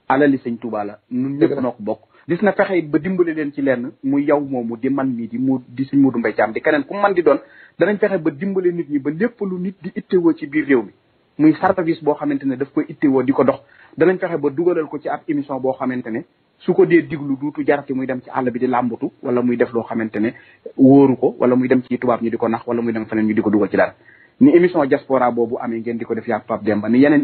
alali sëñ Touba la ñun ñëpp ko bokk dis na fexe it ba dimbale leen ci lenn muy yow moomu di man mii di mu di suñ Modou Mbaye Thiam di keneen ku man di doon danañ fexe ba dimbale nit ñi ba lépp lu nit di ittewoo ci biir réew mi muy service boo xamante ne daf koy ittewoo di ko dox danañ fexe ba dugalal ko ci ab émission boo xamante ne su ko dee diglu duutu jarati muy dem ci àll bi di làmbatu wala muy def loo xamante ne wóoru ko wala muy dem ci tubaab ñu di ko nax wala muy dem feneen ñu ko ci dara ni émission diaspora boobu amee ngeen di ko def yaa Pape Demba ni yeneen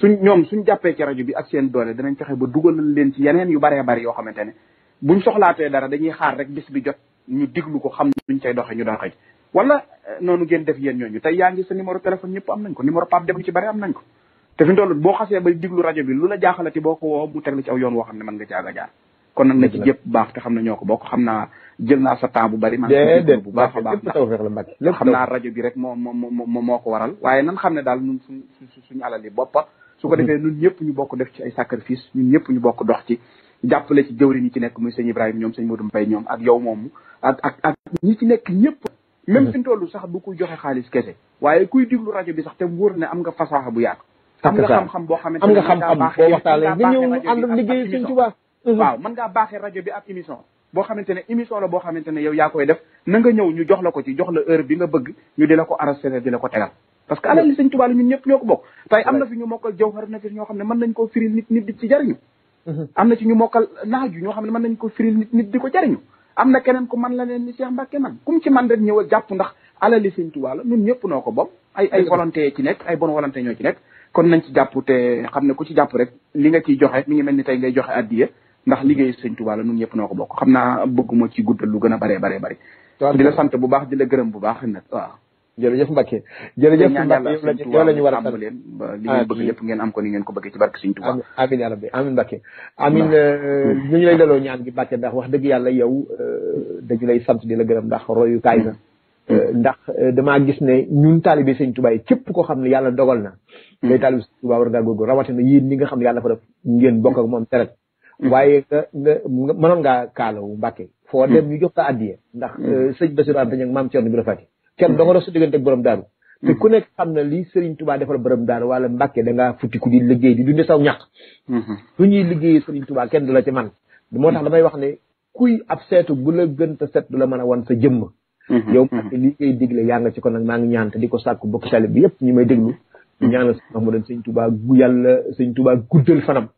suñ ñoom suñ jàppee ci rajo bi ak seen doole danañ fexe ba dugalal leen ci yeneen yu baree bari yoo xamante ne buñ soxlaatee dara dañuy xaar rek bis bi jot ñu diglu ko xam luñ cay doxe ñu doxe wala eh, noonu ngeen def yéen ñooñu tey yaa ngi sa numéro téléphone ñëpp am nañ numéro Pape Demba ci bari am nañ ko te fi mu toll boo xasee bay diglu rajo bi lu ko woo mu teg la yoon woo xam ne mën nga jaaga jaar kon nag na ci yëpp baax xam ne ñoo ko bokk xam naa jël naa sa temps bu bari man bu baax a baax ndax xam naa rajo bi rek moo moo moo moo ko waral waaye nan xam ne daal ñun suñ suñu alal yi boppa su ko mm-hmm. defee ñun ñëpp ñu bokk def ci ay sacrifice ñun ñëpp ñu bokk dox ci jàppale ci jëwriñ yi ci nekk muy sëñ Ibrahima ñoom sëñ Modou Mbaye ñoom ak ak ak ak ñi nekk ñëpp mm-hmm. même fi tollu sax du kuy joxe xaalis kese waaye kuy diglu rajo bi sax te wóor ne am nga fasaaxa bu yaatu am nga xam-xam boo xamante am nga xam-xam boo waxtaanee nga ñëw ànd liggéey sëñ Tuubaa mm-hmm. waaw mën rajo bi ab émission boo xamante ne émission la boo xamante ne yow yaa koy def na nga ñëw ñu jox la ko ci jox la heure bi nga bëgg ñu di ko arrêté di la ko tegal parce que alal li sëñ ñun ñëpp ñoo ko bokk tey am na fi ñu mokkal jawhar nafis na ci ñu mokkal naaju ñoo xam ne mën nañ ko mm-hmm. firil nit nit di ko jariñu am na keneen ku man la leen ni Cheikh ke man kum ci man rek ñëwal jàpp ndax alal li sëñ ñun ñëpp noo ko bokk ay ay volonté ci nekk ay bon volonté ñoo ci nekk kon nañ ci jàpp te xam ne ku ci jàpp rek li nga ciy joxe mi ngi mel ni tey ngay joxe addiya ndax liggéey sëñ Tuubaa la ñun ñëpp noo ko bokk xam naa bëgguma ci guddal lu gën a baree baree bari di sant bu baax di la gërëm bu baax nag waaw jërëjëf Mbacke jërëjëf Mbacke yow la ñu war a sant leen ba li lépp ngeen am ko ni ngeen ko bëggee ci barke Sëriñ Tuubaa amin ya rabbi amin Mbacke amin euh, ñu ngi lay daloo ñaan gi Mbacke ndax wax dëgg yàlla yow euh, dañu lay sant di la gërëm ndax royukaay na mm. euh, ndax damaa gis ne ñun taalibe Sëriñ Tuubaa yi képp koo xam ne yàlla dogal na mm. ngay taalibe Sëriñ Tuubaa war ngaa góorgóorlu rawatina yéen ñi nga xam ne yàlla fa def ngeen bokk ak moom teret mm. waaye nga nga mënoon ngaa kaalawu Mbacke foo dem ñu jox ko addiye ndax sëñ Bassirou Anta Niang maam Cerno bi la fati kenn do nga do su digënté borom daaru te ku nekk xamna li Serigne Touba defal borom daaru wala Mbacke da nga futti ku di liggéey di dundee saw ñàq. hmm ñuy liggéeyee Serigne Touba kenn dula ci man. motax tax damay wax ne kuy ab seetu bu la gën te set dula mëna won sa jëm yow parce li ngay diglé ya nga ci ko nak ma ngi ñaan te diko sakku bokk tali bi yépp ñi may déglu. ñaan ñaanal sama doon Serigne Touba gu yalla Serigne Touba guddal fanam.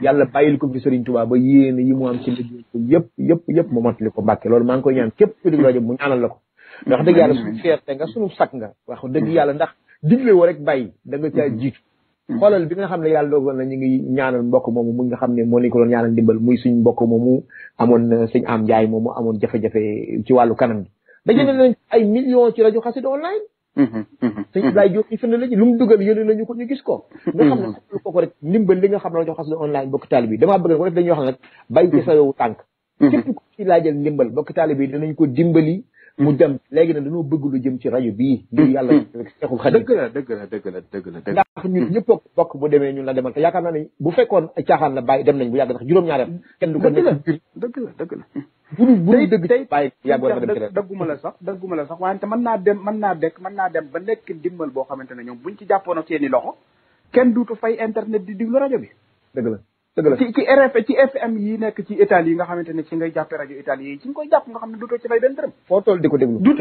yalla bayil ko fi Serigne Touba ba yéene yi mu am ci liggéey yépp yépp yépp mu mottali ko mbacké lool ma ngi koy ñaan képp ku déglu rajo mu ñaanal la ko ndax dëgg yàlla suñu fierté nga suñu sakk nga wax dëgg yàlla ndax digle woo rek bàyyi da nga caa jiitu mm-hmm. xoolal bi nga xam ne yàlla doogal na ñu ngi ñaanal mbokk moomu mu nga xam ne moo lañ ko doon ñaanal ndimbal muy suñ mbokk moomu amoon euh, sëñ am njaay moomu amoon jafe-jafe ci wàllu kanam gi mm-hmm. dajale nañ ay millions ci rajo xasida online mm-hmm, sëñ Ablaye Diop ñu firnde la ci lu mu dugal yónnee nañu ko ñu gis ko nga xam ne lu ko ko rek ndimbal li nga xam ne rajo xasida online bokk taal bi damaa bëgg ko def dañuy wax nag bàyyi ci sa yowu tànk képp ku ci laajal ndimbal bokk taal bi dinañ ko dimbali mu dem léegi nag dañoo bëgg lu jëm ci rajo bii. Hmm, ngir yàlla rek hmm. seexul xadim. dëgg la dëgg la dëgg la dëgg la. ndax ñun ñëpp bokk bu demee ñun la demal te yaakaar naa ni bu fekkoon caaxaan la bàyyi dem nañ bu yàgg ndax juróom-ñaar kenn du ko nekk. dëgg la dëgg la bu dul bu dul dëgg tey bàyyi yàgg war nga dem keneen dëgguma la sax dëgguma sax waaye mën naa dem mën naa dekk mën naa dem ba nekk ndimbal boo xamante ne ñoom buñ ci jàppoon ak seeni loxo kenn duutu fay internet di diglu rajo bi dëgg la ci ci RFM ci FM yi nekk ci Italie nga xamante ne ci ngay jàppee rajo Italie yi ci nga koy jàpp nga xam ne duutoo ci fay benn dërëm foo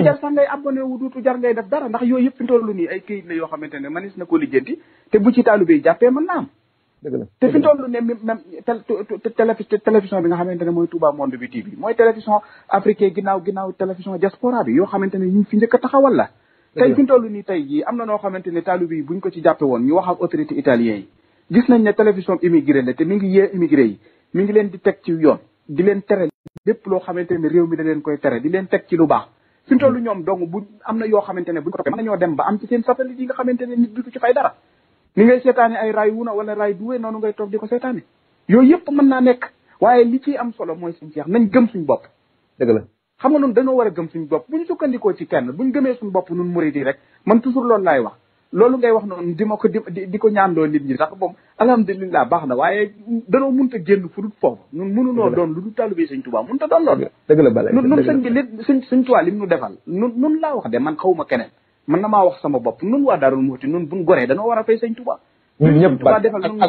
jar sax ngay abonné wu duutu jar ngay def dara ndax yooyu yëpp fi nii ay këyit la yoo xamante ne manis na am dëgg la te fi toll ne bi nga xamante ne mooy Touba Monde bi TV mooy télévision africain ginnaaw ginnaaw télévision diaspora bi yoo xamante ne ñu fi njëkk a taxawal la tey fi toll nii tey jii am na noo xamante ne taalu bi buñ ko ci jàppe woon ñu wax ak autorité italien yi gis nañ ne télévision immigré la te mi ngi yee immigré yi mi ngi leen di teg ci yoon di leen tere lépp loo xamante ne réew mi da leen koy tere di leen teg ci lu baax fi mu ñoom dong bu am na yoo xamante ne buñ ko toppee dem ba am ci seen satellite yi nga xamante ne nit du ci fay dara ni ngay seetaane ay noonu ngay toog di ko seetaane yooyu yëpp mën naa nekk waaye li ci am solo mooy suñ ceex nañ gëm suñ bopp dëgg la xam nga noonu dañoo war a gëm suñ bopp bu ñu sukkandikoo ci kenn bu ñu gëmee suñ bopp nun murid rek man toujours loolu laay wax loolu ngay wax noonu di ma ko di di ko ñaandoo nit ñi sax moom alhamdulilah baax na waaye danoo mënta génn fu dul foofu ñun mënunoo doon lu du talibé sëñ Tuubaa mënta doon loolu dëgg la bala nun lim nu defal nun laa wax de man xaw keneen man na maa wax sama bopp nun waa moo Muxti nun buñ goree danoo war a fay sëñ Tuubaa ñun ñëpp ba defal nun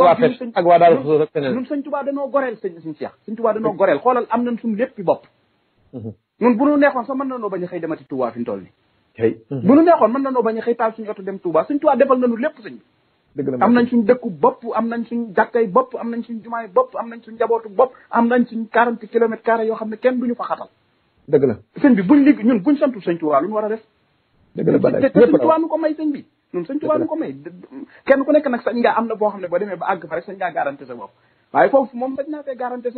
ak waa Daaru Xudoos ak feneen nun danoo goreel sëñ sëñ Seex danoo goreel xoolal am nañ suñu lépp bopp nun bu nu neexoon sax mën nanoo bañ a xëy demati Tuubaa fi mu toll Mhm. bu nu neexoon mën nanoo bañ a xëy taal oto dem Touba suñ Touba defal nañu lépp suñ am nañ bopp am nañ suñ jàkkay bopp am nañ suñ jumaay bopp am nañ suñ njabootu bopp am nañ suñ quarante kilomètres carré yoo xam ne kenn duñu fa xatal dëgg la sëñ bi buñ liggéey ñun buñ santul sëñ Touba lu ñu war a def dëgg la te nu ko may sëñ bi ñun sëñ Touba nu ko may kenn ku nekk nag sañ ngaa am na boo xam ne boo demee ba àgg fa rek sañ ngaa garanté sa bopp waaye foofu moom sañ naa fee garanté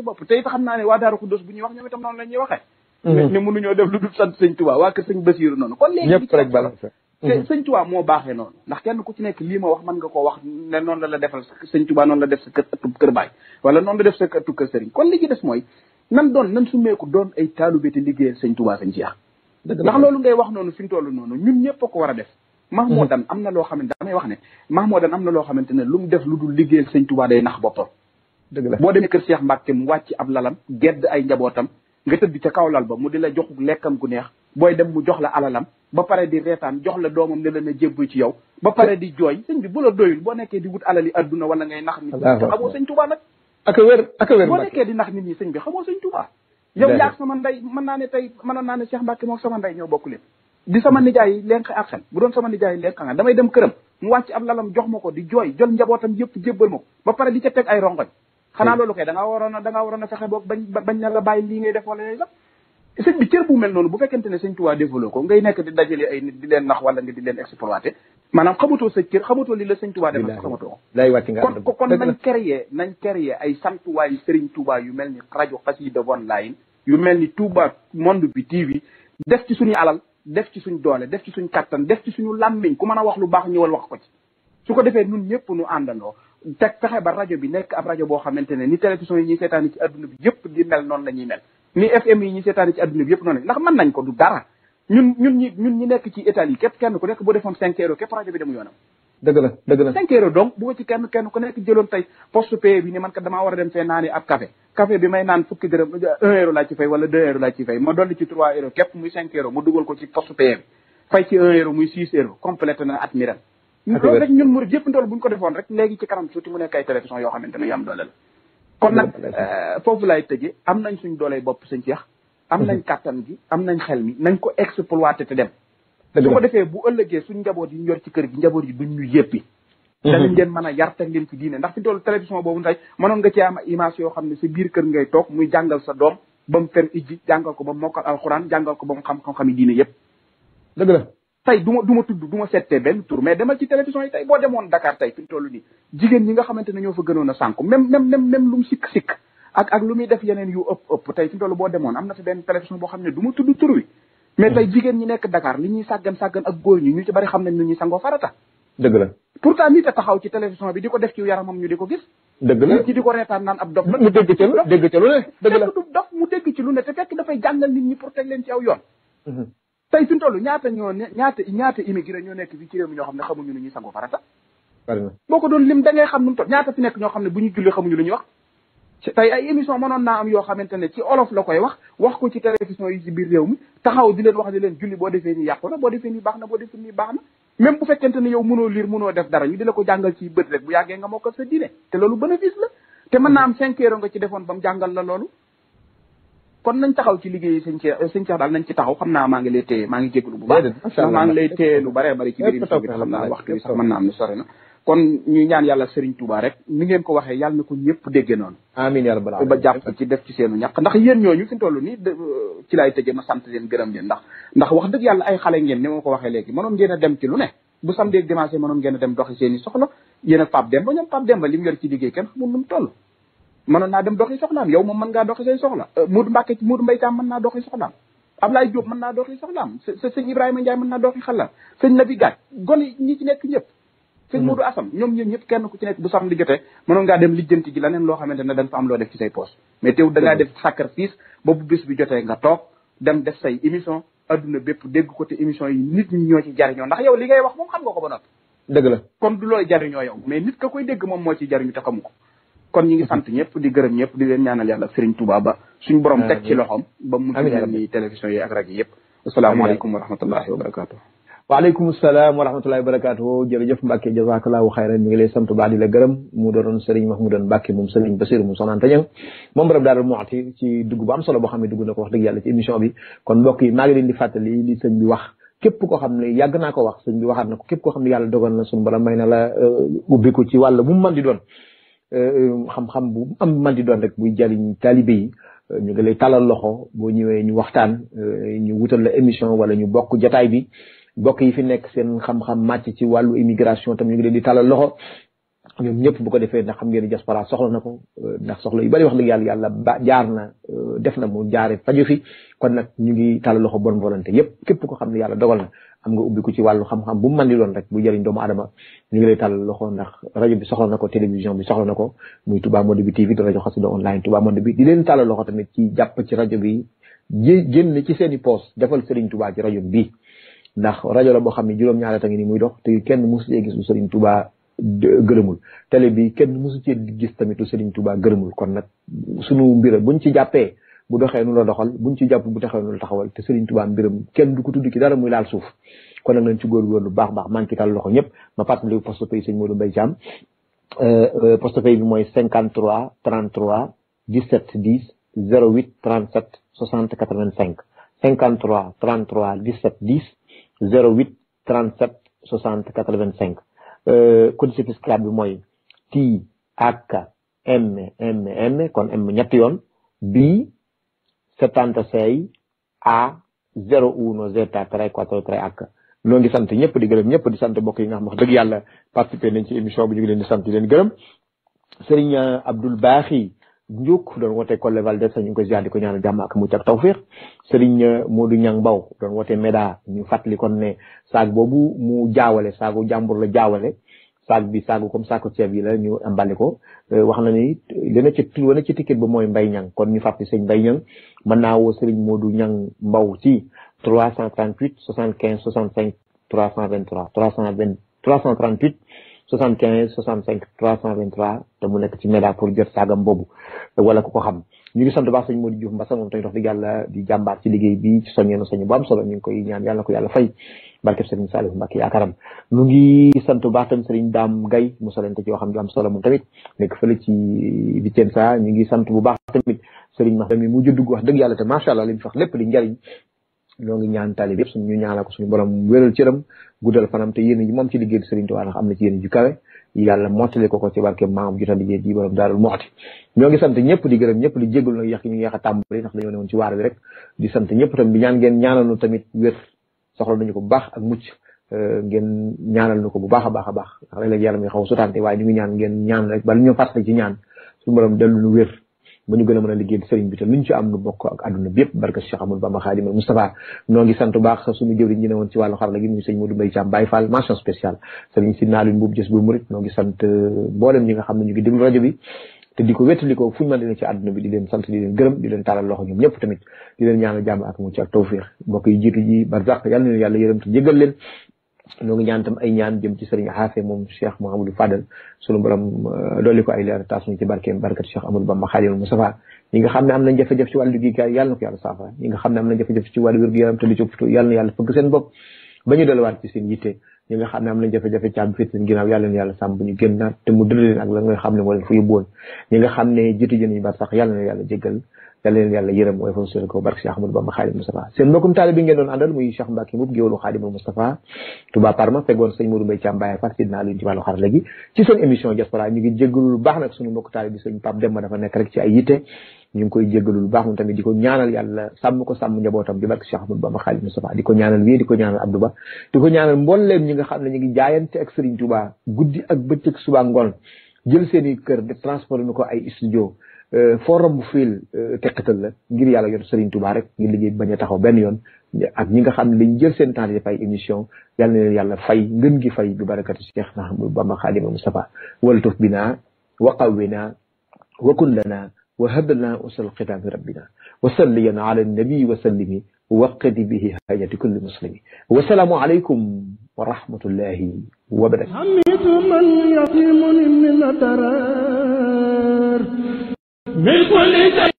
ne mm-hmm. mënuñoo def lu dul sant sëñ Tuubaa waa kër sëñ Basiiru noonu kon léegi ñëpp rek balancé mm-hmm. moo baaxee noonu ndax kenn ku ci nekk lii ma wax man nga ko wax ne noonu la la defal sëñ Tuubaa noonu la def sa kër ëttub kër baay wala noonu la def sa ëttub kër sëriñ kon li ci des mooy nan doon nan sumeeku doon ay taalube te ndax loolu ngay wax noonu fi ñu toll noonu ñun ñëpp ko ko war a moo Mahmoudan mm-hmm. am na loo xamante damay wax ne Mahmoudan am na loo xamante ne lu mu def lu dul liggéeyal sëñ Tuubaa day nax boppam dëgg la boo demee kër Cheikh Mbacke mu wàcc ab lalam gedd ay njabootam nga tëdd ca kaw lal ba mu di la jox lekkam gu neex booy dem mu jox la alalam ba pare di reetaan jox la doomam ne la na jébbu ci yow ba pare di jooy bi bu la doyul boo nekkee di wut alali adduna wala ngay nax nit te xamoo sëñ Tuubaa nag ak wér ak wér boo di nax nit ñi sëñ bi xamoo sëñ Tuubaa yow yaag sama ndey mën naa ne tey mënoon naa ne Cheikh Mbacke moom sama ndey ñëw bokk lépp di sama nijaay lenk ak xel bu doon sama nijaay lenk nga damay dem këram mu wàcc ab lalam jox ma ko di jooy jël njabootam yëpp jébbal ma ko ba pare di ca teg ay rongoñ xanaa loolu kay da nga waroon a da nga waroon a fexe boog bañ bañ na ne sëñ Tuubaa développé ko nekk di dajale ay nit di leen nax wala nga di leen exploité maanaam xamatoo sa cër xamatoo li la sëñ Tuubaa defal sa xamatoo ko kon nañ créé nañ créé ay santuwaayu sëriñ Tuubaa yu mel ni rajo xasida online yu mel ni Touba monde bi TV def ci suñu alal def ci suñu doole def ci suñu kàttan def ci suñu làmmiñ ku mën a wax lu baax ñëwal wax ko ci su ko defee nun ñëpp nu àndandoo teg fexe ba rajo bi nekk ab rajo boo xamante ne ni télévision yi ñuy seetaani ci adduna bi yëpp di mel noonu la ñuy mel ni fm yi ñuy seetaani ci adduna bi yëpp noonu la ndax mën nañ ko du dara ñun ñun ñi ñun ñi nekk ci Italie képp kenn ku nekk boo defoon cinq euros képp rajo bi dem yoonam dëgg la dëgg la cinq ci kenn kenn ku nekk jëloon tey poste payé bi ni man kat damaa war a dem fee naani ab café café bi may naan fukki dërëm un euro laa ci fay wala deux euros laa ci fay ma dolli ci mu dugal ko na at mi loolu rek ñun murid yëpp ndool buñ ko defoon rek léegi ci kanam tuuti mu nekk ay télévision yoo xamante ne yu doole la kon nag euh, foofu laay tëjee am nañ suñ doole bopp sëñ Cheikh am nañ mhm. kàttan gi am nañ xel mi nañ ko exploité te dem su ko defee bu ëllëgee suñ njaboot yi ñu ci kër gi njaboot yi duñ ñu yéppi mhm. danañ leen mën a yar teg ci diine ndax fi télévision boobu mënoon nga ci am image yoo xam ne sa biir kër ngay toog muy jàngal sa doom ba mu fer ijji jàngal ko ba mu mokkal alxuraan jàngal ko ba mu xam xam diine dëgg la tay duma duma tuddu duma sété ben tour mais demal ci télévision tay bo demone Dakar tay fi tollu ni jigen jigéen ñi nga xamanteni ñoo fa gënon a sànku même même même même lu mu sikk sikk ak ak lu muy def yeneen yu ëpp ëpp tay fi tollu bo demone amna fi ben télévision bo xamné duma tuddu tour wi mais tay mm. jigen ñi nekk Dakar li ñi saggan saggan ak goor ñi ñu ci bari xam ñu ñi sango farata deug la pourtant nit ta taxaw ci télévision bi diko def ci yaramam ñu diko gis deug la ci diko rétan reetaan naan ab dof mu dégg ci lu dégg ci lu ne la dof mu dégg ci lu ne te fekk fay jangal nit ñi pour tek leen ci aw yoon mm-hmm. tey fi mu toll ñaata ñoo ñaata ñaata immigré ñoo nekk bi ci réew mi ñoo xam ne xamuñu lu ñuy farata. boo ko doon lim da ngay xam nu mu toll ñaata fi nekk ñoo xam ne bu ñu julli xamuñu lu ñuy wax. tey ay émission mënoon naa am yoo xamante ne ci olof la koy wax wax ko ci télévision yi ci biir réew mi taxaw di leen wax di leen julli boo defee nii yàqu na boo defee nii baax na boo defee nii baax na même bu fekkente ne yow mënoo lire mënoo def dara ñu ko jàngal ci bët rek bu yàggee nga mokkal sa loolu bénéfice la te mën naa am cinq ci defoon ba jàngal la loolu kon nañ taxaw ci liggéey sëñ Cheikh sëñ Cheikh daal nañ ci taxaw xam naa maa ngi lay téye maa ngi jéglu bu baax ndax maa ngi lay téye lu bare bari ci biir émission bi xam naa waxtu bi sax mën na kon ñu ñaan yàlla Serigne Touba rek ni ngeen ko waxee yàlla na ko ñëpp dégge noonu amiin yàlla balaa ba jàpp ci def ci seenu ñàkk ndax yéen ñooñu fi toll nii euh, ci laay tëjee ma sant leen gërëm leen ndax ndax wax dëgg yàlla ay xale ngeen ni ma ko waxee léegi mënoon ngeen a dem ci ne bu samedi ak dimanche a dem i soxla yéen ak mënoon naa dem doxi soxlaam yow moom mën ngaa doxi say soxla euh, Modou Mbacke Modou Mbaye Thiam mën naa doxi soxlaam Ablaye naa doxi soxlaam sa Ibrahima Ndiaye mën naa doxi xalaam sëñ nekk ñëpp sëñ hmm. Modou ñoom ñoom ñëpp kenn ku ci nekk bu sam di jotee mënoon ngaa dem lijjanti ji loo xamante ne dañ fa am loo def ci say poos mais teew da ngaa hmm. sacrifice ba bu bis bi jotee nga toog dem def say émission adduna bépp dégg ko te émission yi nit ñi ñoo ci jariñoo ndax yow li ngay wax moom xam nga ko ba noppi dëgg la kon du looy jariñoo yow mais nit ka koy dégg moom moo ci jariñu te xamu ko kon ñi ngi sant ñepp di gërëm ñepp di leen ñaanal yalla Serigne Touba ba suñu borom tek ci loxom ba mu ci jël ni télévision yi ak rajo yépp assalamu alaykum wa rahmatullahi wa barakatuh wa alaykum assalam wa rahmatullahi wa barakatuh jërëjëf Mbacke jazakallahu khairan mi ngi lay sant ba di la gërëm mu doon Serigne Mahmoudan mbacké mum Serigne Basir mum soxnaan tañang mom rab daaral muati ci dugg bu am solo bo xamni dugg na ko wax deug yalla ci émission bi kon mbokk yi ma ngi leen di fatali li sëñ bi wax képp ko xam ne yàgg naa ko wax sëñ bi waxaat na ko képp koo xam ne yàlla dogal na suñu borom may na la euh, ubbiku ci wàll mu man di doon Euh, euh, xam-xam bu am man di doon rek buy jariñ taalibe yi euh, ñu ngi lay talal loxo boo ñëwee ñu waxtaan ñu wutal la émission wala ñu bokk jataay bi bokk yi fi nekk seen xam-xam màcc ci wàllu immigration tam ñu ngi leen di talal loxo ñoom ñëpp bu ko defee ndax xam ngeen ni diaspora soxla na ko ndax soxla yu bari wax dëgg yàlla yàlla jaar na def na mu jaare faju fi kon nag ñu ngi talal loxo bonne volonté yëpp képp ko xam ne yàlla dogal na am nga ubbi ko ci wàllu xam-xam bu mu mën di doon rek bu jëriñ doomu adama ñu lay tàll loxo ndax rajo bi soxla na ko télévision bi soxla na ko muy Touba Monde bi TV di rajo Xassida online Touba Monde bi di leen rajo bi la boo xam ne juróom-ñaari tangi ni muy dox te kenn mosu cee gis lu Serigne Touba gërëmul télé bi kenn mosu cee gis tamit lu Serigne Touba gërëmul kon nag sunu mbir buñ ci jàppee bu doxé nu la doxal buñ ci japp bu taxawee nu la taxawal té sëriñ tubaa mbiram kenn du ko tuddi ki dara muy laal suuf kon nak lañ ci gor góorgóorlu baax baax maa ngi ci tal loxo ñep ma fàttali poste pay sëñ Modou mbay Mbaye euh, euh poste pay bi moy 53 33 17 10 08 37 60 85 53 33 17 10 08 37 60 85 euh code fiscal bi moy T a k M M M kon M ñatt yoon b 76 a 01 zeta 343 ak noo ngi sant ñëpp di gërëm ñëpp di sant mbokk yi nga xam wax dëgg yàlla participé nañ ci émission bi ñu ngi leen di sant di leen gërëm sëriñ Abdoul Baaxi Ndiouk doon woote Collé Valdès ñu ngi ko ziar di ko ñaanal jàmm ak mucc ak tawfiq sëriñ Modou Niang Mbaw doon woote Méda ñu fàttali kon ne saag boobu mu jaawale saagu jàmbur la jaawale saag bi saagu comme saaku ceeb yi la ñu emballé ko euh, wax na ni dina ci dina ci ticket ba mooy Mbaye Niang kon ñu fàttali sëñ Mbaye Niang mën naa woo Serigne Modou Niang Mbaw ci 338 75 65 323 320 338 75 65 323 te mu nekk ci méda pour jot saagam boobu wala ku ko xam. ñu ngi sant baax sëñ Modou Diouf Mbassa moom tamit wax dëgg yàlla di jàmbaar ci liggéey bi ci soññeenu ko yàlla fay barkeb sant baax tamit sëriñ Dame Gaye mu solente ci waxam ju am solo moom tamit nekk fële ci Vicenza ñu ngi sant bu baax tamit sëriñ Max mi mu juddug wax dëgg yàlla te macha allah li mu njariñ ñoo ngi ñaan talib yëpp suñu ñu ñaanal ko suñu borom wéral cëram guddal fanam te yéen moom ci liggéey bi sëriñ Tuubaa ndax am na ci yéen ju kawe yàlla mottali ko ko ci barke maam ju tedd ji di borom daarul moxti ñoo ngi sant ñëpp di gërëm ñëpp di jégalu nag yàq ñu yàq a tàmbali ndax dañoo newoon rek di sant ñëpp tam di ñaan ngeen ñaanal nu tamit wér soxla nañu ko bu baax ak mucc euh, ngeen ñaanal nu ko bu baax a baax a baax ndax léeg-léeg yàlla mi xaw sutante waaye ñu ngi ñaan ngeen ñaan rek bala ñu fàttali ci ñaan suñu borom wér ba ñu gën a mën a liggéey sëriñ bi te luñ ci am nu bokk ak bi yëpp barka Cheikh Amadou Bamba Khadimul Moustapha noo ngi baax suñu jëwriñ ñi ne woon ci wàllu xarala gi muy sëriñ Modou Mbaye Thiam Baye sëriñ si naaluñ boobu jës bu murit noo sant euh, mboolem ñi ñu ngi déglu rajo bi te di ko wéttali o fuñu mën dina ci àdduna bi di leen sant di leen gërëm di leen tàllal loxo ñoom tamit di leen ñaanal jàmm ak mu ci ak tawfiix mbokk yi jiitu ji barzaq noo ngi ñaan tam ay ñaan jëm ci sëriñ xaafe moom cheikh mouhamadou fadal sunu borom euh, dolli ko ay leer taas ñu ci barkeem barkat cheikh amadou bamba xaalimul xam ne am nañ jafe-jafe ci wàllu liggéeykaay yàlla na am nañ jafe-jafe ci wàllu wér-gu-yaram te di ci opito yàlla na yàlla fëgg seen bopp ba ñu delluwaat ci yitte ñi nga xam ne am nañ jafe-jafe caabi fit seen ginnaaw yàlla na yàlla sàmm bu ñu génnaat te mu dëlaleen ak la nga xam ne moo leen fa yóbbu woon nga xam ne jiitu jënañu bar sax yàlla na a jéggal te leen yàlla yërëm way fam seen ko barke Cheikh Ahmadou Bamba Xaadimu Moustapha seen mbokkum taali bi ngeen doon àndal muy Cheikh Mbacke Mboup géwalu Xaadimu Moustapha Touba Parma feggoon sëñ Modou Mbaye Thiam Baye Fall si dinaa luñ ci wàllu xarala gi ci seen émission diaspora ñu ngi jéggalu lu baax nag suñu mbokk taali bi sëñ Pape Demba dafa nekk rek ci ay yitte ñu ngi koy jéggalu lu baax moom tamit di ko ñaanal yàlla sàmm ko sàmm njabootam bi barke Cheikh Ahmadou Bamba Xaadimu Moustapha di ko ñaanal wii di ko ñaanal Abdou Ba di ko ñaanal mbooleem ñi nga xam ne ñu ngi jaayante ak Serigne Touba guddi ak bëccëg suba ngoon jël seen i kër de transformé ko ay studio forum bu fiil teqatal la ngir yàlla yor sëriñ Tuubaa rek ngir liggéey bañ a taxaw benn yoon ak ñi nga xam ne lañ jël seen temps def ay émission yàlla na leen yàlla fay ngën gi fay bi barakatu Cheikh Ahmadou Bamba Xaadimal Mustafaa waltuf binaa wa qawwinaa wa kun lanaa wa hab lanaa usal xitaami rabbinaa wa salliyan ala nabii wa sallimi waqdi bihi haajati kulli muslimi wasalaamu aleykum wa rahmatullahi wa barakatu me for